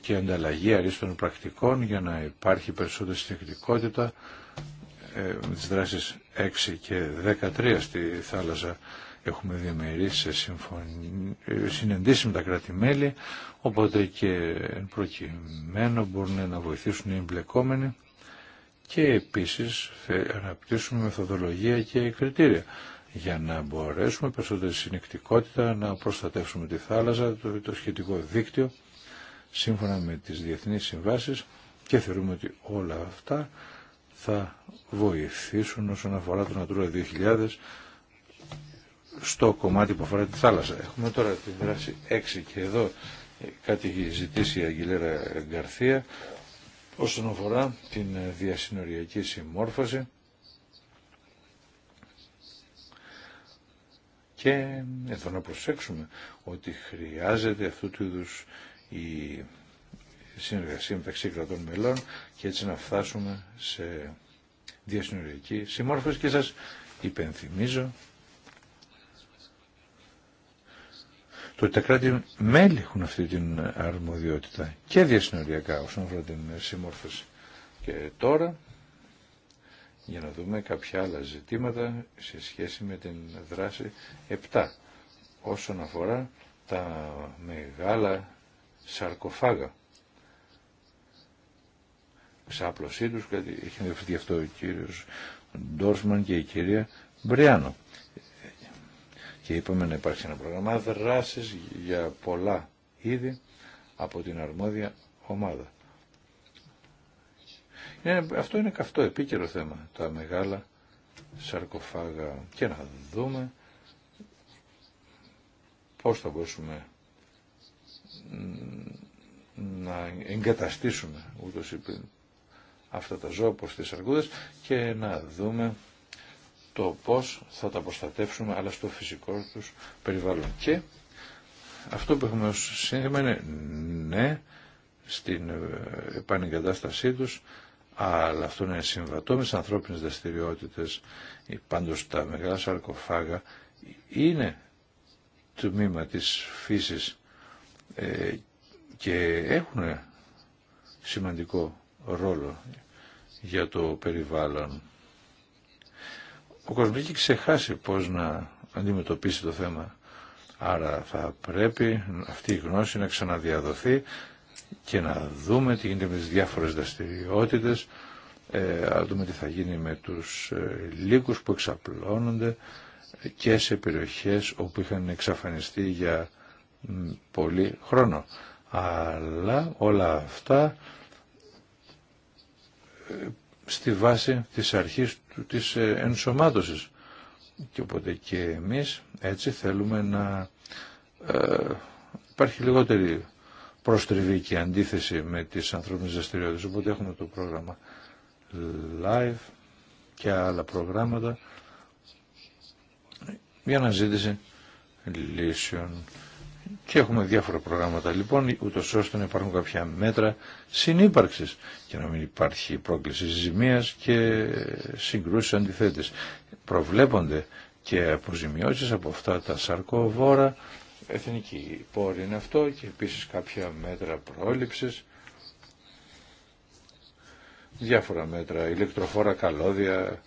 και ανταλλαγή αρίστων πρακτικών για να υπάρχει περισσότερη συνεκτικότητα ε, με τις δράσεις 6 και 13 στη θάλασσα έχουμε διαμερίσει συμφωνίες, συνεντήσει με τα κράτη-μέλη, οπότε και προκειμένου μπορούν να βοηθήσουν οι εμπλεκόμενοι και επίσης αναπτύσσουμε μεθοδολογία και κριτήρια για να μπορέσουμε περισσότερη συνεκτικότητα να προστατεύσουμε τη θάλασσα, το, το σχετικό δίκτυο σύμφωνα με τις διεθνείς συμβάσεις και θεωρούμε ότι όλα αυτά θα βοηθήσουν όσον αφορά το Natura 2000 στο κομμάτι που αφορά τη θάλασσα. Έχουμε τώρα τη δράση 6 και εδώ κάτι έχει ζητήσει η Αγγιλέρα Γκαρθία όσον αφορά την διασυνοριακή συμμόρφωση και εδώ να προσέξουμε ότι χρειάζεται αυτού του είδους η συνεργασία μεταξύ κρατών μελών και έτσι να φτάσουμε σε διασυνοριακή συμμόρφωση και σας υπενθυμίζω το ότι τα κράτη-μέλη έχουν αυτή την αρμοδιότητα και διασυνοριακά όσον αφορά την συμμόρφωση. Και τώρα για να δούμε κάποια άλλα ζητήματα σε σχέση με την δράση 7 όσον αφορά τα μεγάλα σαρκοφάγα ξάπλωσή του γιατί έχει ενδιαφερθεί αυτό ο κύριος Ντόρσμαν και η κυρία Μπριάνο. Και είπαμε να υπάρχει ένα πρόγραμμα δράσης για πολλά είδη από την αρμόδια ομάδα. Ε, αυτό είναι καυτό, επίκαιρο θέμα, τα μεγάλα σαρκοφάγα. Και να δούμε πώς θα μπορούσαμε να εγκαταστήσουμε ούτως είπε αυτά τα ζώα προς τις αργούδες, και να δούμε το πώς θα τα προστατεύσουμε αλλά στο φυσικό τους περιβάλλον. Και αυτό που έχουμε ως είναι ναι στην ε, επανεγκατάστασή τους αλλά αυτό είναι συμβατό με τις ανθρώπινες δραστηριότητες πάντως τα μεγάλα σαρκοφάγα είναι τμήμα της φύσης ε, και έχουν σημαντικό ρόλο για το περιβάλλον. Ο κόσμος έχει ξεχάσει πώς να αντιμετωπίσει το θέμα. Άρα θα πρέπει αυτή η γνώση να ξαναδιαδοθεί και να δούμε τι γίνεται με τις διάφορες δραστηριότητε, ε, να δούμε τι θα γίνει με τους ε, λύκους που εξαπλώνονται και σε περιοχές όπου είχαν εξαφανιστεί για πολύ χρόνο. Αλλά όλα αυτά στη βάση της αρχής της ε, ενσωμάτωσης. Και οπότε και εμείς έτσι θέλουμε να ε, υπάρχει λιγότερη προστριβή και αντίθεση με τις ανθρώπινες δραστηριότητε. Οπότε έχουμε το πρόγραμμα live και άλλα προγράμματα για αναζήτηση λύσεων. Και έχουμε διάφορα προγράμματα λοιπόν, ούτω ώστε να υπάρχουν κάποια μέτρα συνύπαρξη και να μην υπάρχει πρόκληση ζημίας και συγκρούσει αντιθέτε. Προβλέπονται και αποζημιώσεις από αυτά τα σαρκοβόρα, εθνική πόρη είναι αυτό και επίσης κάποια μέτρα πρόληψης, διάφορα μέτρα, ηλεκτροφόρα καλώδια,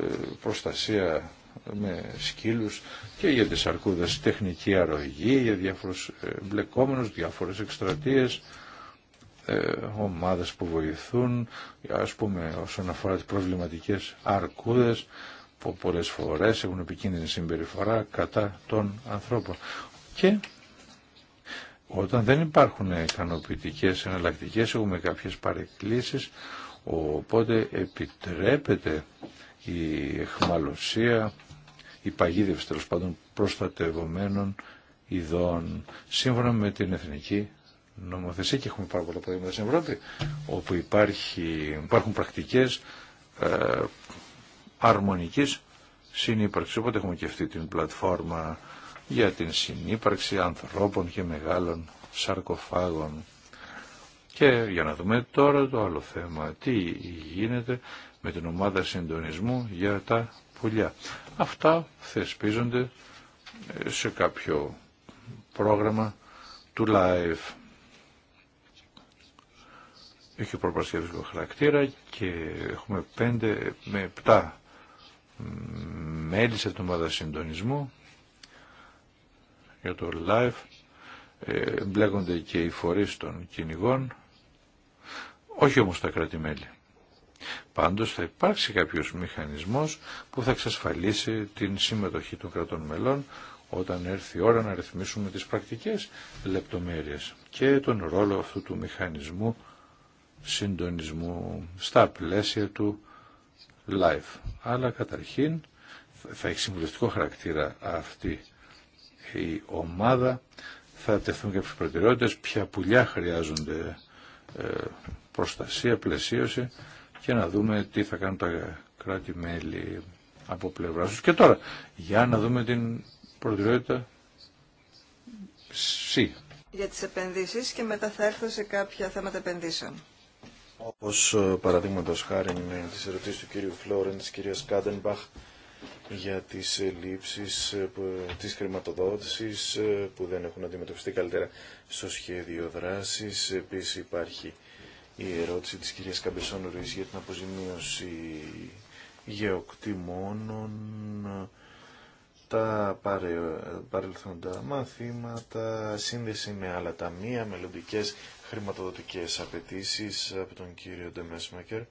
ε, προστασία με σκύλους και για τις αρκούδες τεχνική αρρωγή, για διάφορους ε, μπλεκόμενους, διάφορες εκστρατείες, ε, ομάδες που βοηθούν, ας πούμε όσον αφορά τις προβληματικές αρκούδες που πολλές φορές έχουν επικίνδυνη συμπεριφορά κατά των ανθρώπων. Και όταν δεν υπάρχουν ικανοποιητικέ εναλλακτικέ, έχουμε κάποιες παρεκκλήσεις, οπότε επιτρέπεται η εχμαλωσία, η παγίδευση τέλο πάντων προστατευομένων ειδών σύμφωνα με την εθνική νομοθεσία και έχουμε πάρα πολλά παραδείγματα στην Ευρώπη όπου υπάρχει, υπάρχουν πρακτικές ε, αρμονικής συνύπαρξης οπότε έχουμε και αυτή την πλατφόρμα για την συνύπαρξη ανθρώπων και μεγάλων σαρκοφάγων και για να δούμε τώρα το άλλο θέμα τι γίνεται με την ομάδα συντονισμού για τα πουλιά Αυτά θεσπίζονται ε, σε κάποιο πρόγραμμα του live. Έχει προπαρασκευαστικό χαρακτήρα και έχουμε 5 με 7 μέλη σε εβδομάδα συντονισμού για το live. Ε, και οι φορείς των κυνηγών, όχι όμως τα κρατη Πάντως θα υπάρξει κάποιος μηχανισμός που θα εξασφαλίσει την συμμετοχή των κρατών μελών όταν έρθει η ώρα να ρυθμίσουμε τις πρακτικές λεπτομέρειες και τον ρόλο αυτού του μηχανισμού συντονισμού στα πλαίσια του LIFE. Αλλά καταρχήν θα έχει συμβουλευτικό χαρακτήρα αυτή η ομάδα, θα τεθούν και προτεραιότητες, ποια πουλιά χρειάζονται ε, προστασία, πλαισίωση και να δούμε τι θα κάνουν τα κράτη-μέλη από πλευρά του. Και τώρα, για να δούμε την προτεραιότητα C. Για τις επενδύσεις και μετά θα έρθω σε κάποια θέματα επενδύσεων. Όπως ε, παραδείγματο χάρη με τις ερωτήσεις του κύριου Φλόρεν, της κυρίας Κάντενμπαχ, για τις λήψεις ε, της χρηματοδότησης ε, που δεν έχουν αντιμετωπιστεί καλύτερα στο σχέδιο δράσης. Επίσης υπάρχει η ερώτηση της κυρίας Καμπεσόν Ρουής για την αποζημίωση γεωκτημόνων, τα παρελθόντα μαθήματα, σύνδεση με άλλα ταμεία, μελλοντικέ χρηματοδοτικές απαιτήσει από τον κύριο Ντεμέσμακερ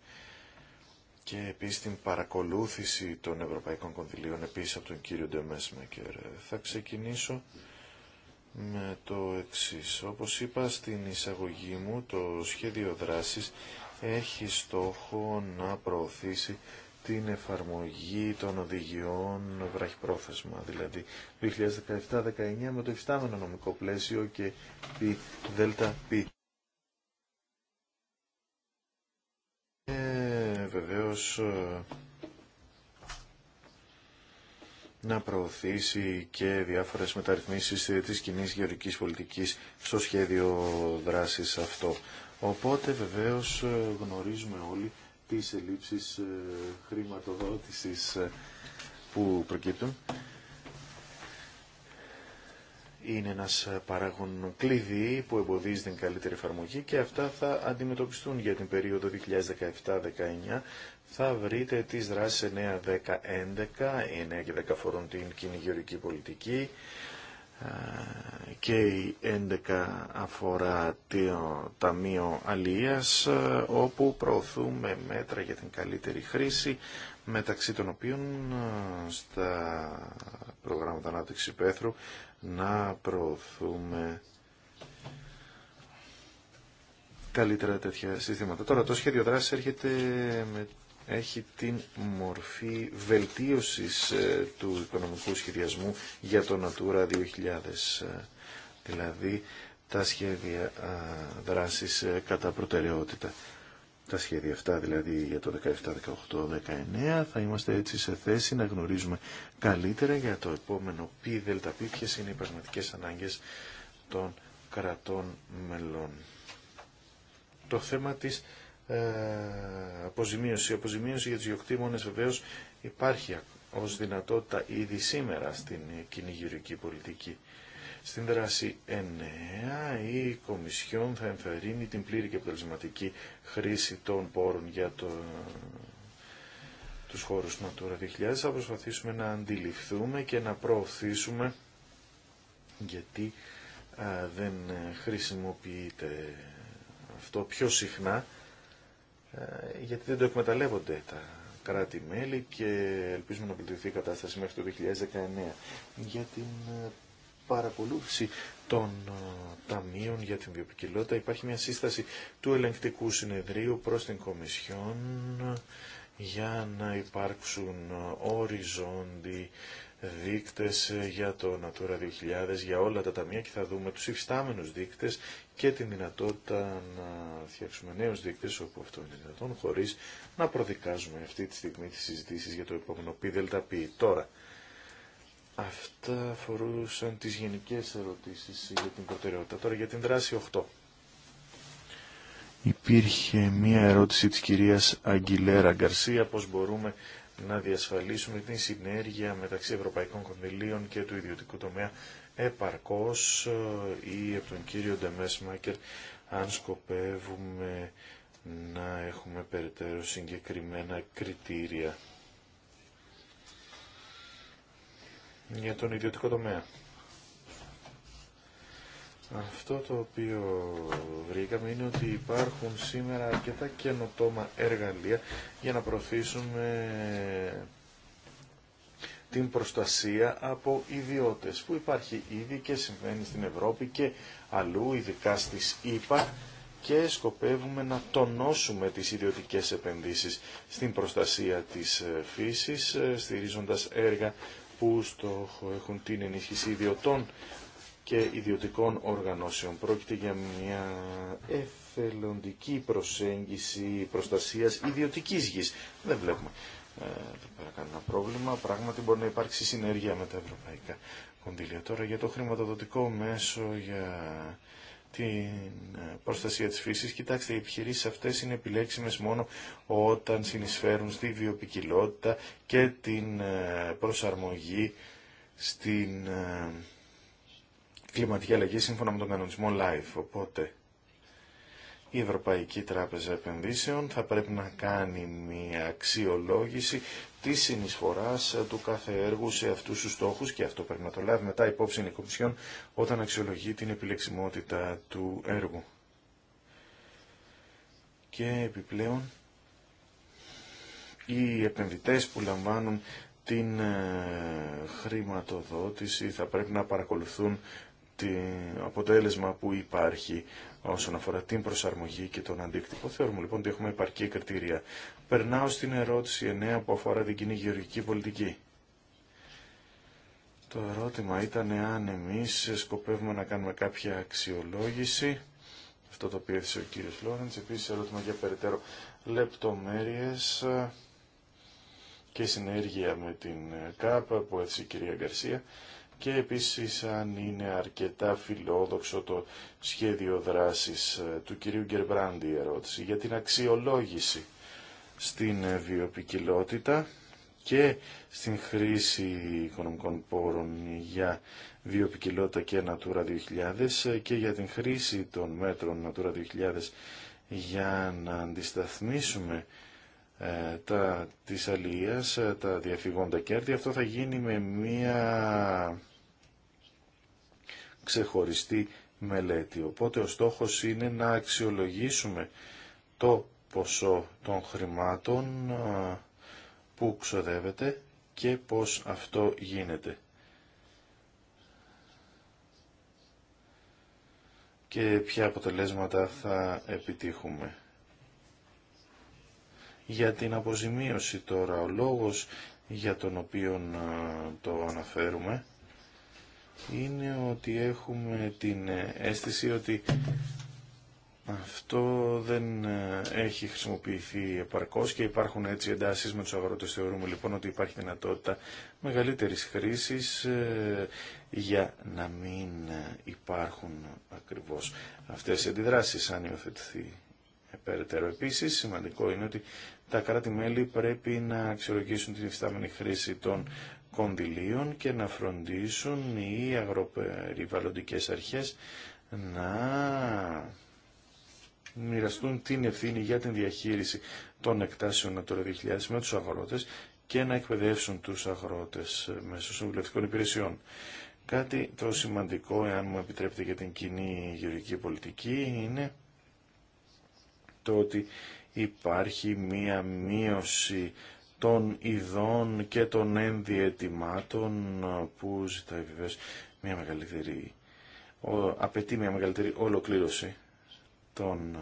και επίσης την παρακολούθηση των ευρωπαϊκών κονδυλίων επίσης από τον κύριο Ντεμέσμακερ. Θα ξεκινήσω με το εξής. Όπως είπα στην εισαγωγή μου, το σχέδιο δράσης έχει στόχο να προωθήσει την εφαρμογή των οδηγιών βραχυπρόθεσμα, δηλαδή 2017-19 με το υφτάμενο νομικό πλαίσιο και πι δέλτα πι. Ε, βεβαίως να προωθήσει και διάφορες μεταρρυθμίσεις της κοινή γεωρικής πολιτικής στο σχέδιο δράσης αυτό. Οπότε βεβαίως γνωρίζουμε όλοι τις ελλείψεις ε, χρηματοδότησης ε, που προκύπτουν είναι ένας παράγον κλειδί που εμποδίζει την καλύτερη εφαρμογή και αυτά θα αντιμετωπιστούν για την περίοδο 2017-19. Θα βρείτε τις δράσεις 9-10-11, 9 και 10 αφορούν την κυνηγιορική πολιτική και η 11 αφορά το Ταμείο Αλίας όπου προωθούμε μέτρα για την καλύτερη χρήση μεταξύ των οποίων στα προγράμματα ανάπτυξη πέθρου να προωθούμε καλύτερα τέτοια συστήματα. Τώρα το σχέδιο δράσης έρχεται με, έχει την μορφή βελτίωσης ε, του οικονομικού σχεδιασμού για το Natura 2000. Ε, δηλαδή τα σχέδια ε, δράσης κατά προτεραιότητα τα σχέδια αυτά, δηλαδή για το 17, 18, 19, θα είμαστε έτσι σε θέση να γνωρίζουμε καλύτερα για το επόμενο πι δελτα πι, ποιες είναι οι πραγματικές ανάγκες των κρατών μελών. Το θέμα της ε, αποζημίωσης. Η αποζημίωση για τους γεωκτήμονες βεβαίω υπάρχει ως δυνατότητα ήδη σήμερα στην κυνηγυρική πολιτική. Στην δράση 9 η Κομισιόν θα ενθαρρύνει την πλήρη και αποτελεσματική χρήση των πόρων για το, τους χώρους Natura 2000. Θα προσπαθήσουμε να αντιληφθούμε και να προωθήσουμε γιατί δεν χρησιμοποιείται αυτό πιο συχνά γιατί δεν το εκμεταλλεύονται τα κράτη-μέλη και ελπίζουμε να βελτιωθεί η κατάσταση μέχρι το 2019 για την παρακολούθηση των ε, ταμείων για την βιοπικιλότητα. Υπάρχει μια σύσταση του ελεγκτικού συνεδρίου προς την Κομισιόν για να υπάρξουν οριζόντι δείκτες για το Natura 2000 για όλα τα ταμεία και θα δούμε τους υφιστάμενους δείκτες και τη δυνατότητα να φτιάξουμε νέους δείκτες όπου αυτό είναι δυνατόν χωρίς να προδικάζουμε αυτή τη στιγμή τις συζητήσεις για το επόμενο πι δελτα πι. Τώρα, Αυτά αφορούσαν τις γενικές ερωτήσεις για την προτεραιότητα. Τώρα για την δράση 8. Υπήρχε μία ερώτηση της κυρίας Αγγιλέρα Γκαρσία, πώς μπορούμε να διασφαλίσουμε την συνέργεια μεταξύ Ευρωπαϊκών Κονδυλίων και του ιδιωτικού τομέα επαρκώς ε, ή από τον κύριο Μάκερ, αν σκοπεύουμε να έχουμε περαιτέρω συγκεκριμένα κριτήρια για τον ιδιωτικό τομέα. Αυτό το οποίο βρήκαμε είναι ότι υπάρχουν σήμερα αρκετά καινοτόμα εργαλεία για να προωθήσουμε την προστασία από ιδιώτες που υπάρχει ήδη και συμβαίνει στην Ευρώπη και αλλού, ειδικά στις ΗΠΑ και σκοπεύουμε να τονώσουμε τις ιδιωτικές επενδύσεις στην προστασία της φύσης, ε, στηρίζοντας έργα που στόχο έχουν την ενίσχυση ιδιωτών και ιδιωτικών οργανώσεων. Πρόκειται για μια εθελοντική προσέγγιση προστασίας ιδιωτικής γης. Δεν βλέπουμε ε, πέρα κανένα πρόβλημα. Πράγματι μπορεί να υπάρξει συνέργεια με τα ευρωπαϊκά κονδύλια. Τώρα για το χρηματοδοτικό μέσο για την ε, προστασία της φύσης. Κοιτάξτε, οι επιχειρήσεις αυτές είναι επιλέξιμες μόνο όταν συνεισφέρουν στη βιοπικιλότητα και την ε, προσαρμογή στην ε, κλιματική αλλαγή σύμφωνα με τον κανονισμό LIFE. Οπότε η Ευρωπαϊκή Τράπεζα Επενδύσεων θα πρέπει να κάνει μια αξιολόγηση τη συνεισφορά ε, του κάθε έργου σε αυτούς τους στόχου και αυτό πρέπει να το λάβει μετά υπόψη η όταν αξιολογεί την επιλεξιμότητα του έργου. Και επιπλέον οι επενδυτές που λαμβάνουν την ε, χρηματοδότηση θα πρέπει να παρακολουθούν το αποτέλεσμα που υπάρχει όσον αφορά την προσαρμογή και τον αντίκτυπο. Θεωρούμε λοιπόν ότι έχουμε επαρκή κριτήρια. Περνάω στην ερώτηση 9 που αφορά την κοινή γεωργική πολιτική. Το ερώτημα ήταν εάν εμείς σκοπεύουμε να κάνουμε κάποια αξιολόγηση, αυτό το οποίο έθεσε ο κύριος Λόρεντς, επίσης ερώτημα για περαιτέρω λεπτομέρειες και συνέργεια με την ΚΑΠ που έθεσε η κυρία Γκαρσία και επίσης αν είναι αρκετά φιλόδοξο το σχέδιο δράσης ε, του κυρίου Γκερμπράντη ερώτηση για την αξιολόγηση στην ε, βιοπικιλότητα και στην χρήση οικονομικών πόρων για βιοπικιλότητα και Natura 2000 ε, και για την χρήση των μέτρων Natura 2000 για να αντισταθμίσουμε ε, τα, της αλληλείας, ε, τα διαφυγόντα κέρδη. Αυτό θα γίνει με μία ξεχωριστή μελέτη. Οπότε ο στόχος είναι να αξιολογήσουμε το ποσό των χρημάτων ε, που ξοδεύεται και πώς αυτό γίνεται. Και ποια αποτελέσματα θα επιτύχουμε. Για την αποζημίωση τώρα, ο λόγος για τον οποίο το αναφέρουμε είναι ότι έχουμε την ε, αίσθηση ότι αυτό δεν ε, έχει χρησιμοποιηθεί επαρκώς και υπάρχουν έτσι εντάσεις με τους αγρότες. Θεωρούμε λοιπόν ότι υπάρχει δυνατότητα μεγαλύτερης χρήσης ε, για να μην υπάρχουν ακριβώς αυτές οι αντιδράσεις αν υιοθετηθεί περαιτέρω. σημαντικό είναι ότι τα κράτη-μέλη πρέπει να αξιολογήσουν την υφιστάμενη χρήση των κονδυλίων και να φροντίσουν οι αγροπεριβαλλοντικές αρχές να μοιραστούν την ευθύνη για την διαχείριση των εκτάσεων το 2000 με τους αγρότες και να εκπαιδεύσουν τους αγρότες μέσω συμβουλευτικών υπηρεσιών. Κάτι το σημαντικό, εάν μου επιτρέπετε για την κοινή γεωργική πολιτική, είναι το ότι υπάρχει μία μείωση των ειδών και των ενδιαιτημάτων που ζητάει βεβαίως μια μεγαλύτερη, απαιτεί μια μεγαλύτερη ολοκλήρωση των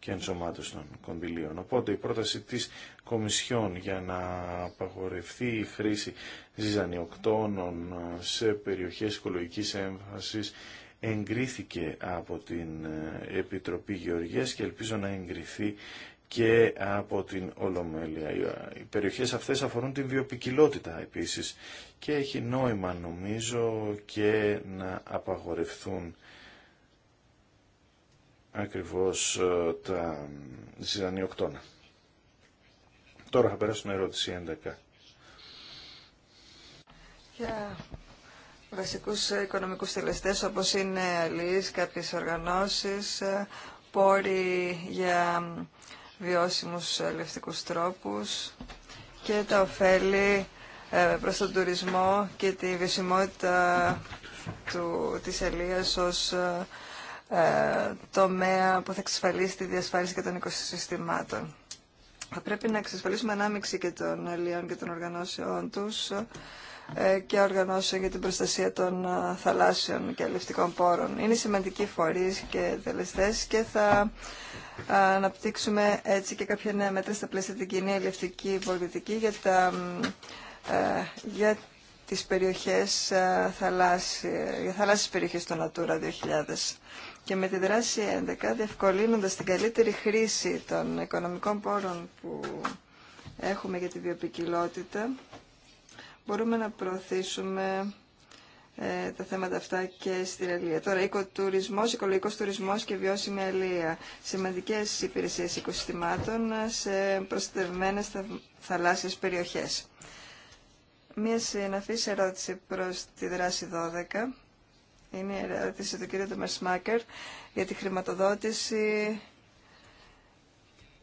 και των κονδυλίων. Οπότε η πρόταση της Κομισιόν για να απαγορευτεί η χρήση ζυζανιοκτώνων σε περιοχές οικολογικής έμφασης εγκρίθηκε από την ε, Επιτροπή Γεωργίας και ελπίζω να εγκριθεί και από την Ολομέλεια. Ε, οι περιοχές αυτές αφορούν την βιοπικιλότητα επίσης και έχει νόημα νομίζω και να απαγορευθούν ακριβώς ε, τα ζητανιοκτώνα. Τώρα θα περάσουμε ερώτηση 11 βασικούς οικονομικούς τελεστές όπως είναι αλληλείς, κάποιες οργανώσεις, ε, πόροι για βιώσιμους αλληλευτικούς τρόπους και τα ωφέλη ε, προς τον τουρισμό και τη βιωσιμότητα του, της Ελίας ως ε, τομέα που θα εξασφαλίσει τη διασφάλιση και των οικοσυστημάτων. Θα πρέπει να εξασφαλίσουμε ανάμειξη και των ελίων και των οργανώσεών τους ε, και οργανώσεων για την προστασία των ε, θαλάσσιων και αλληλευτικών πόρων. Είναι σημαντικοί φορείς και τελεστές και θα ε, αναπτύξουμε έτσι και κάποια νέα μέτρα στα πλαίσια την κοινή αλληλευτική πολιτική για, τα, για τις περιοχές θαλάσσιες, για θαλάσσιες περιοχές των Natura 2000. Και με τη δράση 11, διευκολύνοντας την καλύτερη χρήση των οικονομικών πόρων που έχουμε για τη βιοπικιλότητα, μπορούμε να προωθήσουμε ε, τα θέματα αυτά και στην Αλία. Τώρα, οικοτουρισμός, οικολογικός τουρισμός και βιώσιμη αλία. Σημαντικές υπηρεσίες οικοσυστημάτων σε προστατευμένες θα, θαλάσσιες περιοχές. Μία συναφής ερώτηση προς τη δράση 12. Είναι η ερώτηση του κ. Μερσμάκερ για τη χρηματοδότηση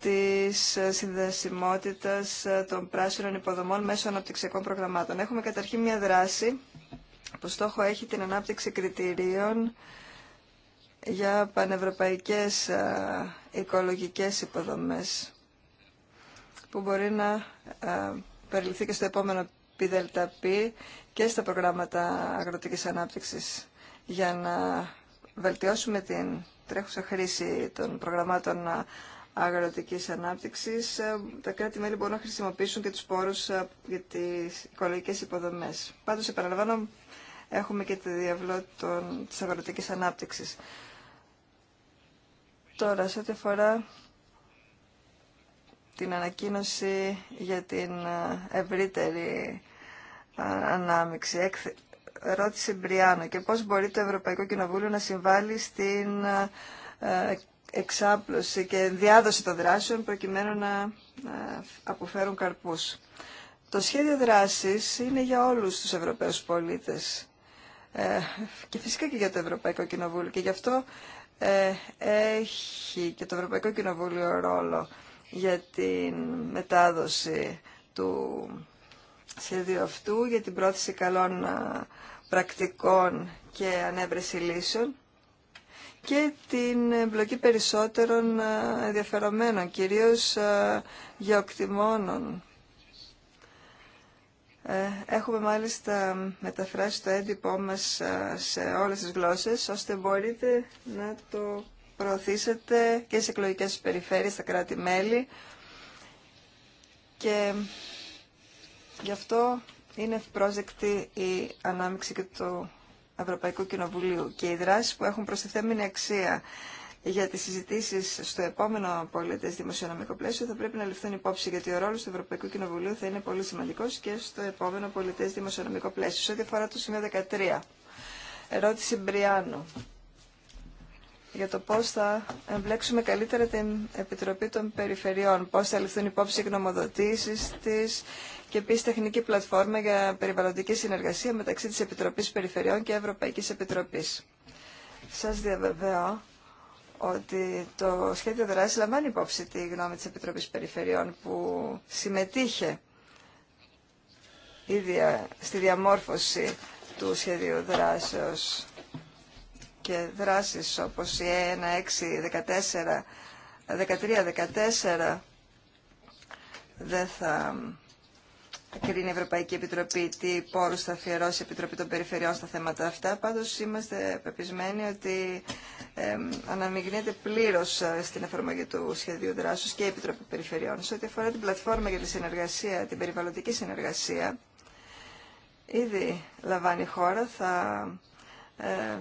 της συνδεσιμότητας των πράσινων υποδομών μέσω αναπτυξιακών προγραμμάτων. Έχουμε καταρχήν μια δράση που στόχο έχει την ανάπτυξη κριτηρίων για πανευρωπαϊκές οικολογικές υποδομές που μπορεί να περιληφθεί και στο επόμενο ΠΔΠ και στα προγράμματα αγροτικής ανάπτυξης για να βελτιώσουμε την τρέχουσα χρήση των προγραμμάτων αγροτικής ανάπτυξης, ε, τα κράτη-μέλη μπορούν να χρησιμοποιήσουν και τους πόρους ε, για τις οικολογικές υποδομές. Πάντως, επαναλαμβάνω, έχουμε και τη διαβλό των, της αγροτικής ανάπτυξης. Τώρα, σε ό,τι αφορά την ανακοίνωση για την ε, ευρύτερη ανάμειξη, ρώτησε Μπριάνο και πώς μπορεί το Ευρωπαϊκό Κοινοβούλιο να συμβάλλει στην εξάπλωση και διάδοση των δράσεων προκειμένου να αποφέρουν καρπούς. Το σχέδιο δράσης είναι για όλους τους Ευρωπαίους πολίτες ε, και φυσικά και για το Ευρωπαϊκό Κοινοβούλιο και γι' αυτό ε, έχει και το Ευρωπαϊκό Κοινοβούλιο ρόλο για την μετάδοση του σχεδίου αυτού, για την πρόθεση καλών ε, πρακτικών και ανέβρεση λύσεων και την εμπλοκή περισσότερων ε, ενδιαφερομένων, κυρίως ε, γεωκτημόνων. Ε, έχουμε μάλιστα μεταφράσει το έντυπό μας σε όλες τις γλώσσες, ώστε μπορείτε να το προωθήσετε και σε εκλογικές περιφέρειες, στα κράτη-μέλη. Και γι' αυτό είναι ευπρόσδεκτη η ανάμειξη και το. Ευρωπαϊκού Κοινοβουλίου και οι δράσει που έχουν προστιθέμενη αξία για τις συζητήσεις στο επόμενο πολιτέ δημοσιονομικό πλαίσιο θα πρέπει να ληφθούν υπόψη γιατί ο ρόλος του Ευρωπαϊκού Κοινοβουλίου θα είναι πολύ σημαντικό και στο επόμενο πολιτέ δημοσιονομικό πλαίσιο. Σε ό,τι αφορά το σημείο 13. Ερώτηση Μπριάνου για το πώς θα εμπλέξουμε καλύτερα την Επιτροπή των Περιφερειών, πώς θα ληφθούν υπόψη οι γνωμοδοτήσεις της και επίση τεχνική πλατφόρμα για περιβαλλοντική συνεργασία μεταξύ της Επιτροπής Περιφερειών και Ευρωπαϊκής Επιτροπής. Σας διαβεβαιώ ότι το σχέδιο δράση λαμβάνει υπόψη τη γνώμη της Επιτροπής Περιφερειών που συμμετείχε ήδη στη διαμόρφωση του σχεδίου δράσεως και δράσεις όπως η 161314 13-14 δεν θα κρίνει η Ευρωπαϊκή Επιτροπή τι πόρους θα αφιερώσει η Επιτροπή των Περιφερειών στα θέματα αυτά. Πάντως είμαστε πεπισμένοι ότι ε, αναμειγνύεται πλήρως ε, στην εφαρμογή του σχεδίου δράσεως και η Επιτροπή Περιφερειών. Σε ό,τι αφορά την πλατφόρμα για τη συνεργασία, την περιβαλλοντική συνεργασία, ήδη λαμβάνει η χώρα, θα ε,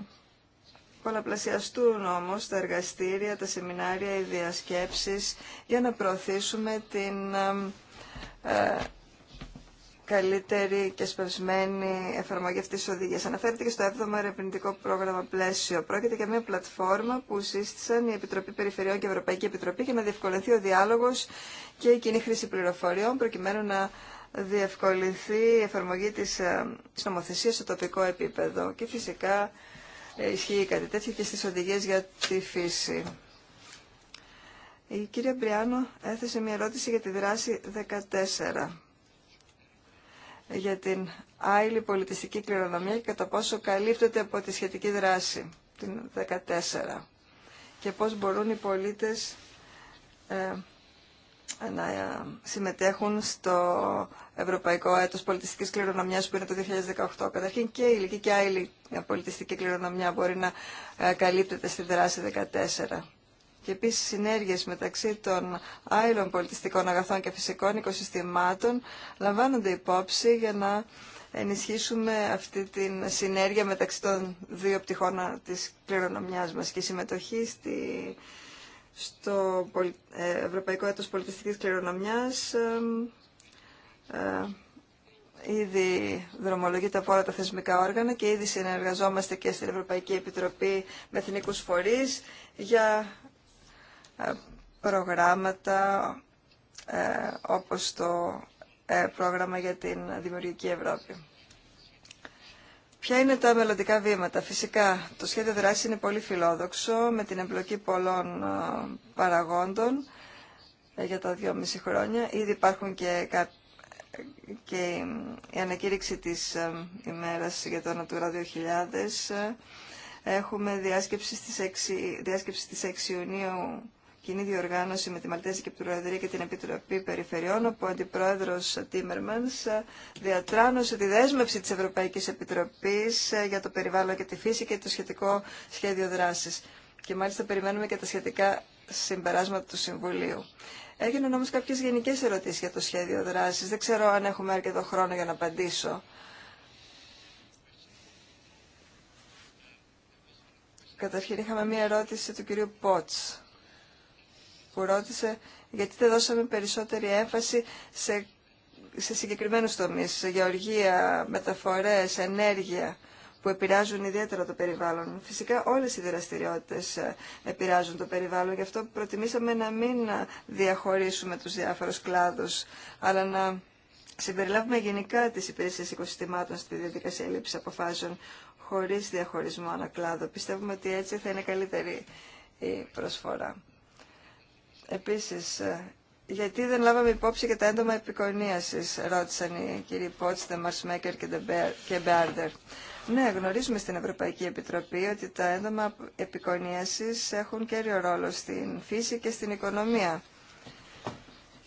πολλαπλασιαστούν όμως τα εργαστήρια, τα σεμινάρια, οι διασκέψεις για να προωθήσουμε την ε, καλύτερη και σπευσμένη εφαρμογή αυτής της οδηγίας. Αναφέρεται και στο 7ο ερευνητικό πρόγραμμα πλαίσιο. Πρόκειται για μια πλατφόρμα που σύστησαν η Επιτροπή Περιφερειών και η Ευρωπαϊκή Επιτροπή για να διευκολυνθεί ο διάλογος και η κοινή χρήση πληροφοριών προκειμένου να διευκολυνθεί η εφαρμογή της, νομοθεσία στο τοπικό επίπεδο. Και φυσικά ε, ισχύει κάτι τέτοιο και στις οδηγίες για τη φύση. Η κυρία Μπριάνο έθεσε μια ερώτηση για τη δράση 14 για την άειλη πολιτιστική κληρονομιά και κατά πόσο καλύπτεται από τη σχετική δράση, την 14 και πώς μπορούν οι πολίτες ε, να ε, συμμετέχουν στο Ευρωπαϊκό Έτος Πολιτιστικής Κληρονομιάς που είναι το 2018. Καταρχήν και η ηλική και άλλη πολιτιστική κληρονομιά μπορεί να ε, καλύπτεται στη δράση 14. Και επίσης συνέργειες μεταξύ των άλλων πολιτιστικών αγαθών και φυσικών οικοσυστημάτων λαμβάνονται υπόψη για να ενισχύσουμε αυτή τη συνέργεια μεταξύ των δύο πτυχών της κληρονομιάς μας και η συμμετοχή στη στο ε, Ευρωπαϊκό Έτος Πολιτιστικής Κληρονομιάς ε, ήδη δρομολογείται από όλα τα θεσμικά όργανα και ήδη συνεργαζόμαστε και στην Ευρωπαϊκή Επιτροπή με εθνικούς φορείς για ε, προγράμματα όπως το πρόγραμμα για την Δημιουργική Ευρώπη. Ποια είναι τα μελλοντικά βήματα. Φυσικά, το σχέδιο δράση είναι πολύ φιλόδοξο, με την εμπλοκή πολλών παραγόντων ε, για τα μισή χρόνια. Ήδη υπάρχουν και, και η ανακήρυξη της ε, ημέρας για το Natura 2000. Έχουμε διάσκεψη στις 6, διάσκεψη στις 6 Ιουνίου κοινή διοργάνωση με τη Μαλτέζικη Προεδρία και την Επιτροπή Περιφερειών, όπου ο αντιπρόεδρο Τίμερμαν διατράνωσε τη δέσμευση τη Ευρωπαϊκή Επιτροπή ε, για το περιβάλλον και τη φύση και το σχετικό σχέδιο δράση. Και μάλιστα περιμένουμε και τα σχετικά συμπεράσματα του Συμβουλίου. Έγιναν όμω κάποιε γενικέ ερωτήσει για το σχέδιο δράση. Δεν ξέρω αν έχουμε αρκετό χρόνο για να απαντήσω. Καταρχήν είχαμε μία ερώτηση του κυρίου Πότς που ρώτησε γιατί δεν δώσαμε περισσότερη έμφαση σε, σε συγκεκριμένους τομείς, σε γεωργία, μεταφορές, ενέργεια που επηρεάζουν ιδιαίτερα το περιβάλλον. Φυσικά όλες οι δραστηριότητες ε, επηρεάζουν το περιβάλλον, γι' αυτό προτιμήσαμε να μην ε, διαχωρίσουμε τους διάφορους κλάδους, αλλά να συμπεριλάβουμε γενικά τις υπηρεσίες οικοσυστημάτων στη διαδικασία λήψης αποφάσεων, χωρίς διαχωρισμό ανακλάδο. Πιστεύουμε ότι έτσι θα είναι καλύτερη η προσφορά. Επίσης, ε, γιατί δεν λάβαμε υπόψη και τα έντομα επικονίασης, ρώτησαν οι κύριοι Πότστε, Μαρσμέκερ και Μπέαρντερ. Ναι, γνωρίζουμε στην Ευρωπαϊκή Επιτροπή ότι τα έντομα επικονίασης έχουν κέριο ρόλο στην φύση και στην οικονομία.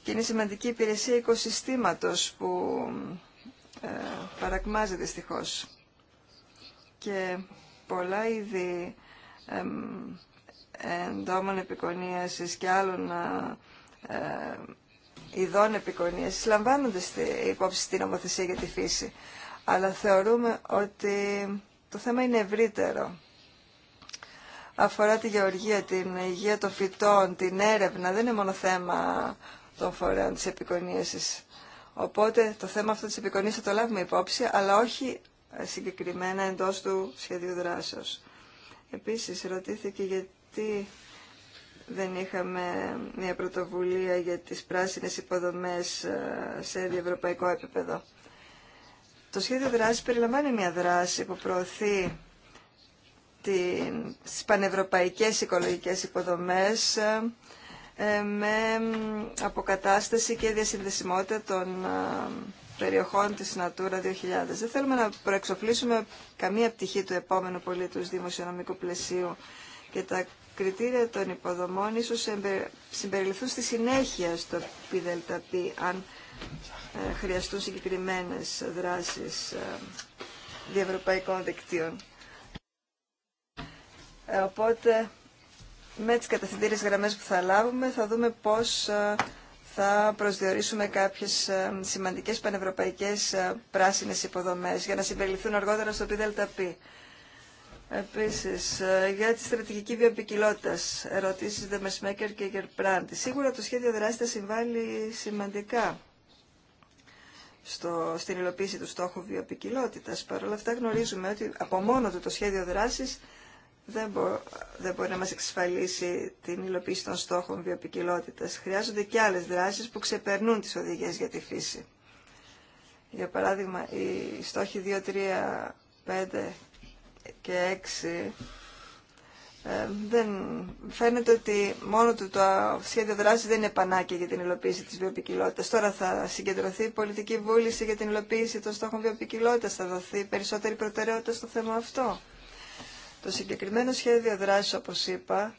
Και είναι σημαντική υπηρεσία οικοσυστήματος που ε, παρακμάζει δυστυχώς. Και πολλά είδη εντόμων επικονίασης και άλλων ε, ειδών επικονίασης λαμβάνονται υπόψη στην νομοθεσία για τη φύση. Αλλά θεωρούμε ότι το θέμα είναι ευρύτερο. Αφορά τη γεωργία, την υγεία των φυτών, την έρευνα. Δεν είναι μόνο θέμα των φορέων της επικονίασης. Οπότε το θέμα αυτό της επικονίασης θα το λάβουμε υπόψη, αλλά όχι συγκεκριμένα εντός του σχεδίου δράσεως. Επίσης, ρωτήθηκε για δεν είχαμε μια πρωτοβουλία για τις πράσινες υποδομές ε, σε διευρωπαϊκό επίπεδο. Το σχέδιο δράσης περιλαμβάνει μια δράση που προωθεί τις πανευρωπαϊκές οικολογικές υποδομές ε, ε, με αποκατάσταση και διασυνδεσιμότητα των περιοχών της Natura 2000. Δεν θέλουμε να προεξοφλήσουμε καμία πτυχή του επόμενου πολίτου δημοσιονομικού πλαισίου και τα κριτήρια των υποδομών ίσως συμπεριληφθούν στη συνέχεια στο ΠΔΠ αν ε, χρειαστούν συγκεκριμένες δράσεις ε, διευρωπαϊκών δικτύων. Ε, οπότε με τις καταθυντήριες γραμμές που θα λάβουμε θα δούμε πώς θα προσδιορίσουμε κάποιες σημαντικές πανευρωπαϊκές πράσινες υποδομές για να συμπεριληφθούν αργότερα στο ΠΔΠ. Επίση, ε, για τη στρατηγική βιοπικιλότητα, ερωτήσεις Δεμεσμέκερ και Γερπράντη. Σίγουρα το σχέδιο δράση θα συμβάλλει σημαντικά στο, στην υλοποίηση του στόχου βιοπικιλότητας. Παρ' όλα αυτά γνωρίζουμε ότι από μόνο του το σχέδιο δράση δεν, δεν μπορεί να μα εξασφαλίσει την υλοποίηση των στόχων βιοπικιλότητας. Χρειάζονται και άλλε δράσει που ξεπερνούν τι οδηγίες για τη φύση. Για παράδειγμα, οι στόχοι 2, 3, 5 και 6 ε, δεν, φαίνεται ότι μόνο του το σχέδιο δράση δεν είναι πανάκια για την υλοποίηση της βιοπικιλότητας. Τώρα θα συγκεντρωθεί η πολιτική βούληση για την υλοποίηση των στόχων βιοπικιλότητας. Θα δοθεί περισσότερη προτεραιότητα στο θέμα αυτό. Το συγκεκριμένο σχέδιο δράσης, όπως είπα,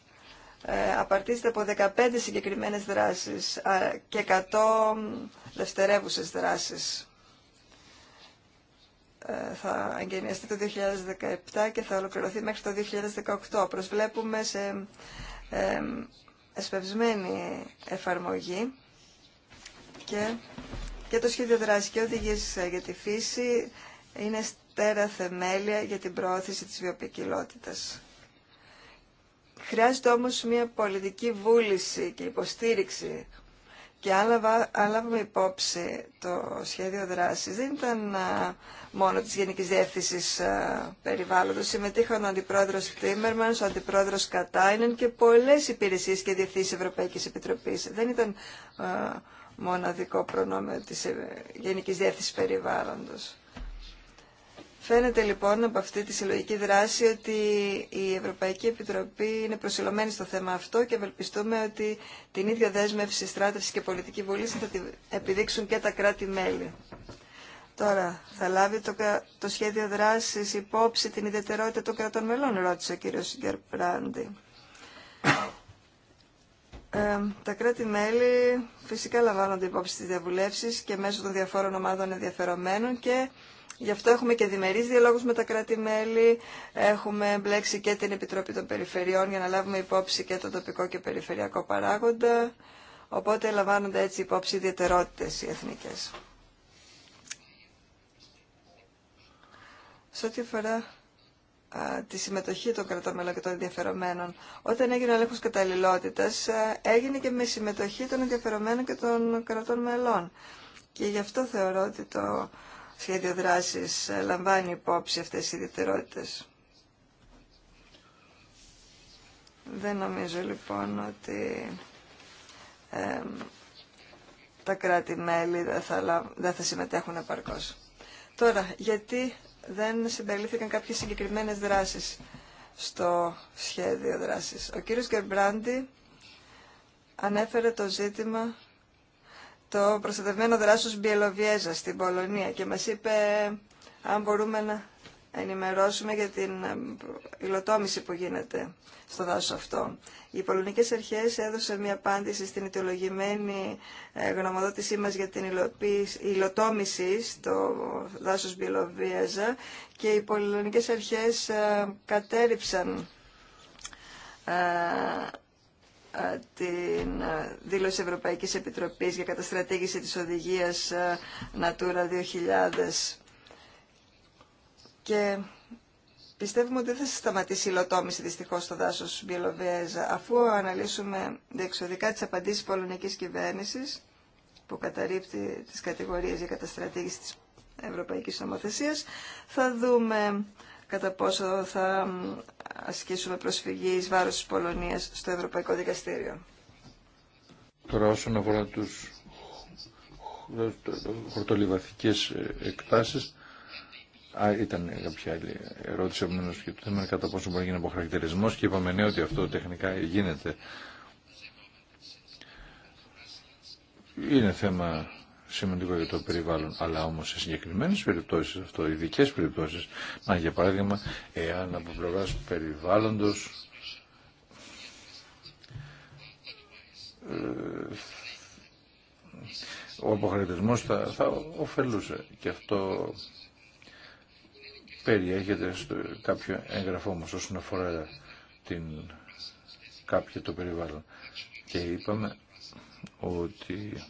ε, απαρτίζεται από 15 συγκεκριμένες δράσεις και 100 δευτερεύουσες δράσεις. Ε, θα εγκαινιαστεί το 2017 και θα ολοκληρωθεί μέχρι το 2018. Προσβλέπουμε σε ε, εσπευσμένη εφαρμογή και, και το σχέδιο δράση και οδηγίες για τη φύση είναι στέρα θεμέλια για την προώθηση της βιοποικιλότητας. Χρειάζεται όμως μια πολιτική βούληση και υποστήριξη και με υπόψη το σχέδιο δράσης. Δεν ήταν μόνο της Γενικής Διεύθυνσης Περιβάλλοντος. Συμμετείχαν ο Αντιπρόεδρος Τίμερμανς, ο Αντιπρόεδρος Κατάινεν και πολλές υπηρεσίες και διευθύνσεις Ευρωπαϊκής Επιτροπής. Δεν ήταν μοναδικό προνόμιο της ε, Γενικής Διεύθυνσης Περιβάλλοντος. Φαίνεται λοιπόν από αυτή τη συλλογική δράση ότι η Ευρωπαϊκή Επιτροπή είναι προσιλωμένη στο θέμα αυτό και ευελπιστούμε ότι την ίδια δέσμευση, στράτευση και πολιτική βούληση θα την επιδείξουν και τα κράτη-μέλη. Τώρα, θα λάβει το, το σχέδιο δράση υπόψη την ιδιαιτερότητα των κρατών μελών, ρώτησε ο κύριο Γκερπράντη. Ε, τα κράτη-μέλη φυσικά λαμβάνονται υπόψη στις διαβουλεύσεις και μέσω των διαφόρων ομάδων ενδιαφερομένων και Γι' αυτό έχουμε και διμερείς διαλόγους με τα κράτη-μέλη, έχουμε μπλέξει και την Επιτροπή των Περιφερειών για να λάβουμε υπόψη και το τοπικό και περιφερειακό παράγοντα, οπότε λαμβάνονται έτσι υπόψη ιδιαιτερότητες οι εθνικές. Σε ό,τι αφορά τη συμμετοχή των κρατών και των ενδιαφερομένων. Όταν έγινε ο έλεγχο καταλληλότητα, έγινε και με συμμετοχή των ενδιαφερομένων και των κρατών μελών. Και γι' αυτό θεωρώ ότι το σχέδιο δράσης λαμβάνει υπόψη αυτές οι ιδιαιτερότητες. Δεν νομίζω λοιπόν ότι τα κράτη-μέλη δεν θα, θα συμμετέχουν επαρκώς. Τώρα, γιατί δεν συμπεριλήφθηκαν κάποιες συγκεκριμένες δράσεις στο σχέδιο δράσης. Ο κύριος Γκερμπράντι ανέφερε το ζήτημα το προστατευμένο δράσος Μπιελοβιέζα στην Πολωνία και μας είπε αν μπορούμε να ενημερώσουμε για την ε, υλοτόμηση που γίνεται στο δάσος αυτό. Οι πολωνικές αρχές έδωσαν μια απάντηση στην ιτιολογημένη ε, γνωμοδότησή μας για την υλοτόμηση στο δάσος Μπιελοβιέζα και οι πολωνικές αρχές ε, κατέριψαν ε, την ε, δήλωση Ευρωπαϊκής Επιτροπής για καταστρατήγηση της οδηγίας ε, Natura 2000 και πιστεύουμε ότι δεν θα σταματήσει η λοτόμηση δυστυχώς στο δάσος Μπιλοβέζα αφού αναλύσουμε διεξοδικά τις απαντήσεις πολωνικής κυβέρνησης που καταρρύπτει τις κατηγορίες για καταστρατήγηση της Ευρωπαϊκής Νομοθεσίας θα δούμε κατά πόσο θα ασκήσουμε προσφυγή εις βάρος της Πολωνίας στο Ευρωπαϊκό Δικαστήριο. Τώρα όσον αφορά τους χορτολιβαθικές ε, εκτάσεις, Α, ήταν κάποια άλλη ερώτηση επομένω και το θέμα κατά πόσο μπορεί να γίνει αποχαρακτηρισμό και είπαμε ναι ότι αυτό τεχνικά γίνεται. Είναι θέμα σημαντικό για το περιβάλλον, αλλά όμως σε συγκεκριμένες περιπτώσεις αυτό, ειδικέ περιπτώσεις, να για παράδειγμα, εάν από πλευρά περιβάλλοντος ε, ο αποχαιρετισμός θα, θα ωφελούσε και αυτό περιέχεται στο κάποιο έγγραφό μας όσον αφορά την κάποια το περιβάλλον. Και είπαμε ότι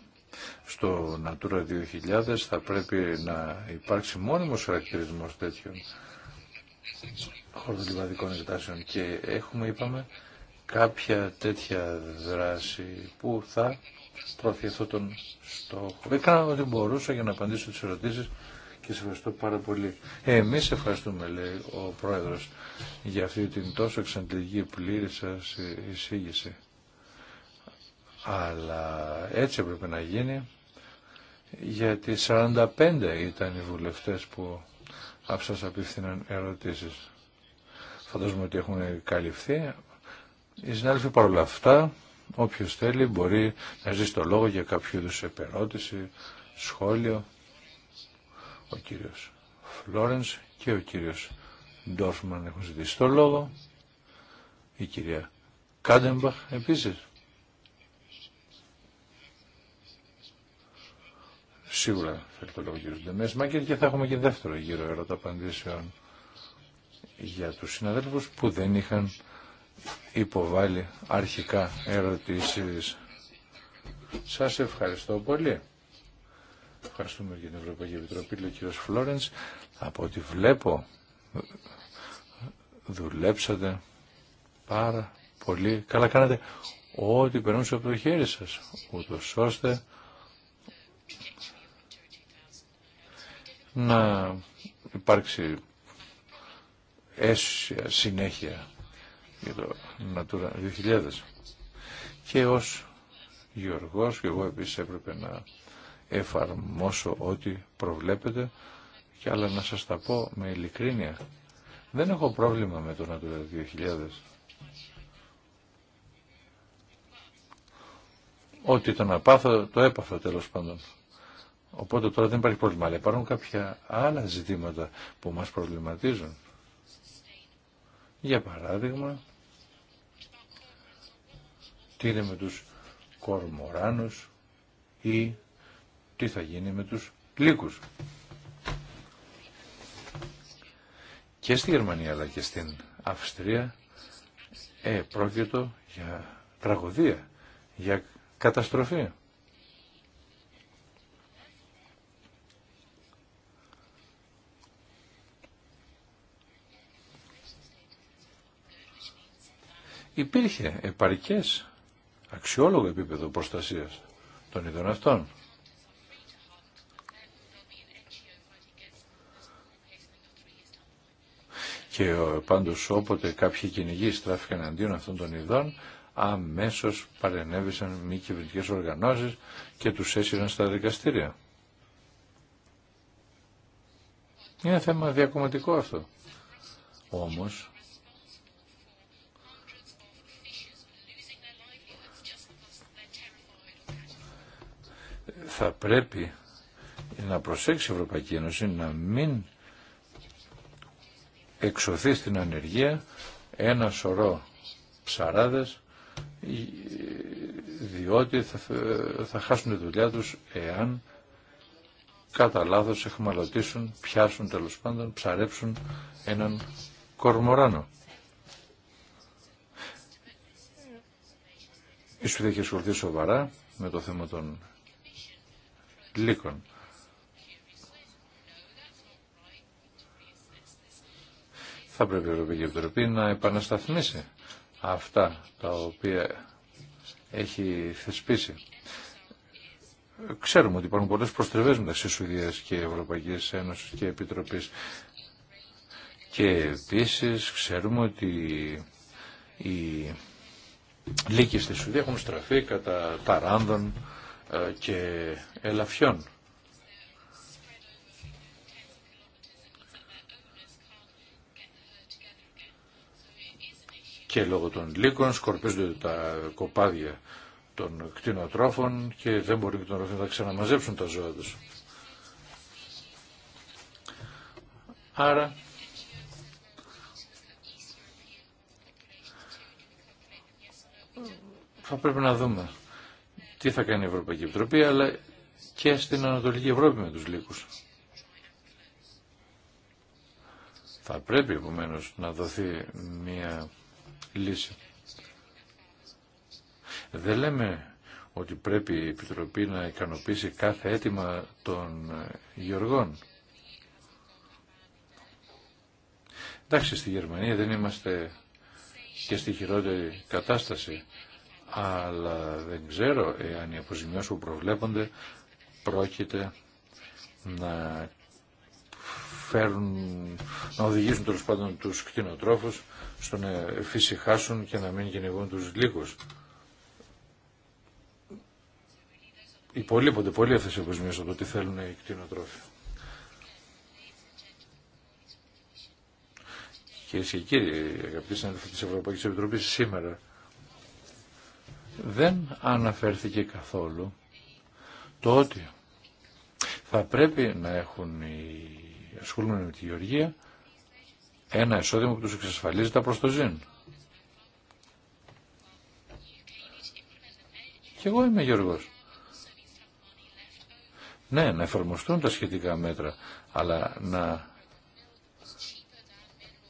στο Natura 2000 θα πρέπει να υπάρξει μόνιμος χαρακτηρισμός τέτοιων χορδολιβαδικών εκτάσεων και έχουμε, είπαμε, κάποια τέτοια δράση που θα προωθεί αυτό τον στόχο. Έκανα ό,τι μπορούσα για να απαντήσω τις ερωτήσεις και σε ευχαριστώ πάρα πολύ. Ε, εμείς ευχαριστούμε, λέει ο Πρόεδρος, για αυτή την τόσο εξαντλητική πλήρη σας εισήγηση. Αλλά έτσι έπρεπε να γίνει γιατί 45 ήταν οι βουλευτές που άψασαν απίφθηναν ερωτήσεις. Φαντάζομαι ότι έχουν καλυφθεί. Οι συνάδελφοι παρόλα αυτά, όποιος θέλει μπορεί να ζήσει το λόγο για κάποιο είδου επερώτηση, σχόλιο. Ο κύριος Φλόρενς και ο κύριος Ντόρφμαν έχουν ζητήσει το λόγο. Η κυρία Κάντεμπαχ επίσης. Σίγουρα θέλει το λόγο ο Ντεμές Μάκερ και θα έχουμε και δεύτερο γύρο ερώτα απαντήσεων για τους συναδέλφους που δεν είχαν υποβάλει αρχικά ερωτήσεις. Σας ευχαριστώ πολύ. Ευχαριστούμε για την Ευρωπαϊκή Επιτροπή, λέει ο κύριο Φλόρενς. Από ό,τι βλέπω, δουλέψατε πάρα πολύ. Καλά κάνατε ό,τι περνούσε από το χέρι σας, ούτως ώστε να υπάρξει αίσια συνέχεια για το Natura 2000. Και ως Γεωργός και εγώ επίσης έπρεπε να εφαρμόσω ό,τι προβλέπετε και άλλα να σας τα πω με ειλικρίνεια. Δεν έχω πρόβλημα με το Natura 2000. Ό,τι το να πάθω, το έπαθα τέλος πάντων. Οπότε τώρα δεν υπάρχει πρόβλημα, αλλά υπάρχουν κάποια άλλα ζητήματα που μας προβληματίζουν. Για παράδειγμα, τι είναι με τους κορμοράνους ή τι θα γίνει με τους λύκους. Και στη Γερμανία αλλά και στην Αυστρία ε, πρόκειτο για τραγωδία, για καταστροφή. υπήρχε επαρκές αξιόλογο επίπεδο προστασίας των ειδών αυτών. Και ε, πάντως όποτε κάποιοι κυνηγοί στράφηκαν αντίον αυτών των ειδών, αμέσως παρενέβησαν μη κυβερνητικέ οργανώσεις και τους έσυραν στα δικαστήρια. Είναι θέμα διακομματικό αυτό. Όμως θα πρέπει να προσέξει η Ευρωπαϊκή Ένωση να μην εξωθεί στην ανεργία ένα σωρό ψαράδες διότι θα, θα χάσουν τη δουλειά τους εάν κατά λάθο εχμαλωτήσουν, πιάσουν τέλος πάντων, ψαρέψουν έναν κορμοράνο. Η Σουηδία έχει σοβαρά με το θέμα των θα πρέπει η Ευρωπαϊκή Επιτροπή να επανασταθμίσει αυτά τα οποία έχει θεσπίσει. Ξέρουμε ότι υπάρχουν πολλές προστρεβές μεταξύ Σουηδίας και Ευρωπαϊκής Ένωσης και Επιτροπής. Και επίσης ξέρουμε ότι οι λύκοι στη Σουηδία έχουν στραφεί κατά ταράνδων ε, και ελαφιών. Και λόγω των λύκων σκορπίζονται τα κοπάδια των κτηνοτρόφων και δεν μπορεί και να ξαναμαζέψουν τα ζώα τους. Άρα θα πρέπει να δούμε τι θα κάνει η Ευρωπαϊκή Επιτροπή, αλλά και στην Ανατολική Ευρώπη με τους λύκους. Θα πρέπει επομένως να δοθεί μία λύση. Δεν λέμε ότι πρέπει η Επιτροπή να ικανοποιήσει κάθε αίτημα των Γεωργών. Εντάξει, στη Γερμανία δεν είμαστε και στη χειρότερη κατάσταση αλλά δεν ξέρω εάν οι αποζημιώσεις που προβλέπονται πρόκειται να φέρουν, να οδηγήσουν τέλο πάντων τους κτηνοτρόφους στο να φυσικάσουν και να μην κυνηγούν τους λύκου. Υπολείπονται πολύ αυτές οι αποζημιώσει από το τι θέλουν οι κτηνοτρόφοι. Κυρίε και κύριοι, αγαπητοί συνάδελφοι τη Ευρωπαϊκή Επιτροπή, σήμερα δεν αναφέρθηκε καθόλου το ότι θα πρέπει να έχουν οι ασχολούμενοι με τη γεωργία ένα εισόδημα που τους εξασφαλίζει τα ζήν. Και εγώ είμαι γεωργός. Ναι, να εφαρμοστούν τα σχετικά μέτρα, αλλά να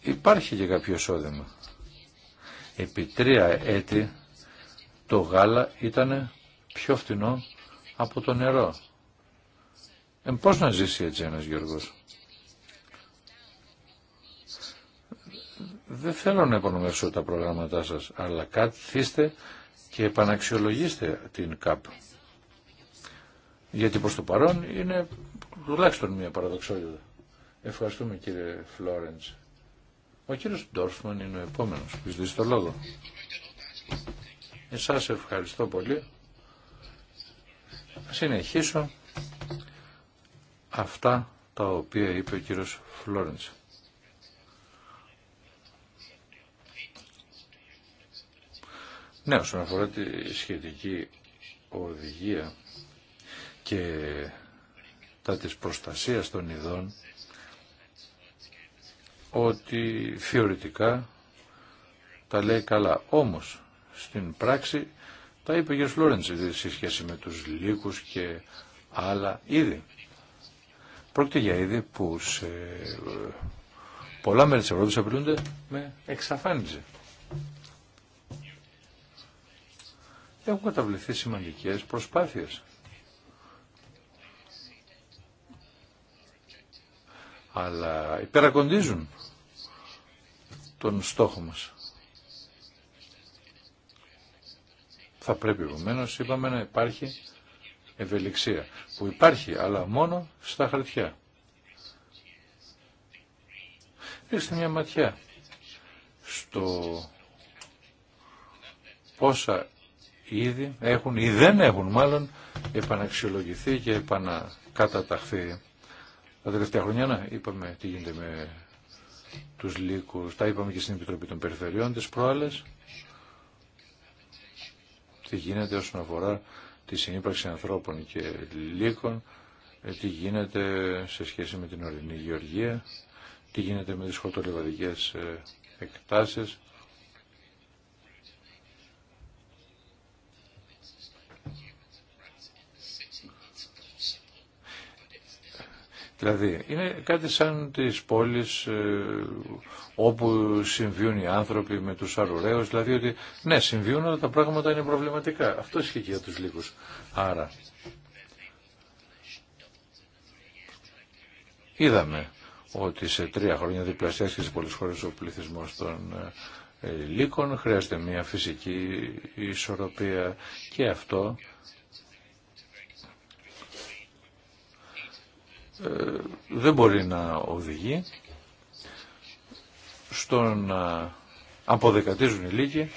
υπάρχει και κάποιο εισόδημα. Επί τρία έτη το γάλα ήταν πιο φτηνό από το νερό. Ε, πώς να ζήσει έτσι ένας Γιώργος. Δεν θέλω να υπονομεύσω τα προγράμματά σας, αλλά καθίστε και επαναξιολογήστε την ΚΑΠ. Γιατί προς το παρόν είναι τουλάχιστον μια παραδοξότητα. Ευχαριστούμε κύριε Φλόρεντς. Ο κύριος Ντόρφμαν είναι ο επόμενος που το λόγο. Σας ευχαριστώ πολύ. συνεχίσω αυτά τα οποία είπε ο κύριος Φλόρεντς. Ναι, όσον αφορά τη σχετική οδηγία και τα της προστασίας των ειδών, ότι θεωρητικά τα λέει καλά. Όμως, στην πράξη τα είπε ο κ. Λόρεντς σε σχέση με τους λύκους και άλλα είδη. Πρόκειται για είδη που σε ε, πολλά μέρη της Ευρώπης απειλούνται με εξαφάνιση. Έχουν καταβληθεί σημαντικές προσπάθειες. Αλλά υπερακοντίζουν τον στόχο μας. Θα πρέπει επομένω, είπαμε, να υπάρχει ευελιξία. Που υπάρχει, αλλά μόνο στα χαρτιά. Ρίξτε μια ματιά στο πόσα ήδη έχουν ή δεν έχουν μάλλον επαναξιολογηθεί και επανακαταταχθεί. Τα τελευταία χρονιά, είπαμε τι γίνεται με τους λύκους, τα είπαμε και στην Επιτροπή των Περιφερειών τις προάλλες τι γίνεται όσον αφορά τη συνύπαρξη ανθρώπων και λύκων, ε, τι γίνεται σε σχέση με την ορεινή γεωργία, τι γίνεται με τις χορτολεβαδικές ε, εκτάσεις, Δηλαδή, είναι κάτι σαν τις πόλεις ε, όπου συμβιούν οι άνθρωποι με τους αρουραίους, δηλαδή ότι ναι, συμβιούν, αλλά τα πράγματα είναι προβληματικά. Αυτό ισχύει και για τους λύκους. Άρα, είδαμε ότι σε τρία χρόνια διπλασιάστηκε σε πολλές χώρες ο πληθυσμός των ε, ε, λύκων, χρειάζεται μια φυσική ισορροπία και αυτό Ε, δεν μπορεί να οδηγεί στο να αποδεκατίζουν οι λύκοι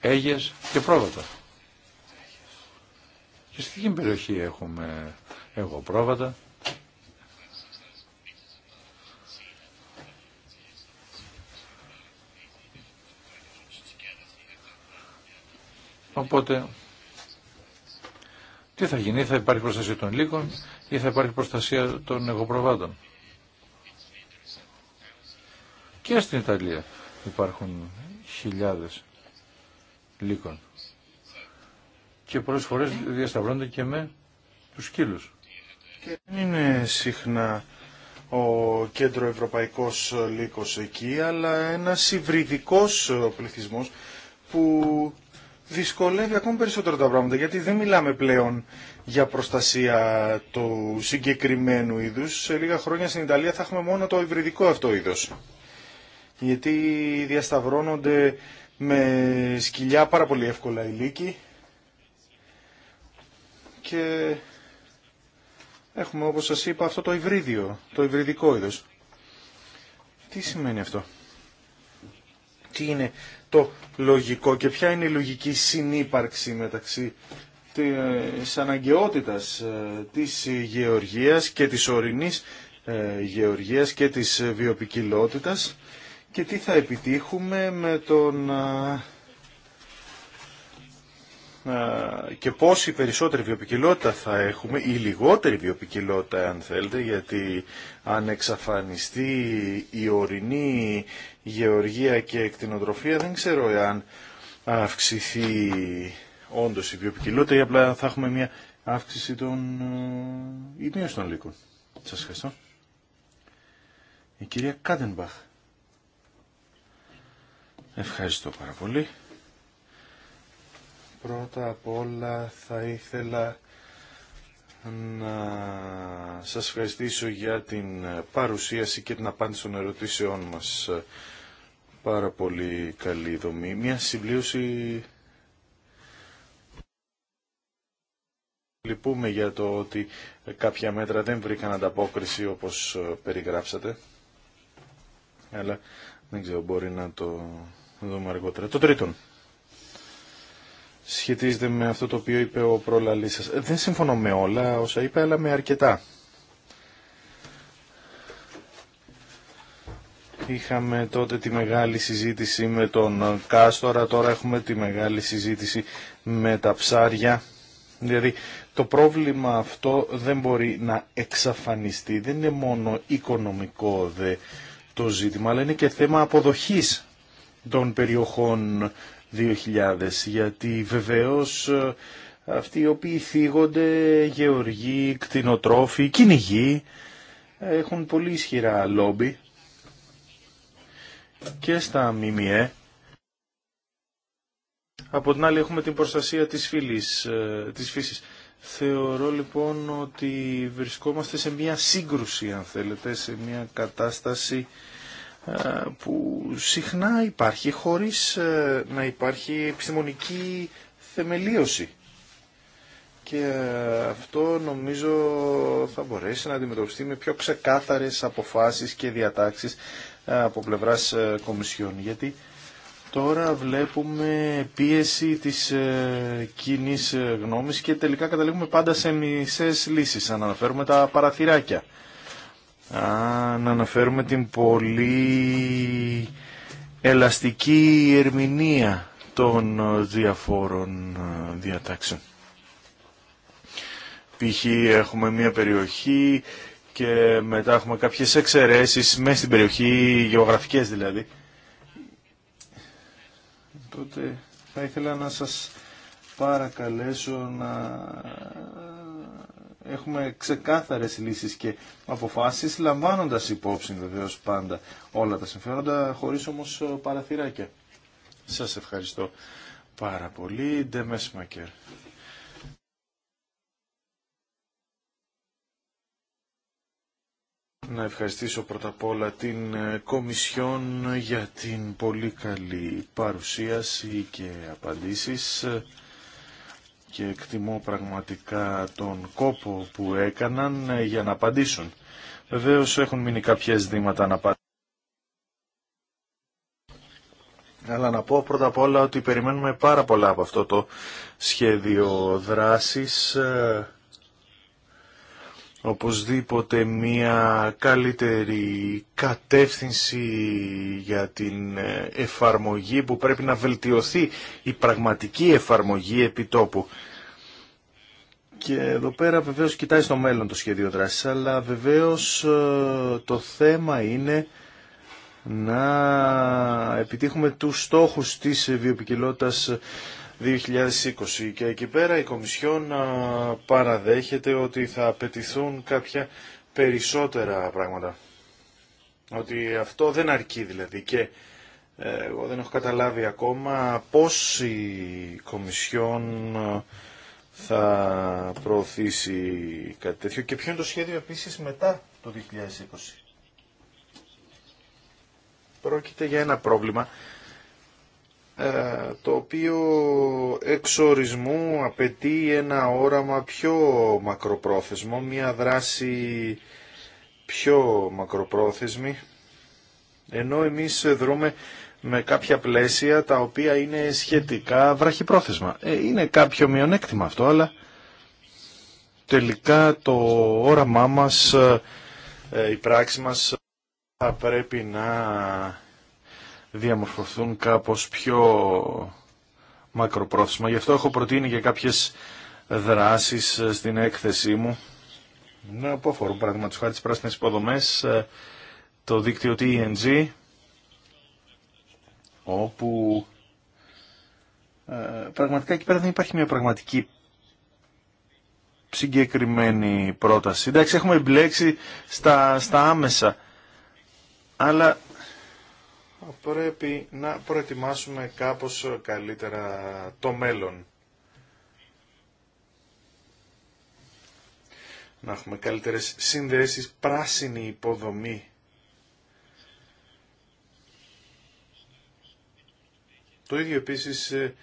έγιες και πρόβατα. Και στη περιοχή έχουμε εγώ πρόβατα. Οπότε τι θα γίνει, θα υπάρχει προστασία των λύκων ή θα υπάρχει προστασία των εγωπροβάτων. Και στην Ιταλία υπάρχουν χιλιάδες λύκων. Και πολλές φορές διασταυρώνται και με τους σκύλους. Και δεν είναι συχνά ο κέντρο ευρωπαϊκός λύκος εκεί, αλλά ένας υβριδικός πληθυσμός που δυσκολεύει ακόμη περισσότερο τα πράγματα, γιατί δεν μιλάμε πλέον για προστασία του συγκεκριμένου είδους. Σε λίγα χρόνια στην Ιταλία θα έχουμε μόνο το υβριδικό αυτό είδος. Γιατί διασταυρώνονται με σκυλιά πάρα πολύ εύκολα οι λύκοι και έχουμε όπως σας είπα αυτό το υβρίδιο, το υβριδικό είδος. Τι σημαίνει αυτό. Τι είναι το λογικό και ποια είναι η λογική συνύπαρξη μεταξύ της αναγκαιότητας ε, της γεωργίας και της ορεινής ε, γεωργίας και της βιοπικιλότητας και τι θα επιτύχουμε με τον ε, και πόση περισσότερη βιοπικιλότητα θα έχουμε ή λιγότερη βιοπικιλότητα αν θέλετε γιατί αν εξαφανιστεί η ορεινή γεωργία και εκτινοτροφία δεν ξέρω εάν αυξηθεί όντως η βιοπικιλότητα ή απλά θα έχουμε μια αύξηση των ή ιδνίων των των λύκων. Σας ευχαριστώ. Η κυρία Κάντενμπαχ. ιδιων των λυκων πάρα πολύ. Πρώτα απ' όλα θα ήθελα να σας ευχαριστήσω για την παρουσίαση και την απάντηση των ερωτήσεών μας. Πάρα πολύ καλή δομή. Μια συμπλήρωση Λυπούμε για το ότι κάποια μέτρα δεν βρήκαν ανταπόκριση όπως περιγράψατε. Αλλά δεν ξέρω, μπορεί να το δούμε αργότερα. Το τρίτον σχετίζεται με αυτό το οποίο είπε ο προλαλής σας. Ε, δεν συμφωνώ με όλα όσα είπε, αλλά με αρκετά. Είχαμε τότε τη μεγάλη συζήτηση με τον Κάστορα, τώρα έχουμε τη μεγάλη συζήτηση με τα ψάρια. Δηλαδή το πρόβλημα αυτό δεν μπορεί να εξαφανιστεί, δεν είναι μόνο οικονομικό δε το ζήτημα, αλλά είναι και θέμα αποδοχής των περιοχών 2000 γιατί βεβαίως ε, αυτοί οι οποίοι θίγονται, γεωργοί, κτηνοτρόφοι, κυνηγοί έχουν πολύ ισχυρά λόμπι και στα ΜΜΕ. Από την άλλη έχουμε την προστασία της, φύλης, ε, της φύσης. Θεωρώ λοιπόν ότι βρισκόμαστε σε μια σύγκρουση αν θέλετε, σε μια κατάσταση ε, που συχνά υπάρχει χωρίς ε, να υπάρχει επιστημονική θεμελίωση. Και ε, αυτό νομίζω θα μπορέσει να αντιμετωπιστεί με πιο ξεκάθαρες αποφάσεις και διατάξεις από πλευράς Κομισιών Γιατί τώρα βλέπουμε πίεση της κοινή γνώμης και τελικά καταλήγουμε πάντα σε μισές λύσεις. Αν αναφέρουμε τα παραθυράκια να αναφέρουμε την πολύ ελαστική ερμηνεία των διαφόρων ε, διατάξεων. Π.χ. έχουμε μια περιοχή και μετά έχουμε κάποιες εξαιρέσεις μέσα στην περιοχή, γεωγραφικές δηλαδή. Τότε θα ήθελα να σας παρακαλέσω να έχουμε ξεκάθαρες λύσεις και αποφάσεις, λαμβάνοντας υπόψη βεβαίως πάντα όλα τα συμφέροντα, χωρίς όμως ε, παραθυράκια. Σας ευχαριστώ πάρα πολύ. Να ευχαριστήσω πρώτα απ' όλα την ε, Κομισιόν για την πολύ καλή παρουσίαση και απαντήσεις και εκτιμώ πραγματικά τον κόπο που έκαναν ε, για να απαντήσουν. Βεβαίω έχουν μείνει κάποια ζητήματα να πάρουν. Αλλά να πω πρώτα απ' όλα ότι περιμένουμε πάρα πολλά από αυτό το σχέδιο δράσης ε, οπωσδήποτε μια καλύτερη κατεύθυνση για την ε, εφαρμογή που πρέπει να βελτιωθεί η πραγματική εφαρμογή επιτόπου. Και εδώ πέρα βεβαίως κοιτάει στο μέλλον το σχέδιο δράσης, αλλά βεβαίως ε, το θέμα είναι να επιτύχουμε τους στόχους της βιοπικιλότητας 2020 και εκεί πέρα η Κομισιόν παραδέχεται ότι θα απαιτηθούν κάποια περισσότερα πράγματα. Ότι αυτό δεν αρκεί δηλαδή και ε, εγώ δεν έχω καταλάβει ακόμα πώς η Κομισιόν θα προωθήσει κάτι τέτοιο και ποιο είναι το σχέδιο επίσης μετά το 2020. Πρόκειται για ένα πρόβλημα ε, το οποίο εξορισμού απαιτεί ένα όραμα πιο μακροπρόθεσμο, μια δράση πιο μακροπρόθεσμη, ενώ εμείς δρούμε με κάποια πλαίσια τα οποία είναι σχετικά βραχυπρόθεσμα. Ε, είναι κάποιο μειονέκτημα αυτό, αλλά τελικά το όραμά μας, ε, η πράξη μας θα πρέπει να διαμορφωθούν κάπως πιο μακροπρόθεσμα. Γι' αυτό έχω προτείνει και κάποιες δράσεις ε, στην έκθεσή μου. Να που αφορούν παραδείγματος χάρη τις πράσινες υποδομές, ε, το δίκτυο TNG, όπου ε, πραγματικά εκεί πέρα δεν υπάρχει μια πραγματική συγκεκριμένη πρόταση. Εντάξει, έχουμε μπλέξει στα, στα άμεσα, αλλά πρέπει να προετοιμάσουμε κάπως καλύτερα το μέλλον. Να έχουμε καλύτερες συνδέσεις, πράσινη υποδομή. Το ίδιο επίσης ε,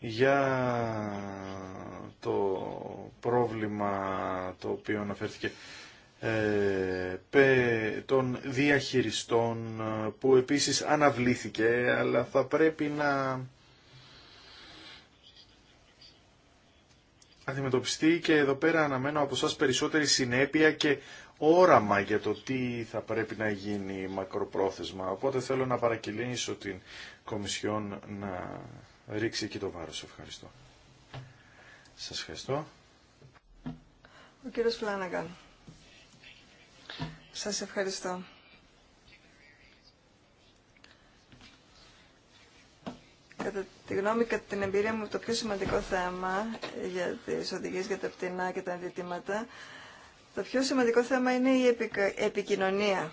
για το πρόβλημα το οποίο αναφέρθηκε ε, των διαχειριστών ε, που επίσης αναβλήθηκε αλλά θα πρέπει να αντιμετωπιστεί και εδώ πέρα αναμένω από σας περισσότερη συνέπεια και όραμα για το τι θα πρέπει να γίνει μακροπρόθεσμα. Οπότε θέλω να παρακυλήσω την Κομισιόν να ρίξει εκεί το βάρος. Ευχαριστώ. Σας ευχαριστώ. Ο κύριος Φλάναγκαν. Σας ευχαριστώ. Κατά τη γνώμη, κατά την εμπειρία μου, το πιο σημαντικό θέμα για τις οδηγίες για τα πτηνά και τα αντιτήματα, το πιο σημαντικό θέμα είναι η επικοινωνία.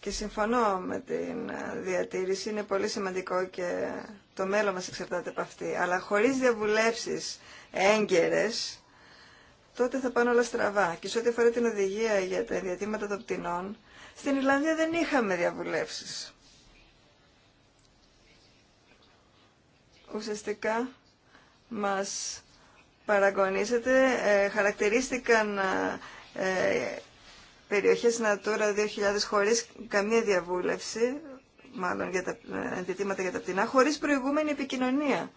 Και συμφωνώ με την διατήρηση, είναι πολύ σημαντικό και το μέλλον μας εξαρτάται από αυτή. Αλλά χωρίς διαβουλεύσεις έγκαιρες, τότε θα πάνε όλα στραβά. Και σε ό,τι αφορά την οδηγία για τα διατήματα των πτηνών, στην Ιρλανδία δεν είχαμε διαβουλεύσεις. Ουσιαστικά μας παραγωνίσετε, ε, χαρακτηρίστηκαν ε, περιοχές Natura 2000 χωρίς καμία διαβούλευση, μάλλον για τα αντιτήματα ε, για τα πτηνά, χωρίς προηγούμενη επικοινωνία.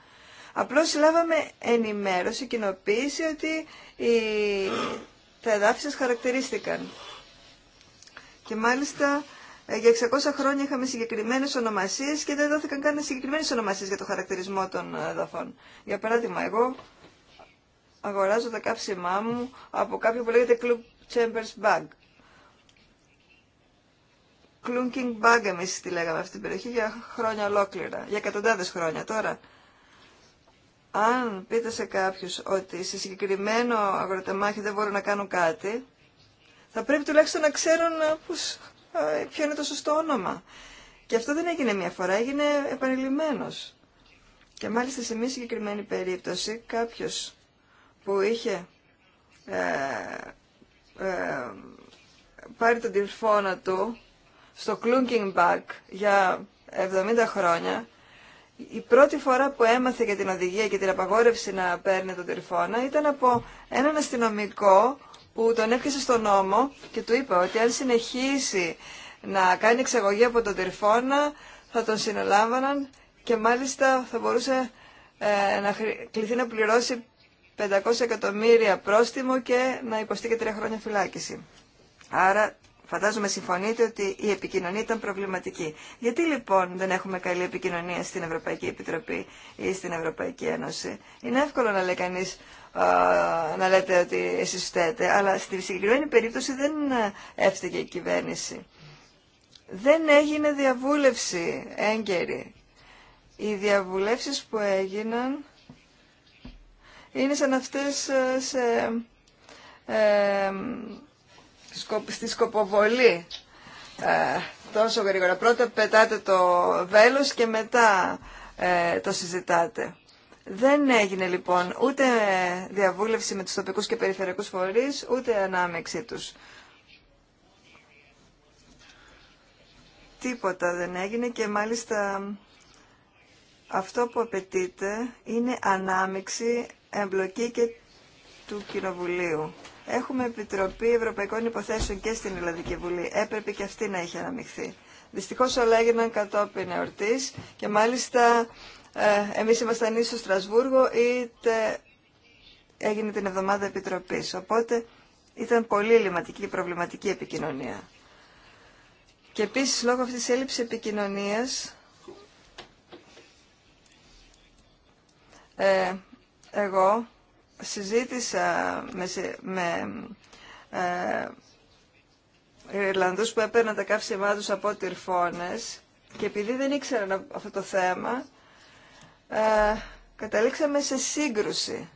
Απλώς λάβαμε ενημέρωση, κοινοποίηση ότι οι... τα εδάφη χαρακτηρίστηκαν. Και μάλιστα ε, για 600 χρόνια είχαμε συγκεκριμένες ονομασίες και δεν δόθηκαν καν συγκεκριμένες ονομασίες για το χαρακτηρισμό των εδαφών. Για παράδειγμα, εγώ αγοράζω τα κάψιμά μου από κάποιο που λέγεται Club Chambers Bag. Clunking Bag εμεί τη λέγαμε αυτή την περιοχή για χρόνια ολόκληρα, για εκατοντάδε χρόνια. Τώρα αν πείτε σε κάποιους ότι σε συγκεκριμένο αγροτεμάχη δεν μπορούν να κάνουν κάτι, θα πρέπει τουλάχιστον να ξέρουν πώς, ποιο είναι το σωστό όνομα. Και αυτό δεν έγινε μία φορά, έγινε επανειλημμένος. Και μάλιστα σε μία συγκεκριμένη περίπτωση κάποιος που είχε ε, ε, πάρει τον τηλεφώνα του στο Clunking Bag για 70 χρόνια η πρώτη φορά που έμαθε για την οδηγία και την απαγόρευση να παίρνει τον τηλεφώνα ήταν από έναν αστυνομικό που τον έπιασε στον νόμο και του είπε ότι αν συνεχίσει να κάνει εξαγωγή από τον τηλεφώνα θα τον συνελάμβαναν και μάλιστα θα μπορούσε ε, να κληθεί να πληρώσει 500 εκατομμύρια πρόστιμο και να υποστεί και τρία χρόνια φυλάκιση. Άρα Φαντάζομαι συμφωνείτε ότι η επικοινωνία ήταν προβληματική. Γιατί λοιπόν δεν έχουμε καλή επικοινωνία στην Ευρωπαϊκή Επιτροπή ή στην Ευρωπαϊκή Ένωση. Είναι εύκολο να λέει κανείς να λέτε ότι εσείς φταίτε, αλλά στη συγκεκριμένη περίπτωση δεν έφταιγε η κυβέρνηση. Δεν έγινε διαβούλευση έγκαιρη. Οι διαβουλεύσεις που έγιναν είναι σαν αυτές ε, σε ε, στη σκοποβολή ε, τόσο γρήγορα. Πρώτα πετάτε το βέλος και μετά ε, το συζητάτε. Δεν έγινε λοιπόν ούτε διαβούλευση με τους τοπικούς και περιφερειακούς φορείς, ούτε ανάμεξή τους. Τίποτα δεν έγινε και μάλιστα αυτό που απαιτείται είναι ανάμεξη εμπλοκή και του Κοινοβουλίου. Έχουμε Επιτροπή Ευρωπαϊκών Υποθέσεων και στην Ελλαδική Βουλή. Έπρεπε και αυτή να είχε αναμειχθεί. Δυστυχώ όλα έγιναν κατόπιν εορτή και μάλιστα ε, εμεί ήμασταν είτε στο Στρασβούργο είτε έγινε την εβδομάδα Επιτροπή. Οπότε ήταν πολύ ελληματική και προβληματική επικοινωνία. Και επίση λόγω αυτή τη έλλειψη επικοινωνία. Ε, εγώ συζήτησα με, με ε, Ιρλανδούς που έπαιρναν τα καύσιμά τους από τυρφώνες και επειδή δεν ήξεραν αυτό το θέμα, ε, καταλήξαμε σε σύγκρουση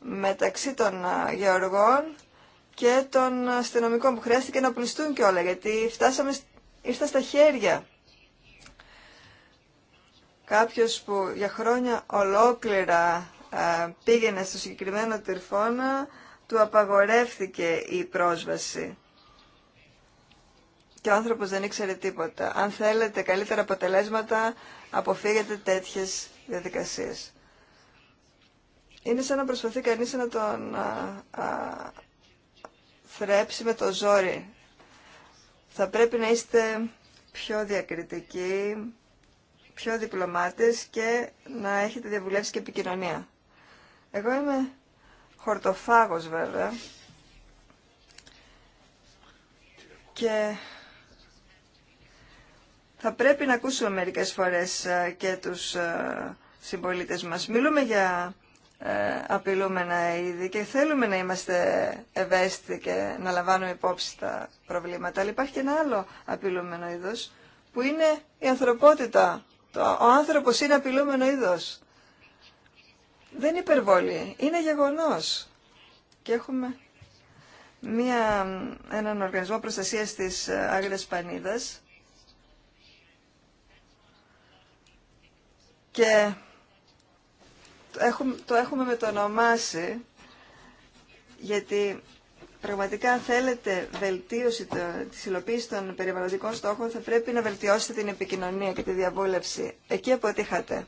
μεταξύ των ε, γεωργών και των αστυνομικών που χρειάστηκε να πληστούν κιόλα γιατί φτάσαμε, ήρθα στα χέρια κάποιος που για χρόνια ολόκληρα πήγαινε στο συγκεκριμένο τυρφώνα, του απαγορεύθηκε η πρόσβαση. Και ο άνθρωπος δεν ήξερε τίποτα. Αν θέλετε καλύτερα αποτελέσματα, αποφύγετε τέτοιες διαδικασίες. Είναι σαν να προσπαθεί κανείς να τον α, θρέψει με το ζόρι. Θα πρέπει να είστε πιο διακριτικοί, πιο διπλωμάτες και να έχετε διαβουλεύσει και επικοινωνία. Εγώ είμαι χορτοφάγος βέβαια και θα πρέπει να ακούσουμε μερικές φορές ε, και τους ε, συμπολίτες μας. Μιλούμε για ε, απειλούμενα είδη και θέλουμε να είμαστε ευαίσθητοι και να λαμβάνουμε υπόψη τα προβλήματα. Αλλά υπάρχει και ένα άλλο απειλούμενο είδος που είναι η ανθρωπότητα. ο άνθρωπος είναι απειλούμενο είδος δεν υπερβολή, είναι γεγονός. Και έχουμε μία, έναν οργανισμό προστασίας της ε, Άγρας Πανίδας και το έχουμε, το έχουμε μετονομάσει γιατί πραγματικά αν θέλετε βελτίωση το, της υλοποίησης των περιβαλλοντικών στόχων θα πρέπει να βελτιώσετε την επικοινωνία και τη διαβούλευση. Εκεί αποτύχατε.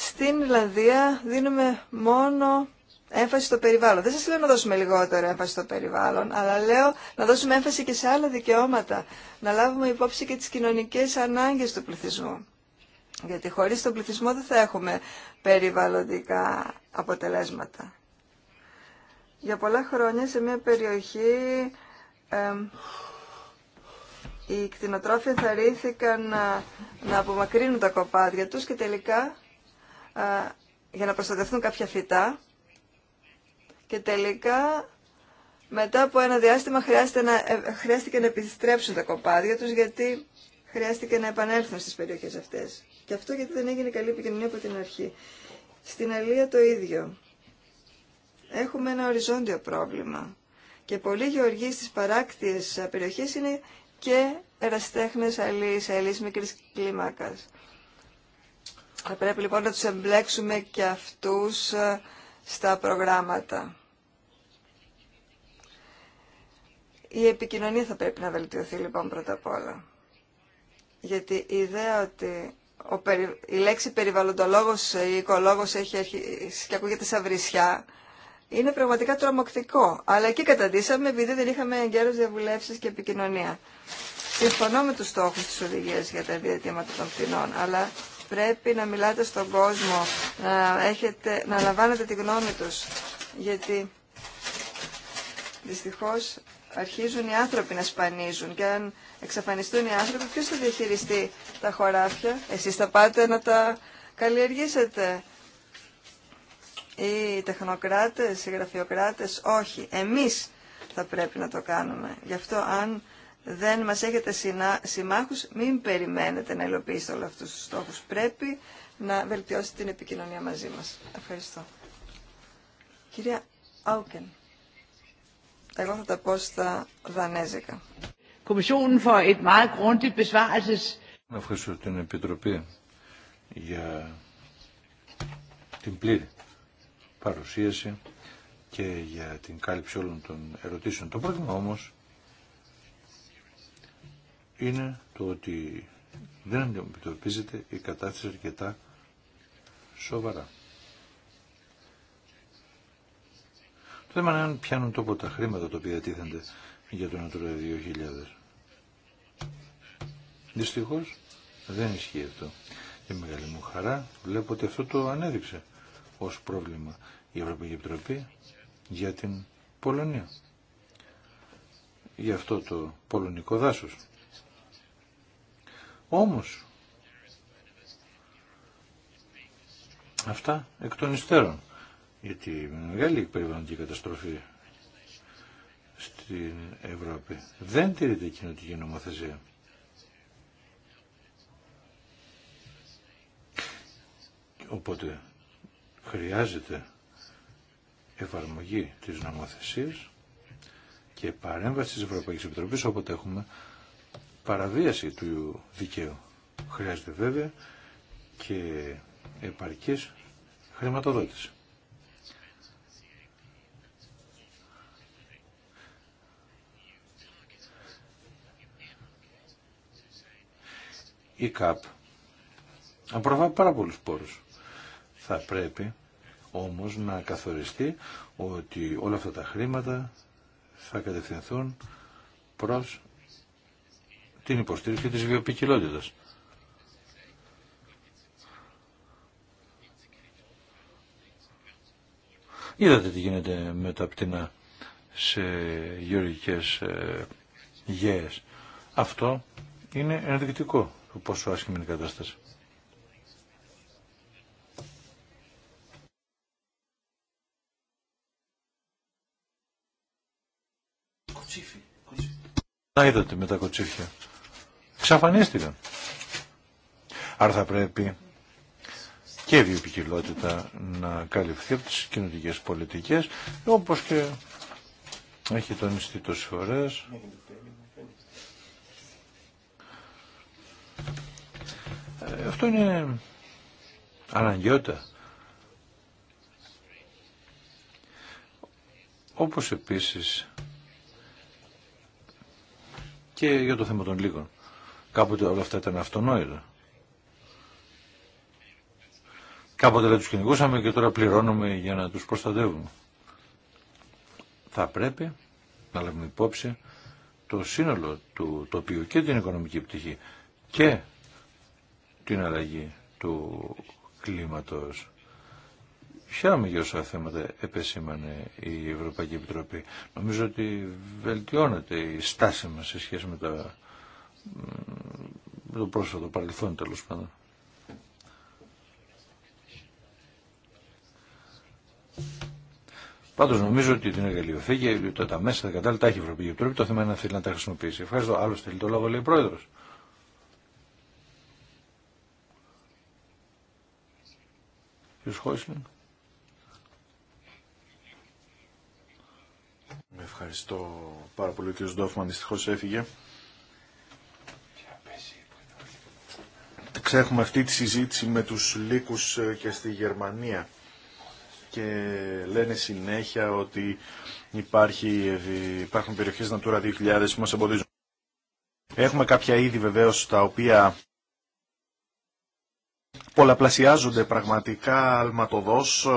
Στην Ιλανδία δίνουμε μόνο έμφαση στο περιβάλλον. Δεν σας λέω να δώσουμε λιγότερο έμφαση στο περιβάλλον, αλλά λέω να δώσουμε έμφαση και σε άλλα δικαιώματα, να λάβουμε υπόψη και τις κοινωνικές ανάγκες του πληθυσμού. Γιατί χωρίς τον πληθυσμό δεν θα έχουμε περιβαλλοντικά αποτελέσματα. Για πολλά χρόνια σε μια περιοχή οι κτηνοτρόφοι θα να, να απομακρύνουν τα κοπάδια τους και τελικά για να προστατευτούν κάποια φυτά και τελικά μετά από ένα διάστημα χρειάστηκε να, ε, χρειάστηκε να επιστρέψουν τα κοπάδια τους γιατί χρειάστηκε να επανέλθουν στις περιοχές αυτές. Και αυτό γιατί δεν έγινε καλή επικοινωνία από την αρχή. Στην Αλία το ίδιο. Έχουμε ένα οριζόντιο πρόβλημα. Και πολλοί γεωργοί στις παράκτιες περιοχές είναι και εραστέχνες αλής, αλής μικρής κλίμακας. Θα πρέπει λοιπόν να τους εμπλέξουμε και αυτούς ε, στα προγράμματα. Η επικοινωνία θα πρέπει να βελτιωθεί λοιπόν πρώτα απ' όλα. Γιατί η ιδέα ότι ο η λέξη περιβαλλοντολόγος ή ε, οικολόγος έχει αρχίσει και ακούγεται σαν βρισιά, είναι πραγματικά τρομοκτικό. Αλλά εκεί καταντήσαμε επειδή δεν είχαμε εγκαίρους διαβουλεύσει και επικοινωνία. Συμφωνώ με τους στόχους της οδηγίας για τα διατήματα των πτηνών, αλλά πρέπει να μιλάτε στον κόσμο, να, έχετε, να λαμβάνετε τη γνώμη τους, γιατί δυστυχώς αρχίζουν οι άνθρωποι να σπανίζουν και αν εξαφανιστούν οι άνθρωποι ποιος θα διαχειριστεί τα χωράφια, εσείς θα πάτε να τα καλλιεργήσετε. Οι τεχνοκράτες, οι γραφειοκράτες, όχι. Εμείς θα πρέπει να το κάνουμε. Γι' αυτό αν δεν μας έχετε συμμάχους, μην περιμένετε να υλοποιήσετε όλους αυτούς τους στόχους. Πρέπει να βελτιώσετε την επικοινωνία μαζί μας. Ευχαριστώ. Κυρία Άουκεν, εγώ θα τα πω στα δανέζικα. Ευχαριστώ την Επιτροπή για την πλήρη παρουσίαση και για την κάλυψη όλων των ερωτήσεων. Το πρόβλημα όμως είναι το ότι δεν αντιμετωπίζεται η κατάσταση αρκετά σοβαρά. Το θέμα είναι αν πιάνουν τόπο τα χρήματα τα οποία τίθενται για το Natura 2000. Δυστυχώς δεν ισχύει αυτό. Και μεγάλη μου χαρά βλέπω ότι αυτό το ανέδειξε ως πρόβλημα η Ευρωπαϊκή Επιτροπή για την Πολωνία. Γι' αυτό το πολωνικό δάσος. Όμως, αυτά εκ των υστέρων, γιατί μεγάλη περιβαλλοντική καταστροφή στην Ευρώπη δεν τηρείται η κοινωτική νομοθεσία. Οπότε χρειάζεται εφαρμογή της νομοθεσίας και παρέμβαση της Ευρωπαϊκής Επιτροπής όποτε έχουμε παραβίαση του δικαίου. Χρειάζεται βέβαια και επαρκής χρηματοδότηση. Η ΚΑΠ απορροφά πάρα πολλούς πόρους. Θα πρέπει όμως να καθοριστεί ότι όλα αυτά τα χρήματα θα κατευθυνθούν προς την υποστήριξη της βιοποικιλότητας. Είδατε τι γίνεται με τα πτηνά σε γεωργικές ε, γέες. Αυτό είναι ενδεικτικό του πόσο άσχημη είναι η κατάσταση. Να είδατε με τα κοτσίφια εξαφανίστηκαν. Άρα θα πρέπει και η βιοπικιλότητα να καλυφθεί από τις κοινωνικές πολιτικές, όπως και έχει τονιστεί τόσες φορές. Ε, αυτό είναι αναγκαιότητα. Όπως επίσης και για το θέμα των λίγων. Κάποτε όλα αυτά ήταν αυτονόητα. Κάποτε δεν τους κυνηγούσαμε και τώρα πληρώνουμε για να τους προστατεύουμε. Θα πρέπει να λάβουμε υπόψη το σύνολο του τοπίου και την οικονομική πτυχή και την αλλαγή του κλίματος. Χαίρομαι για όσα θέματα επεσήμανε η Ευρωπαϊκή Επιτροπή. Νομίζω ότι βελτιώνεται η στάση μας σε σχέση με τα το πρόσφατο παρελθόν τέλο πάντων. Πάντω νομίζω ότι την εργαλειοθήκη, τα, τα μέσα, τα κατάλληλα τα έχει η Ευρωπαϊκή Επιτροπή. Το θέμα είναι να θέλει να τα χρησιμοποιήσει. Ευχαριστώ. Άλλο θέλει το λόγο, λέει ο Πρόεδρο. Ευχαριστώ πάρα πολύ ο κ. Ντόφμαν. Δυστυχώ έφυγε. έχουμε αυτή τη συζήτηση με τους λύκους ε, και στη Γερμανία και λένε συνέχεια ότι υπάρχει, ε, υπάρχουν περιοχές Natura 2000 που μας εμποδίζουν. Έχουμε κάποια είδη βεβαίως τα οποία πολλαπλασιάζονται πραγματικά αλματοδός,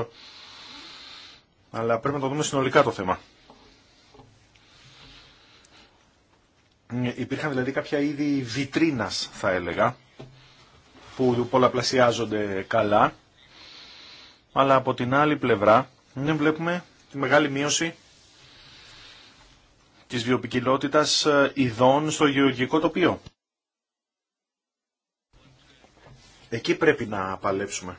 αλλά πρέπει να το δούμε συνολικά το θέμα. Υπήρχαν δηλαδή κάποια είδη βιτρίνας θα έλεγα, που πολλαπλασιάζονται καλά, αλλά από την άλλη πλευρά δεν ναι, βλέπουμε τη μεγάλη μείωση της βιοποικιλότητας ε, ειδών στο γεωργικό τοπίο. Εκεί πρέπει να παλέψουμε.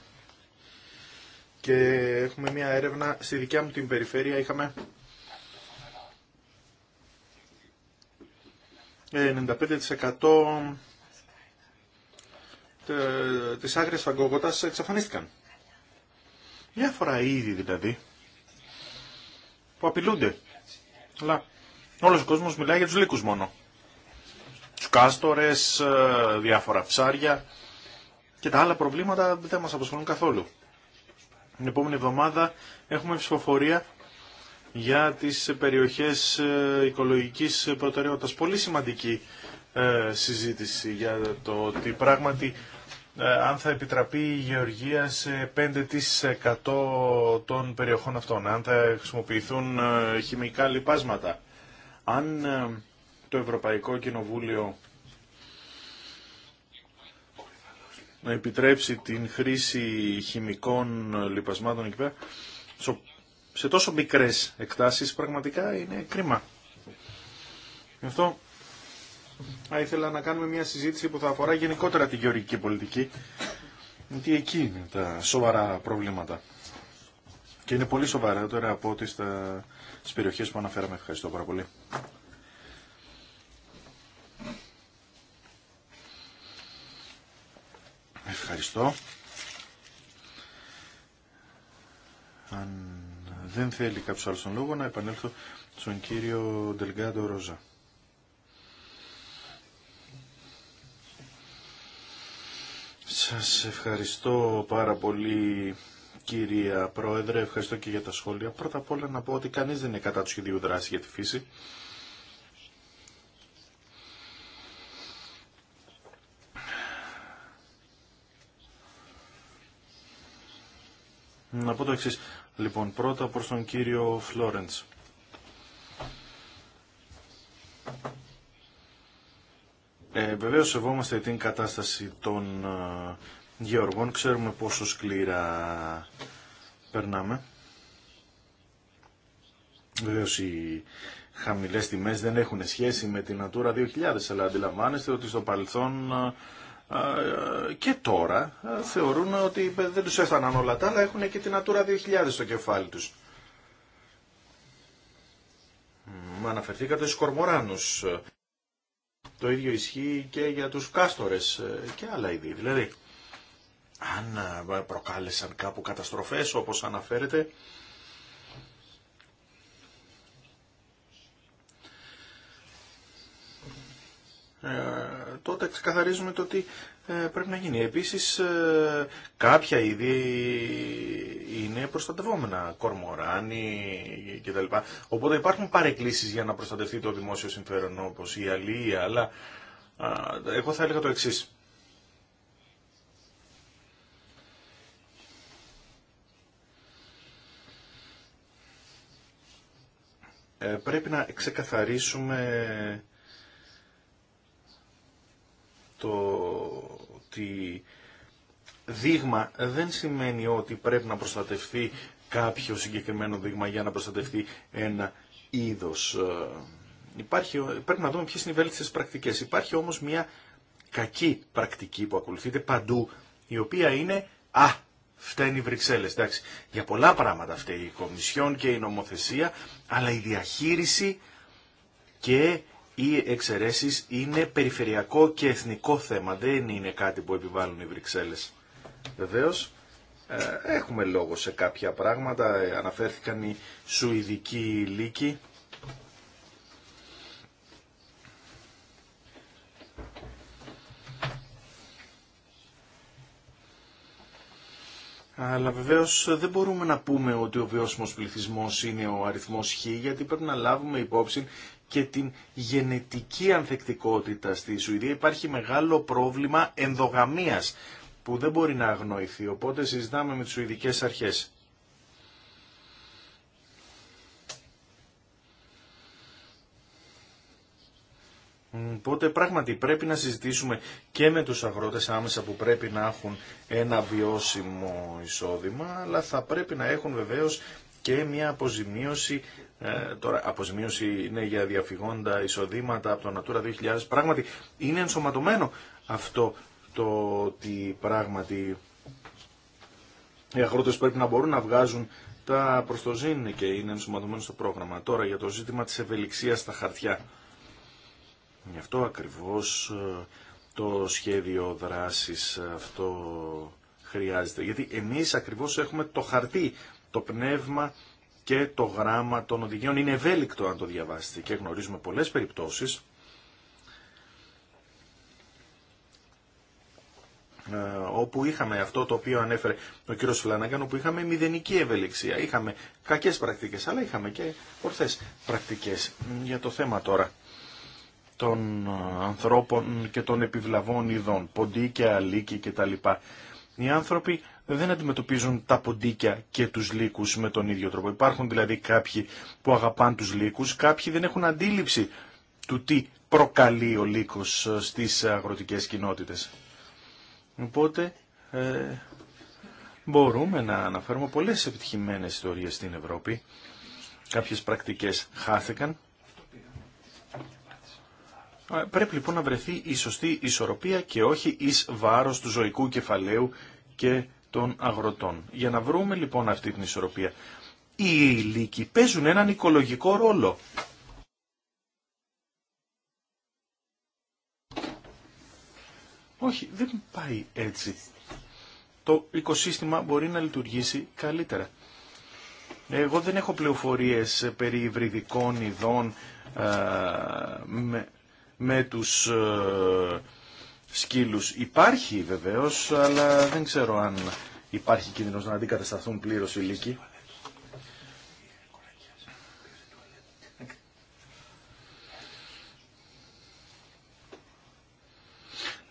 Και έχουμε μια έρευνα στη δικιά μου την περιφέρεια. Είχαμε 95% ε, τη άγρια φαγκόγοτας εξαφανίστηκαν. Διάφορα είδη δηλαδή που απειλούνται. Αλλά όλος ο κόσμος μιλάει για τους λύκου μόνο. Τους κάστορες, ε, διάφορα ψάρια και τα άλλα προβλήματα δεν μας απασχολούν καθόλου. Την επόμενη εβδομάδα έχουμε ψηφοφορία για τις περιοχές ε, οικολογικής προτεραιότητας. Πολύ σημαντική ε, συζήτηση για το ότι πράγματι ε, αν θα επιτραπεί η γεωργία σε 5% των περιοχών αυτών, αν θα χρησιμοποιηθούν ε, χημικά λιπάσματα. Αν το Ευρωπαϊκό Κοινοβούλιο να επιτρέψει την χρήση χημικών λιπασμάτων εκεί πέρα, σε τόσο μικρές εκτάσεις πραγματικά είναι κρίμα. Γι' αυτό θα ήθελα να κάνουμε μια συζήτηση που θα αφορά γενικότερα τη γεωργική πολιτική, γιατί εκεί είναι τα σοβαρά προβλήματα. Και είναι πολύ σοβαρά τώρα από ό,τι στα... στις περιοχές που αναφέραμε. Ευχαριστώ πάρα πολύ. Ευχαριστώ. Αν δεν θέλει κάποιος άλλος τον λόγο, να επανέλθω στον κύριο Ντελγκάντο Ρόζα. Σας ευχαριστώ πάρα πολύ κυρία Πρόεδρε, ευχαριστώ και για τα σχόλια. Πρώτα απ' όλα να πω ότι κανείς δεν είναι κατά του σχεδίου δράση για τη φύση. Να πω το εξής. Λοιπόν, πρώτα προς τον κύριο Φλόρεντς. Ε, σεβόμαστε την κατάσταση των ε, γεωργών. Ξέρουμε πόσο σκληρά περνάμε. Βεβαίω οι χαμηλέ τιμέ δεν έχουν σχέση με την Natura 2000, αλλά αντιλαμβάνεστε ότι στο παρελθόν ε, ε, και τώρα ε, θεωρούν ότι δεν τους έφταναν όλα τα άλλα, έχουν και την Natura 2000 στο κεφάλι τους. Μα αναφερθήκατε στους κορμοράνους. Το ίδιο ισχύει και για τους κάστορες ε, και άλλα είδη. Δηλαδή, αν ε, προκάλεσαν κάπου καταστροφές όπως αναφέρεται, ε, τότε ξεκαθαρίζουμε το ότι ε, πρέπει να γίνει. Επίσης ε, κάποια είδη είναι προστατευόμενα, κορμοράνι κτλ. Οπότε υπάρχουν παρεκκλήσεις για να προστατευτεί το δημόσιο συμφέρον όπως η αλληλεία, αλλά εγώ θα έλεγα το εξής. Ε, πρέπει να ξεκαθαρίσουμε το ότι δείγμα δεν σημαίνει ότι πρέπει να προστατευτεί κάποιο συγκεκριμένο δείγμα για να προστατευτεί ένα είδος. Ε, υπάρχει, πρέπει να δούμε ποιες είναι οι βέλτιστες πρακτικές. Υπάρχει όμως μια κακή πρακτική που ακολουθείται παντού, η οποία είναι «Α, φταίνει οι Βρυξέλλες». για πολλά πράγματα φταίει η Κομισιόν και η νομοθεσία, αλλά η διαχείριση και οι εξαιρεσει είναι περιφερειακό και εθνικό θέμα, δεν είναι κάτι που επιβάλλουν οι Βρυξέλλες. Βεβαίως, ε, έχουμε λόγο σε κάποια πράγματα, ε, αναφέρθηκαν οι Σουηδικοί λύκοι. Αλλά βεβαίω ε, δεν μπορούμε να πούμε ότι ο βιώσιμο πληθυσμό είναι ο αριθμό χ, γιατί πρέπει να λάβουμε υπόψη και την γενετική ανθεκτικότητα στη Σουηδία υπάρχει μεγάλο πρόβλημα ενδογαμίας που δεν μπορεί να αγνοηθεί. Οπότε συζητάμε με τις Σουηδικές αρχές. Οπότε πράγματι πρέπει να συζητήσουμε και με τους αγρότες άμεσα που πρέπει να έχουν ένα βιώσιμο εισόδημα, αλλά θα πρέπει να έχουν βεβαίως και μια αποζημίωση ε, τώρα, αποζημίωση είναι για διαφυγόντα εισοδήματα από το Natura 2000. Πράγματι, είναι ενσωματωμένο αυτό το ότι πράγματι οι αγρότες πρέπει να μπορούν να βγάζουν τα προστοζήν και είναι ενσωματωμένο στο πρόγραμμα. Τώρα, για το ζήτημα της ευελιξίας στα χαρτιά. Γι' αυτό ακριβώς ε, το σχέδιο δράσης αυτό χρειάζεται. Γιατί εμείς ακριβώς έχουμε το χαρτί, το πνεύμα και το γράμμα των οδηγιών είναι ευέλικτο αν το διαβάσετε και γνωρίζουμε πολλές περιπτώσεις ε, όπου είχαμε αυτό το οποίο ανέφερε ο κύριος Φλανάγκαν, όπου είχαμε μηδενική ευελιξία, είχαμε κακές πρακτικές, αλλά είχαμε και ορθές πρακτικές. Για το θέμα τώρα των ε, ανθρώπων και των επιβλαβών ειδών, ποντίκια, αλίκη κτλ. Οι άνθρωποι δεν αντιμετωπίζουν τα ποντίκια και τους λύκους με τον ίδιο τρόπο. Υπάρχουν δηλαδή κάποιοι που αγαπάν τους λύκους, κάποιοι δεν έχουν αντίληψη του τι προκαλεί ο λύκος ε, στις αγροτικές κοινότητες. Οπότε ε, μπορούμε να αναφέρουμε πολλές επιτυχημένες ιστορίες στην Ευρώπη. Κάποιες πρακτικές χάθηκαν. Ε, πρέπει λοιπόν να βρεθεί η σωστή ισορροπία και όχι εις βάρος του ζωικού κεφαλαίου και των αγροτών. Για να βρούμε λοιπόν αυτή την ισορροπία. Οι ηλίκοι παίζουν έναν οικολογικό ρόλο. Όχι, δεν πάει έτσι. Το οικοσύστημα μπορεί να λειτουργήσει καλύτερα. Εγώ δεν έχω πληροφορίες περί υβριδικών ειδών ε, με, τους... Ε, σκύλους. Υπάρχει βεβαίως, αλλά δεν ξέρω αν υπάρχει κίνδυνος να αντικατασταθούν πλήρως οι λύκοι.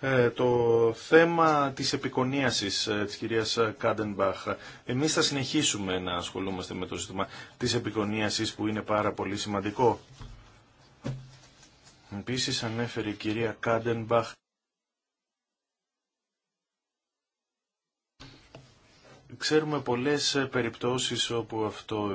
Ε, το θέμα της επικονίασης ε, της κυρίας Κάντενμπαχ. Εμείς θα συνεχίσουμε να ασχολούμαστε με το ζήτημα της επικονίασης που είναι πάρα πολύ σημαντικό. Επίσης ανέφερε η κυρία Κάντενμπαχ Ξέρουμε πολλές περιπτώσεις όπου αυτό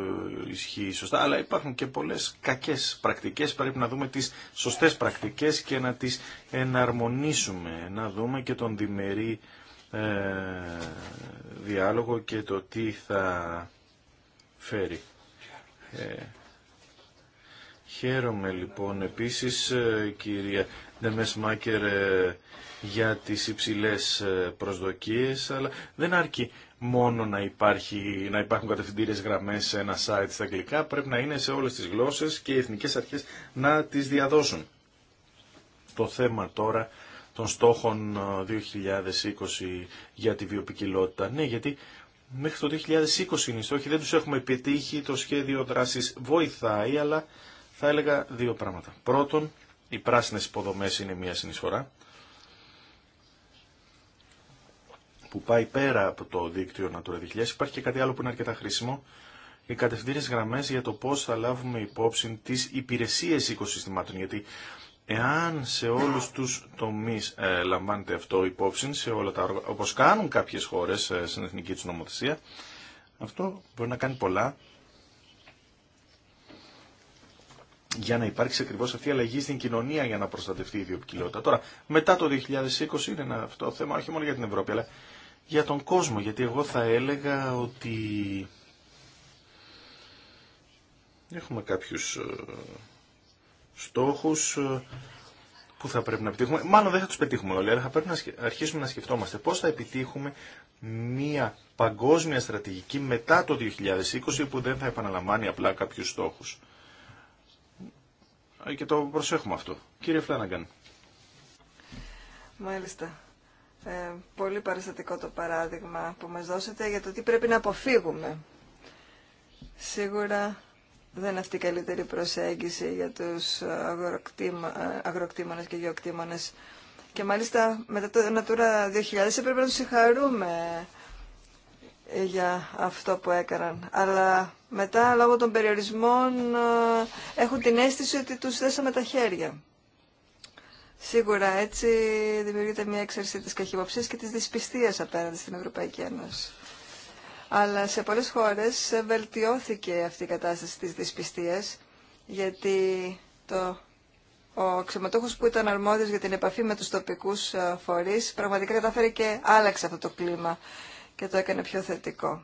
ισχύει σωστά, αλλά υπάρχουν και πολλές κακές πρακτικές. Πρέπει να δούμε τις σωστές πρακτικές και να τις εναρμονίσουμε. Να δούμε και τον διμερή ε, διάλογο και το τι θα φέρει. Ε, χαίρομαι λοιπόν επίσης ε, κυρία σμάκερ ε, για τις υψηλές ε, προσδοκίες, αλλά δεν αρκεί μόνο να, υπάρχει, να υπάρχουν κατευθυντήριες γραμμές σε ένα site στα αγγλικά, πρέπει να είναι σε όλες τις γλώσσες και οι εθνικές αρχές να τις διαδώσουν. Το θέμα τώρα των στόχων 2020 ε, για τη βιοπικιλότητα. Ναι, γιατί μέχρι το 2020 είναι οι στόχοι, δεν τους έχουμε επιτύχει, το σχέδιο δράσης βοηθάει, αλλά θα έλεγα δύο πράγματα. Πρώτον, οι πράσινες υποδομές είναι μια συνεισφορά που πάει πέρα από το δίκτυο Natura 2000. Υπάρχει και κάτι άλλο που είναι αρκετά χρήσιμο. Οι κατευθύνες γραμμές για το πώς θα λάβουμε υπόψη τις υπηρεσίες οικοσυστημάτων. Γιατί εάν σε όλους τους τομείς ε, λαμβάνεται αυτό υπόψη, σε όλα τα, όπως κάνουν κάποιες χώρες ε, στην εθνική του νομοθεσία, αυτό μπορεί να κάνει πολλά για να υπάρξει ακριβώς αυτή η αλλαγή στην κοινωνία για να προστατευτεί η ιδιοποικιλότητα. Τώρα, μετά το 2020 είναι ένα αυτό θέμα όχι μόνο για την Ευρώπη, αλλά για τον κόσμο. Γιατί εγώ θα έλεγα ότι έχουμε κάποιους ε, στόχους ε, που θα πρέπει να επιτύχουμε. Μάλλον δεν θα τους πετύχουμε όλοι, αλλά θα πρέπει να αρχίσουμε να σκεφτόμαστε πώς θα επιτύχουμε μια παγκόσμια στρατηγική μετά το 2020 που δεν θα επαναλαμβάνει απλά κάποιους στόχους. Ε, και το προσέχουμε αυτό. Κύριε Φλάναγκαν. Μάλιστα. Ε, πολύ παραστατικό το παράδειγμα που μας δώσετε για το τι πρέπει να αποφύγουμε. Σίγουρα δεν είναι αυτή η καλύτερη προσέγγιση για τους αγροκτήμα, αγροκτήμονες και γεωκτήμονες. Και μάλιστα μετά το Natura 2000 έπρεπε να τους συγχαρούμε ε, για αυτό που έκαναν. Αλλά μετά, λόγω των περιορισμών, ε, έχουν την αίσθηση ότι τους δέσαμε τα χέρια. Σίγουρα έτσι δημιουργείται μια έξαρση της καχυποψίας και της δυσπιστίας απέναντι στην Ευρωπαϊκή Ένωση. Αλλά σε πολλές χώρες βελτιώθηκε αυτή η κατάσταση της δυσπιστίας, γιατί το, ο ξεματόχος που ήταν αρμόδιος για την επαφή με τους τοπικούς ε, φορείς πραγματικά κατάφερε και άλλαξε αυτό το κλίμα και το έκανε πιο θετικό.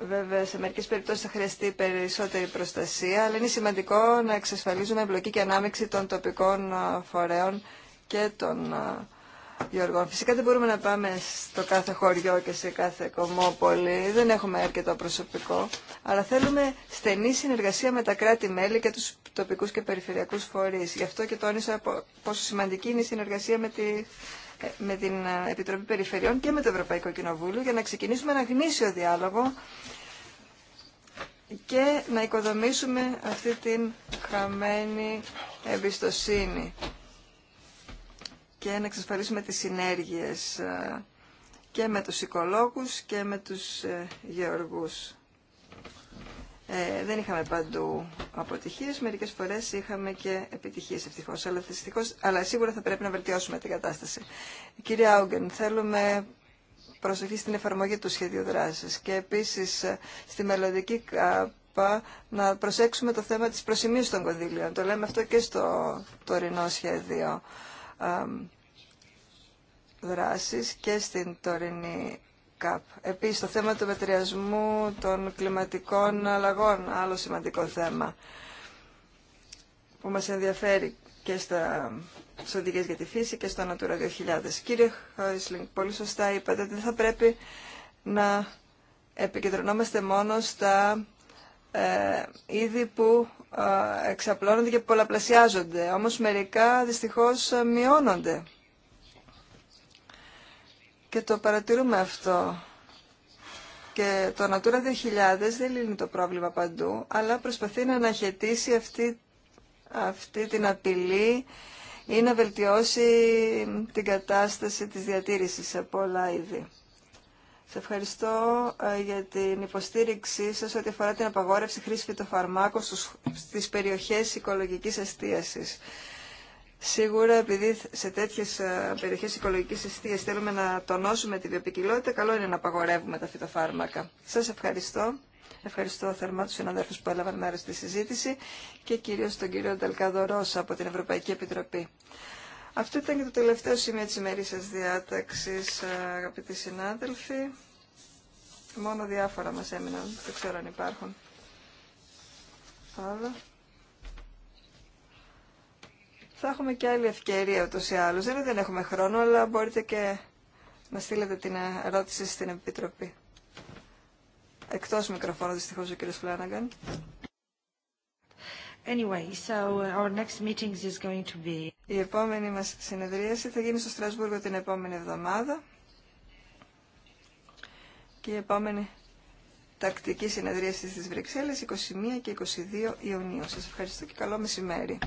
Βέβαια, σε μερικέ περιπτώσει θα χρειαστεί περισσότερη προστασία, αλλά είναι σημαντικό να εξασφαλίζουμε εμπλοκή και ανάμειξη των τοπικών φορέων και των γεωργών. Φυσικά δεν μπορούμε να πάμε στο κάθε χωριό και σε κάθε κομμόπολη, δεν έχουμε αρκετό προσωπικό, αλλά θέλουμε στενή συνεργασία με τα κράτη-μέλη και του τοπικού και περιφερειακού φορεί. Γι' αυτό και τόνισα πόσο σημαντική είναι η συνεργασία με τη με την Επιτροπή Περιφερειών και με το Ευρωπαϊκό Κοινοβούλιο για να ξεκινήσουμε ένα γνήσιο διάλογο και να οικοδομήσουμε αυτή την χαμένη εμπιστοσύνη και να εξασφαλίσουμε τις συνέργειες ε, και με τους οικολόγους και με τους ε, γεωργούς. Ε, δεν είχαμε παντού αποτυχίες, μερικές φορές είχαμε και επιτυχίες ευτυχώς, αλλά, αλλά σίγουρα θα πρέπει να βελτιώσουμε την κατάσταση. Κύριε Άουγκεν, θέλουμε προσοχή στην εφαρμογή του σχεδίου δράσης και επίσης ε, στη μελλοντική ΚΑΠΑ να προσέξουμε το θέμα της προσημείωσης των κονδύλιων. Το λέμε αυτό και στο τωρινό σχέδιο ε, δράσης και στην τωρινή ΚΑΠ. Επίσης, το θέμα του μετριασμού των κλιματικών αλλαγών, άλλο σημαντικό θέμα που μας ενδιαφέρει και στα οδηγίε για τη φύση και στο Natura 2000. Κύριε Χόισλινγκ, πολύ σωστά είπατε ότι δεν θα πρέπει να επικεντρωνόμαστε μόνο στα ε, είδη που ε, εξαπλώνονται και πολλαπλασιάζονται. Όμως μερικά δυστυχώς μειώνονται. Και το παρατηρούμε αυτό. Και το Natura 2000 δεν λύνει το πρόβλημα παντού, αλλά προσπαθεί να αναχαιτήσει αυτή, αυτή την απειλή ή να βελτιώσει την κατάσταση της διατήρησης σε πολλά είδη. Σε ευχαριστώ ε, για την υποστήριξή σας ό,τι αφορά την απαγόρευση χρήση φυτοφαρμάκων στις περιοχές οικολογικής εστίασης. Σίγουρα επειδή σε τέτοιε περιοχέ οικολογική αιστεία θέλουμε να τονώσουμε τη βιοπικιλότητα, καλό είναι να απαγορεύουμε τα φυτοφάρμακα. Σας ευχαριστώ. Ευχαριστώ θερμά τους συνάδελφου που έλαβαν μέρος στη συζήτηση και κυρίω τον κύριο Νταλκάδο Ρώσα από την Ευρωπαϊκή Επιτροπή. Αυτό ήταν και το τελευταίο σημείο της ημερήσια διάταξη, ε, αγαπητοί συνάδελφοι. Μόνο διάφορα μας έμειναν, δεν ξέρω αν υπάρχουν. Θα έχουμε και άλλη ευκαιρία ούτως ή άλλως. Δεν, έχουμε χρόνο, αλλά μπορείτε και να στείλετε την ερώτηση στην Επιτροπή. Εκτός μικροφώνου δυστυχώς ο κ. Φλάναγκαν. Anyway, so uh, our next is going to be... Η επόμενη μας συνεδρίαση θα γίνει στο Στρασβούργο την επόμενη εβδομάδα και η επόμενη τακτική συνεδρίαση στις Βρυξέλλες 21 και 22 Ιουνίου. Σας ευχαριστώ και καλό μεσημέρι.